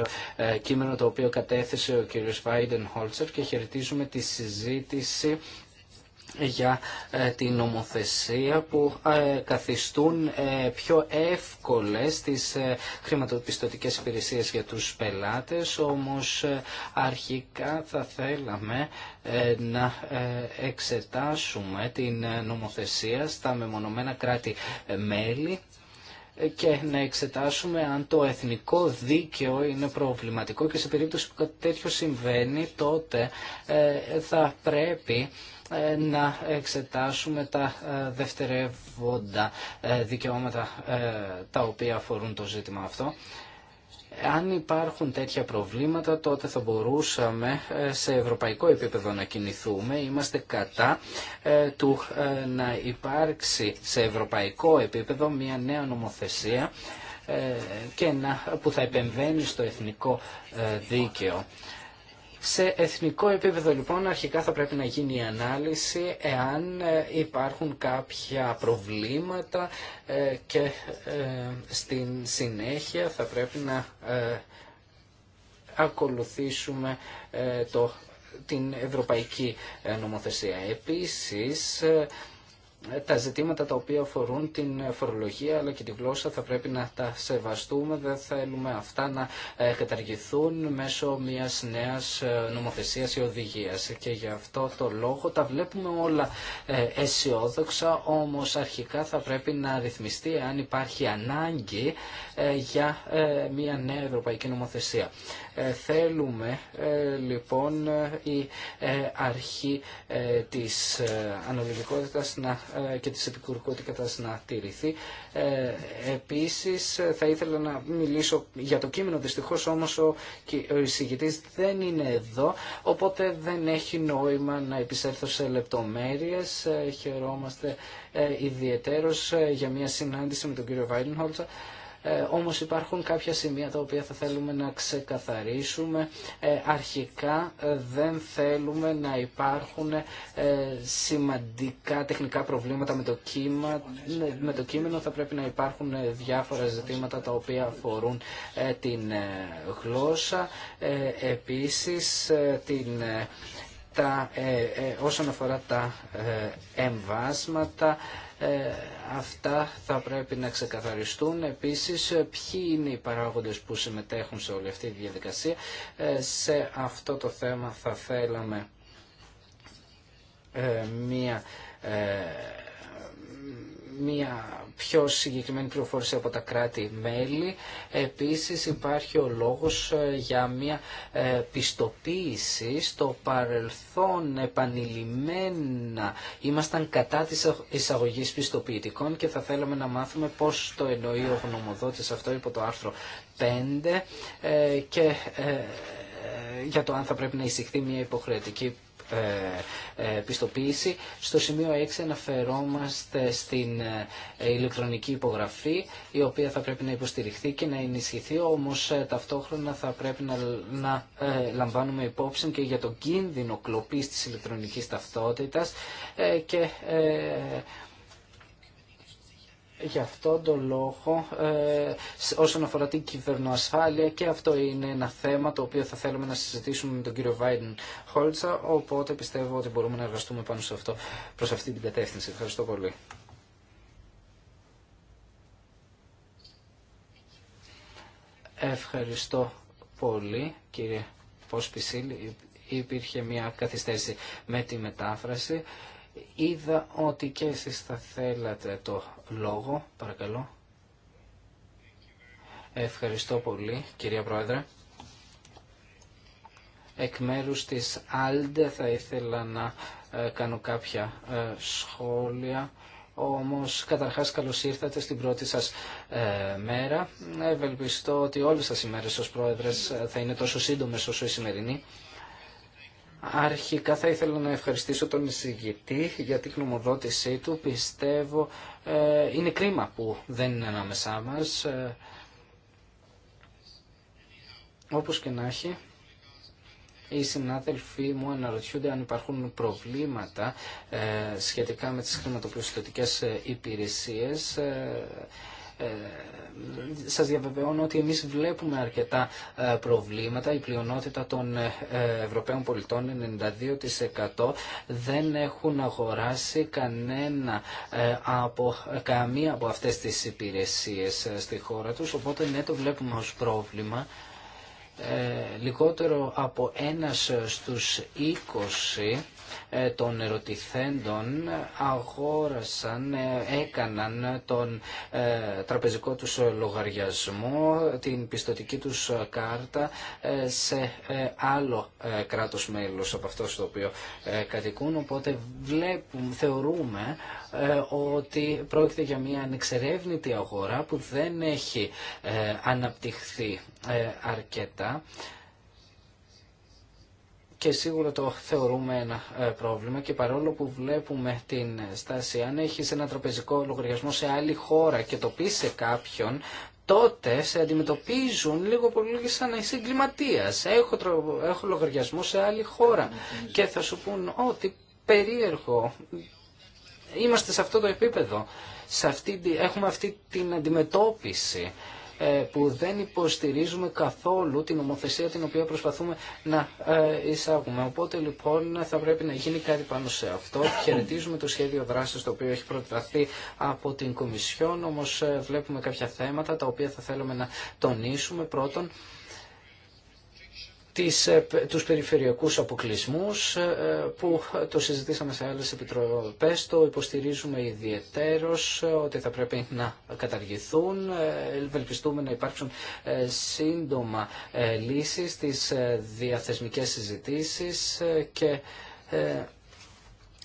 A: κείμενο το οποίο κατέθεσε ο κ. Βάιντεν Χόλτσερ και χαιρετίζουμε τη συζήτηση για ε, την νομοθεσία που ε, καθιστούν ε, πιο εύκολες τις χρηματοπιστωτικές υπηρεσίες για τους πελάτες, όμως αρχικά θα θέλαμε να εξετάσουμε την νομοθεσία στα μεμονωμένα κράτη-μέλη και να εξετάσουμε αν το εθνικό δίκαιο είναι προβληματικό και σε περίπτωση που κάτι τέτοιο συμβαίνει τότε ε, θα πρέπει ε, να εξετάσουμε τα ε, δευτερεύοντα δικαιώματα τα οποία αφορούν το ζήτημα αυτό. Αν υπάρχουν τέτοια προβλήματα τότε θα μπορούσαμε ε, σε ευρωπαϊκό επίπεδο να κινηθούμε. Είμαστε κατά ε, του ε, να υπάρξει σε ευρωπαϊκό επίπεδο μια νέα νομοθεσία και να, που θα επεμβαίνει στο εθνικό δίκαιο. Σε εθνικό επίπεδο λοιπόν αρχικά θα πρέπει να γίνει η ανάλυση εάν ε, υπάρχουν κάποια προβλήματα ε, και ε, στην συνέχεια θα πρέπει να ακολουθήσουμε το την ευρωπαϊκή νομοθεσία. Επίσης ε, τα ζητήματα τα οποία αφορούν την φορολογία αλλά και τη γλώσσα θα πρέπει να τα σεβαστούμε, δεν θέλουμε αυτά να ε, καταργηθούν μέσω μιας νέας ε, νομοθεσίας ή οδηγίας και γι' αυτό το λόγο τα βλέπουμε όλα αισιόδοξα όμως αρχικά θα πρέπει να ρυθμιστεί αν υπάρχει ανάγκη για μια νέα ευρωπαϊκή νομοθεσία. Ε, θέλουμε ε, λοιπόν η ε, αρχή της αναλογικότητας και της επικουρικότητας να τηρηθεί. Επίσης θα ήθελα να μιλήσω για το κείμενο. Δυστυχώς όμως ο εισηγητής δεν είναι εδώ, οπότε δεν έχει νόημα να επισέλθω σε λεπτομέρειες. Χαιρόμαστε ιδιαιτέρως για μια συνάντηση με τον κύριο Βάιντενχολτσα ε, όμως υπάρχουν κάποια σημεία τα οποία θα θέλουμε να ξεκαθαρίσουμε. Ε, αρχικά ε, δεν θέλουμε να υπάρχουν σημαντικά τεχνικά προβλήματα με το, κύμα, ναι, με το κείμενο. Θα πρέπει να υπάρχουν διάφορα ζητήματα τα οποία αφορούν την γλώσσα. Επίσης την τα, όσον αφορά τα εμβάσματα Αυτά θα πρέπει να ξεκαθαριστούν. Επίσης, ποιοι είναι οι παράγοντες που συμμετέχουν σε όλη αυτή τη διαδικασία. Ε, σε αυτό το θέμα θα θέλαμε ε, μία ε, μία πιο συγκεκριμένη πληροφόρηση από τα κράτη-μέλη. Επίσης υπάρχει ο λόγος ε, για μια ε, πιστοποίηση. Στο παρελθόν επανειλημμένα ήμασταν κατά της εισαγωγής πιστοποιητικών και θα θέλαμε να μάθουμε πώς το εννοεί ο γνωμοδότης αυτό υπό το άρθρο 5 ε, και για το αν θα πρέπει να εισηχθεί μια υποχρεωτική ε, ε, πιστοποίηση. Στο σημείο 6 αναφερόμαστε στην ε, ηλεκτρονική υπογραφή η οποία θα πρέπει να υποστηριχθεί και να ενισχυθεί όμως ταυτόχρονα θα πρέπει να, να λαμβάνουμε υπόψη και για τον κίνδυνο κλοπής της ηλεκτρονικής ταυτότητας και Γι' αυτόν τον λόγο, ε, όσον αφορά την κυβερνοασφάλεια, και αυτό είναι ένα θέμα το οποίο θα θέλουμε να συζητήσουμε με τον κύριο Βάιντεν Χόλτσα, οπότε πιστεύω ότι μπορούμε να εργαστούμε πάνω σε αυτό, προς αυτή την κατεύθυνση. Ευχαριστώ πολύ. Ευχαριστώ πολύ, κύριε Πόσπισιλ. Υπήρχε μια καθυστέρηση με τη μετάφραση. Είδα ότι και εσείς θα θέλατε το λόγο, παρακαλώ. Ευχαριστώ πολύ, κυρία Πρόεδρε. Εκ μέρους της Άλντε θα ήθελα να ε, κάνω κάποια ε, σχόλια. Όμως, καταρχάς, καλώς ήρθατε στην πρώτη σας ε, μέρα. Ευελπιστώ ότι όλες σας οι ως Πρόεδρες θα είναι τόσο σύντομες όσο η σημερινή. Αρχικά θα ήθελα να ευχαριστήσω τον εισηγητή για την γνωμοδότησή του. Πιστεύω ε, είναι κρίμα που δεν είναι ανάμεσά μας. Ε, όπως και να έχει, οι συνάδελφοί μου αναρωτιούνται αν υπάρχουν προβλήματα ε, σχετικά με τις χρηματοπιστωτικές ε, υπηρεσίες. Ε, σας διαβεβαιώνω ότι εμείς βλέπουμε αρκετά ε, προβλήματα. Η πλειονότητα των ε, Ευρωπαίων πολιτών, 92% δεν έχουν αγοράσει κανένα από, καμία από αυτές τις υπηρεσίες στη χώρα τους, οπότε ναι το βλέπουμε ως πρόβλημα. λιγότερο από ένας στους 20 ε, των ερωτηθέντων αγόρασαν, ε, έκαναν τον ε, τραπεζικό τους λογαριασμό, την πιστοτική τους κάρτα σε άλλο κράτος μέλος από αυτό στο οποίο κατοικούν, οπότε βλέπουμε, θεωρούμε ότι πρόκειται για μια ανεξερεύνητη αγορά που δεν έχει αναπτυχθεί αρκετά και σίγουρα το θεωρούμε ένα ε, πρόβλημα και παρόλο που βλέπουμε την στάση αν έχει ένα τραπεζικό λογαριασμό σε άλλη χώρα και το πεις σε κάποιον τότε σε αντιμετωπίζουν λίγο πολύ σαν να είσαι εγκληματίας. Έχω, λογαριασμό σε άλλη χώρα και θα σου πούν ότι περίεργο. Είμαστε σε αυτό το επίπεδο. Σε αυτή... Έχουμε αυτή την αντιμετώπιση. Ε, που δεν υποστηρίζουμε καθόλου την ομοθεσία την οποία προσπαθούμε να ε, εισάγουμε. Οπότε λοιπόν θα πρέπει να γίνει κάτι πάνω σε αυτό. Χαιρετίζουμε το σχέδιο δράσης το οποίο έχει προταθεί από την Κομισιόν, όμως ε, βλέπουμε κάποια θέματα τα οποία θα θέλουμε να τονίσουμε πρώτον τις, ε, τους περιφερειακούς αποκλεισμούς ε, που το συζητήσαμε σε άλλες επιτροπές, το υποστηρίζουμε ιδιαιτέρως ε, ότι θα πρέπει να καταργηθούν. Ευελπιστούμε να υπάρξουν σύντομα λύσεις στις διαθεσμικές συζητήσεις και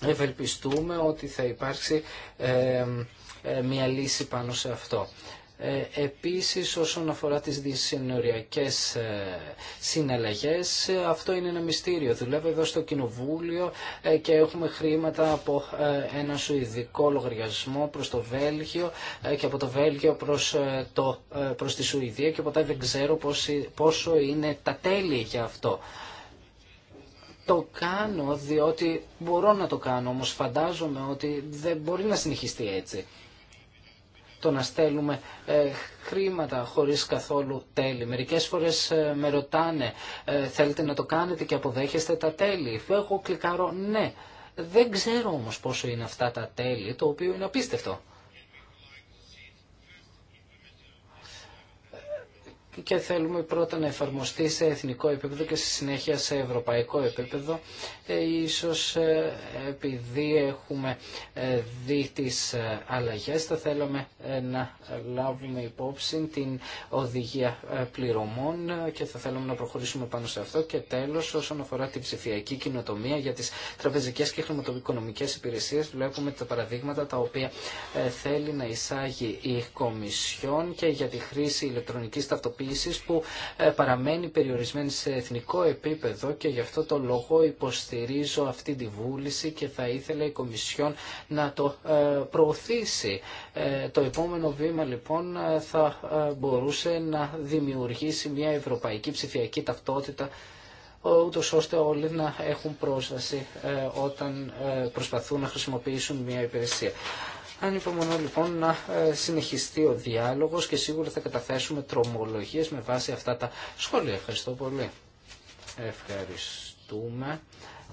A: ευελπιστούμε ότι θα υπάρξει μια λύση πάνω σε αυτό. Ε, επίσης όσον αφορά τις δυσυνοριακές ε, συναλλαγές, ε, αυτό είναι ένα μυστήριο. Δουλεύω εδώ στο Κοινοβούλιο και έχουμε χρήματα από ένα σουηδικό λογαριασμό προς το Βέλγιο και από το Βέλγιο προς, το, προς τη Σουηδία και ποτέ δεν ξέρω πόσο είναι τα τέλη για αυτό. Το κάνω διότι μπορώ να το κάνω, όμως φαντάζομαι ότι δεν μπορεί να συνεχιστεί έτσι το να στέλνουμε ε, χρήματα χωρίς καθόλου τέλη. Μερικές φορές ε, με ρωτάνε ε, θέλετε να το κάνετε και αποδέχεστε τα τέλη. Εγώ κλικάρω ναι. Δεν ξέρω όμως πόσο είναι αυτά τα τέλη, το οποίο είναι απίστευτο. και θέλουμε πρώτα να εφαρμοστεί σε εθνικό επίπεδο και στη συνέχεια σε ευρωπαϊκό επίπεδο. Ε, ίσως ε, επειδή έχουμε ε, δει τις αλλαγές θα θέλαμε να λάβουμε υπόψη την οδηγία πληρωμών και θα θέλαμε να προχωρήσουμε πάνω σε αυτό και τέλος όσον αφορά την ψηφιακή κοινοτομία για τις τραπεζικές και χρηματοοικονομικές υπηρεσίες βλέπουμε τα παραδείγματα τα οποία θέλει να εισάγει η Κομισιόν και για τη χρήση ηλεκτρονικής ταυτοποίησης που ε, παραμένει περιορισμένη σε εθνικό επίπεδο και γι' αυτό το λόγο υποστηρίζω αυτή τη βούληση και θα ήθελα η Κομισιόν να το ε, προωθήσει. Ε, το επόμενο βήμα λοιπόν θα μπορούσε να δημιουργήσει μια ευρωπαϊκή ψηφιακή ταυτότητα ούτως ώστε όλοι να έχουν πρόσβαση όταν προσπαθούν να χρησιμοποιήσουν μια υπηρεσία. Αν Ανυπομονώ λοιπόν να ε, συνεχιστεί ο διάλογος και σίγουρα θα καταθέσουμε τρομολογίες με βάση αυτά τα σχόλια. Ευχαριστώ πολύ. Ευχαριστούμε.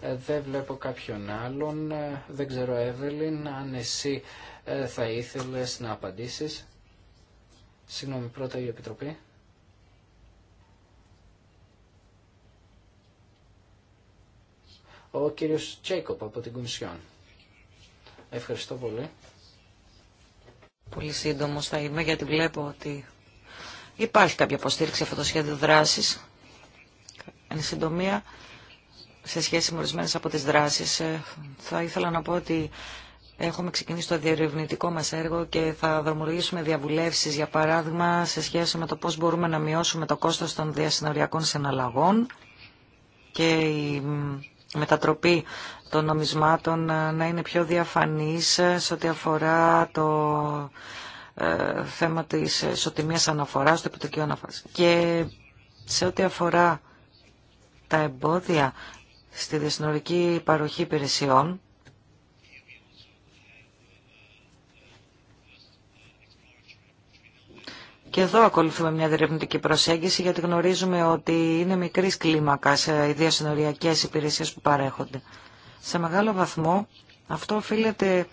A: Ε, δεν βλέπω κάποιον άλλον. Ε, δεν ξέρω, Εύελιν, αν εσύ θα ήθελες να απαντήσεις. Συγγνώμη, πρώτα η Επιτροπή. Ο κύριος Τσέικοπ από την Κομισιόν. Ευχαριστώ πολύ.
C: Πολύ σύντομο θα είμαι γιατί βλέπω ότι υπάρχει κάποια υποστήριξη αυτό το σχέδιο δράση Εν συντομία, σε σχέση με ορισμένε από τις δράσεις, ε, θα ήθελα να πω ότι Έχουμε ξεκινήσει το διερευνητικό μας έργο και θα δρομολογήσουμε διαβουλεύσεις, για παράδειγμα, σε σχέση με το πώς μπορούμε να μειώσουμε το κόστο των διασυνοριακών συναλλαγών και η μετατροπή των νομισμάτων ε, να είναι πιο διαφανής ε, σε ό,τι αφορά το ε, θέμα της ισοτιμίας αναφοράς, του επιτοκίου αναφοράς. Και σε ό,τι αφορά τα εμπόδια στη διασυνορική παροχή υπηρεσιών, Και εδώ ακολουθούμε μια διερευνητική προσέγγιση γιατί γνωρίζουμε ότι είναι μικρής σε οι διασυνοριακές υπηρεσίες που παρέχονται. Σε μεγάλο βαθμό αυτό οφείλεται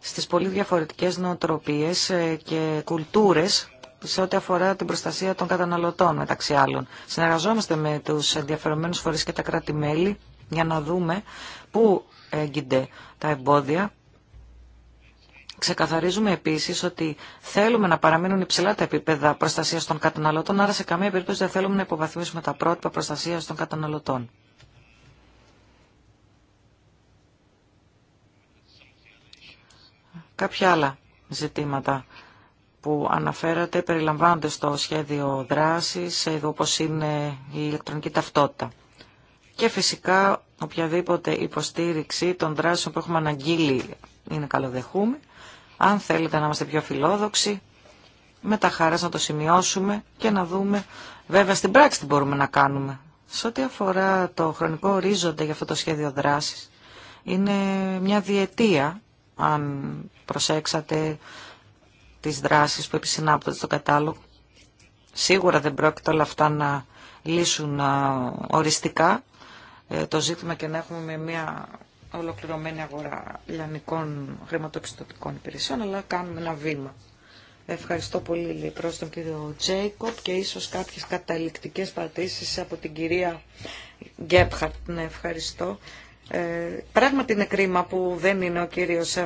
C: στις πολύ διαφορετικές νοοτροπίες ε, και κουλτούρες σε ό,τι αφορά την προστασία των καταναλωτών μεταξύ άλλων. Συνεργαζόμαστε με τους ενδιαφερομένους φορείς και τα κράτη-μέλη για να δούμε πού έγκυνται τα εμπόδια Ξεκαθαρίζουμε επίσης ότι θέλουμε να παραμείνουν υψηλά τα επίπεδα προστασίας των καταναλωτών, άρα σε καμία περίπτωση δεν θέλουμε να υποβαθμίσουμε τα πρότυπα προστασίας των καταναλωτών. Κάποια άλλα ζητήματα που αναφέρατε περιλαμβάνονται στο σχέδιο δράσης, εδώ όπως είναι η ηλεκτρονική ταυτότητα. Και φυσικά οποιαδήποτε υποστήριξη των δράσεων που έχουμε αναγγείλει είναι καλοδεχούμενη αν θέλετε να είμαστε πιο φιλόδοξοι, με τα χαρά να το σημειώσουμε και να δούμε βέβαια στην πράξη τι μπορούμε να κάνουμε. Σε ό,τι αφορά το χρονικό ορίζοντα για αυτό το σχέδιο δράση. είναι μια διετία, αν προσέξατε τις δράσει που επισυνάπτονται στο κατάλογο. Σίγουρα δεν πρόκειται όλα αυτά να λύσουν ε, οριστικά ε, το ζήτημα και να έχουμε μια ολοκληρωμένη αγορά λιανικών χρηματοπιστωτικών υπηρεσιών, αλλά κάνουμε ένα βήμα. Ευχαριστώ πολύ προ τον κύριο Τζέικοπ και ίσως κάποιες καταληκτικές πατήσεις από την κυρία Γκέπχαρτ. Ναι, ευχαριστώ. Ε, πράγματι είναι κρίμα που δεν είναι ο κύριος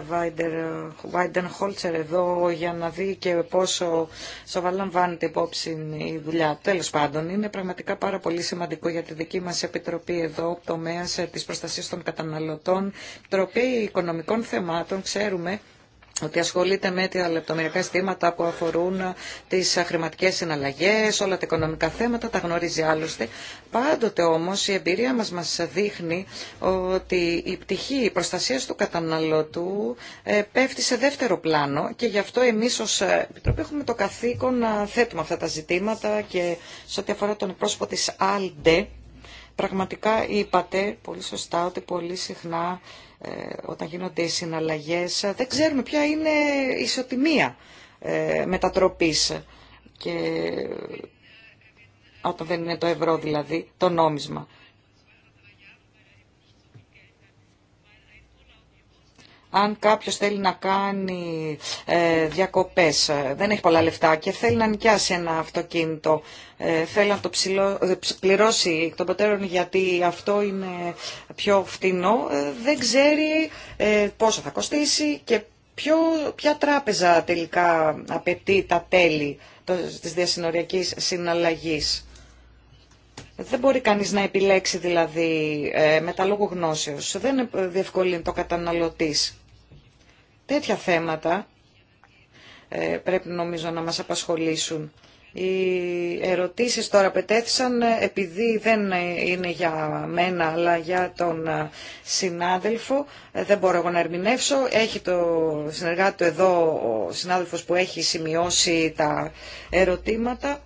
C: Βάιντεν Χόλτσερ εδώ για να δει και πόσο σοβαρά λαμβάνεται υπόψη η δουλειά. Τέλος πάντων, είναι πραγματικά πάρα πολύ σημαντικό για τη δική μας Επιτροπή εδώ, τομέας της προστασίας των καταναλωτών, Επιτροπή Οικονομικών Θεμάτων, ξέρουμε ότι ασχολείται με τα λεπτομεριακά ζητήματα που αφορούν τις χρηματικές συναλλαγές, όλα τα οικονομικά θέματα, τα γνωρίζει άλλωστε. Πάντοτε όμως η εμπειρία μας μας δείχνει ότι η πτυχή προστασίας του καταναλωτού ε, πέφτει σε δεύτερο πλάνο και γι' αυτό εμείς ως Επιτροπή έχουμε το καθήκον να θέτουμε αυτά τα ζητήματα και σε ό,τι αφορά τον πρόσωπο της ΑΛΔΕ Πραγματικά είπατε πολύ σωστά ότι πολύ συχνά ε, όταν γίνονται οι συναλλαγές δεν ξέρουμε ποια είναι η ισοτιμία ε, μετατροπής και όταν δεν είναι το ευρώ δηλαδή, το νόμισμα. αν κάποιο θέλει να κάνει ε, διακοπές, ε, δεν έχει πολλά λεφτά και θέλει να νοικιάσει ένα αυτοκίνητο, ε, θέλει να το πληρώσει των προτέρων γιατί αυτό είναι πιο φτηνό, δεν ξέρει πόσο θα κοστίσει και ποια τράπεζα τελικά απαιτεί τα τέλη της διασυνοριακής συναλλαγής. Δεν μπορεί κανείς να επιλέξει δηλαδή με γνώσεως. Δεν διευκολύνει το καταναλωτής. Τέτοια θέματα ε, πρέπει νομίζω να μας απασχολήσουν. Οι ερωτήσεις τώρα πετέθησαν ε, επειδή δεν είναι για μένα αλλά για τον ε, συνάδελφο. Δεν μπορώ εγώ να ερμηνεύσω. Έχει το συνεργάτη του εδώ ο συνάδελφος που έχει σημειώσει τα ερωτήματα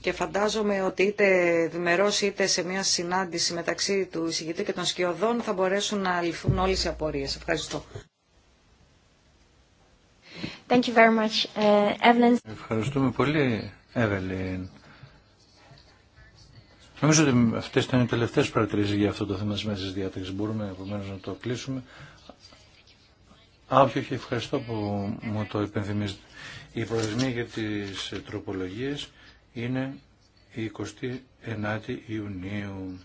C: και φαντάζομαι ότι είτε διμερός είτε σε μια συνάντηση μεταξύ του εισηγητή και των σκιωδών θα μπορέσουν να λυθούν όλες οι απορίες. Ευχαριστώ.
A: Thank you very much, uh, Evelyn.
B: Ευχαριστούμε πολύ, Evelyn. Νομίζω ότι αυτέ ήταν οι τελευταίε παρατηρήσει για αυτό το θέμα τη μέση διάταξη. Μπορούμε επομένω να το κλείσουμε. Α, και ευχαριστώ που μου το υπενθυμίζετε. Η προορισμοί για τι τροπολογίε είναι η 29η Ιουνίου.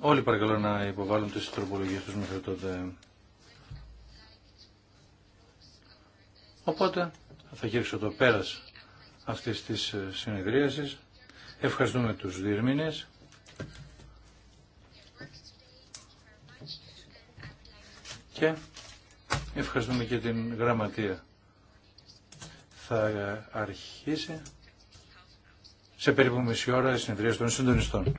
B: Όλοι παρακαλώ να υποβάλουν τις τροπολογίες τους μέχρι τότε. Οπότε θα γυρίσω το πέρας αυτής της ε, συνεδρίασης. Ευχαριστούμε τους διερμηνές Και ευχαριστούμε και την γραμματεία. Θα αρχίσει σε περίπου μισή ώρα η συνεδρία των συντονιστών.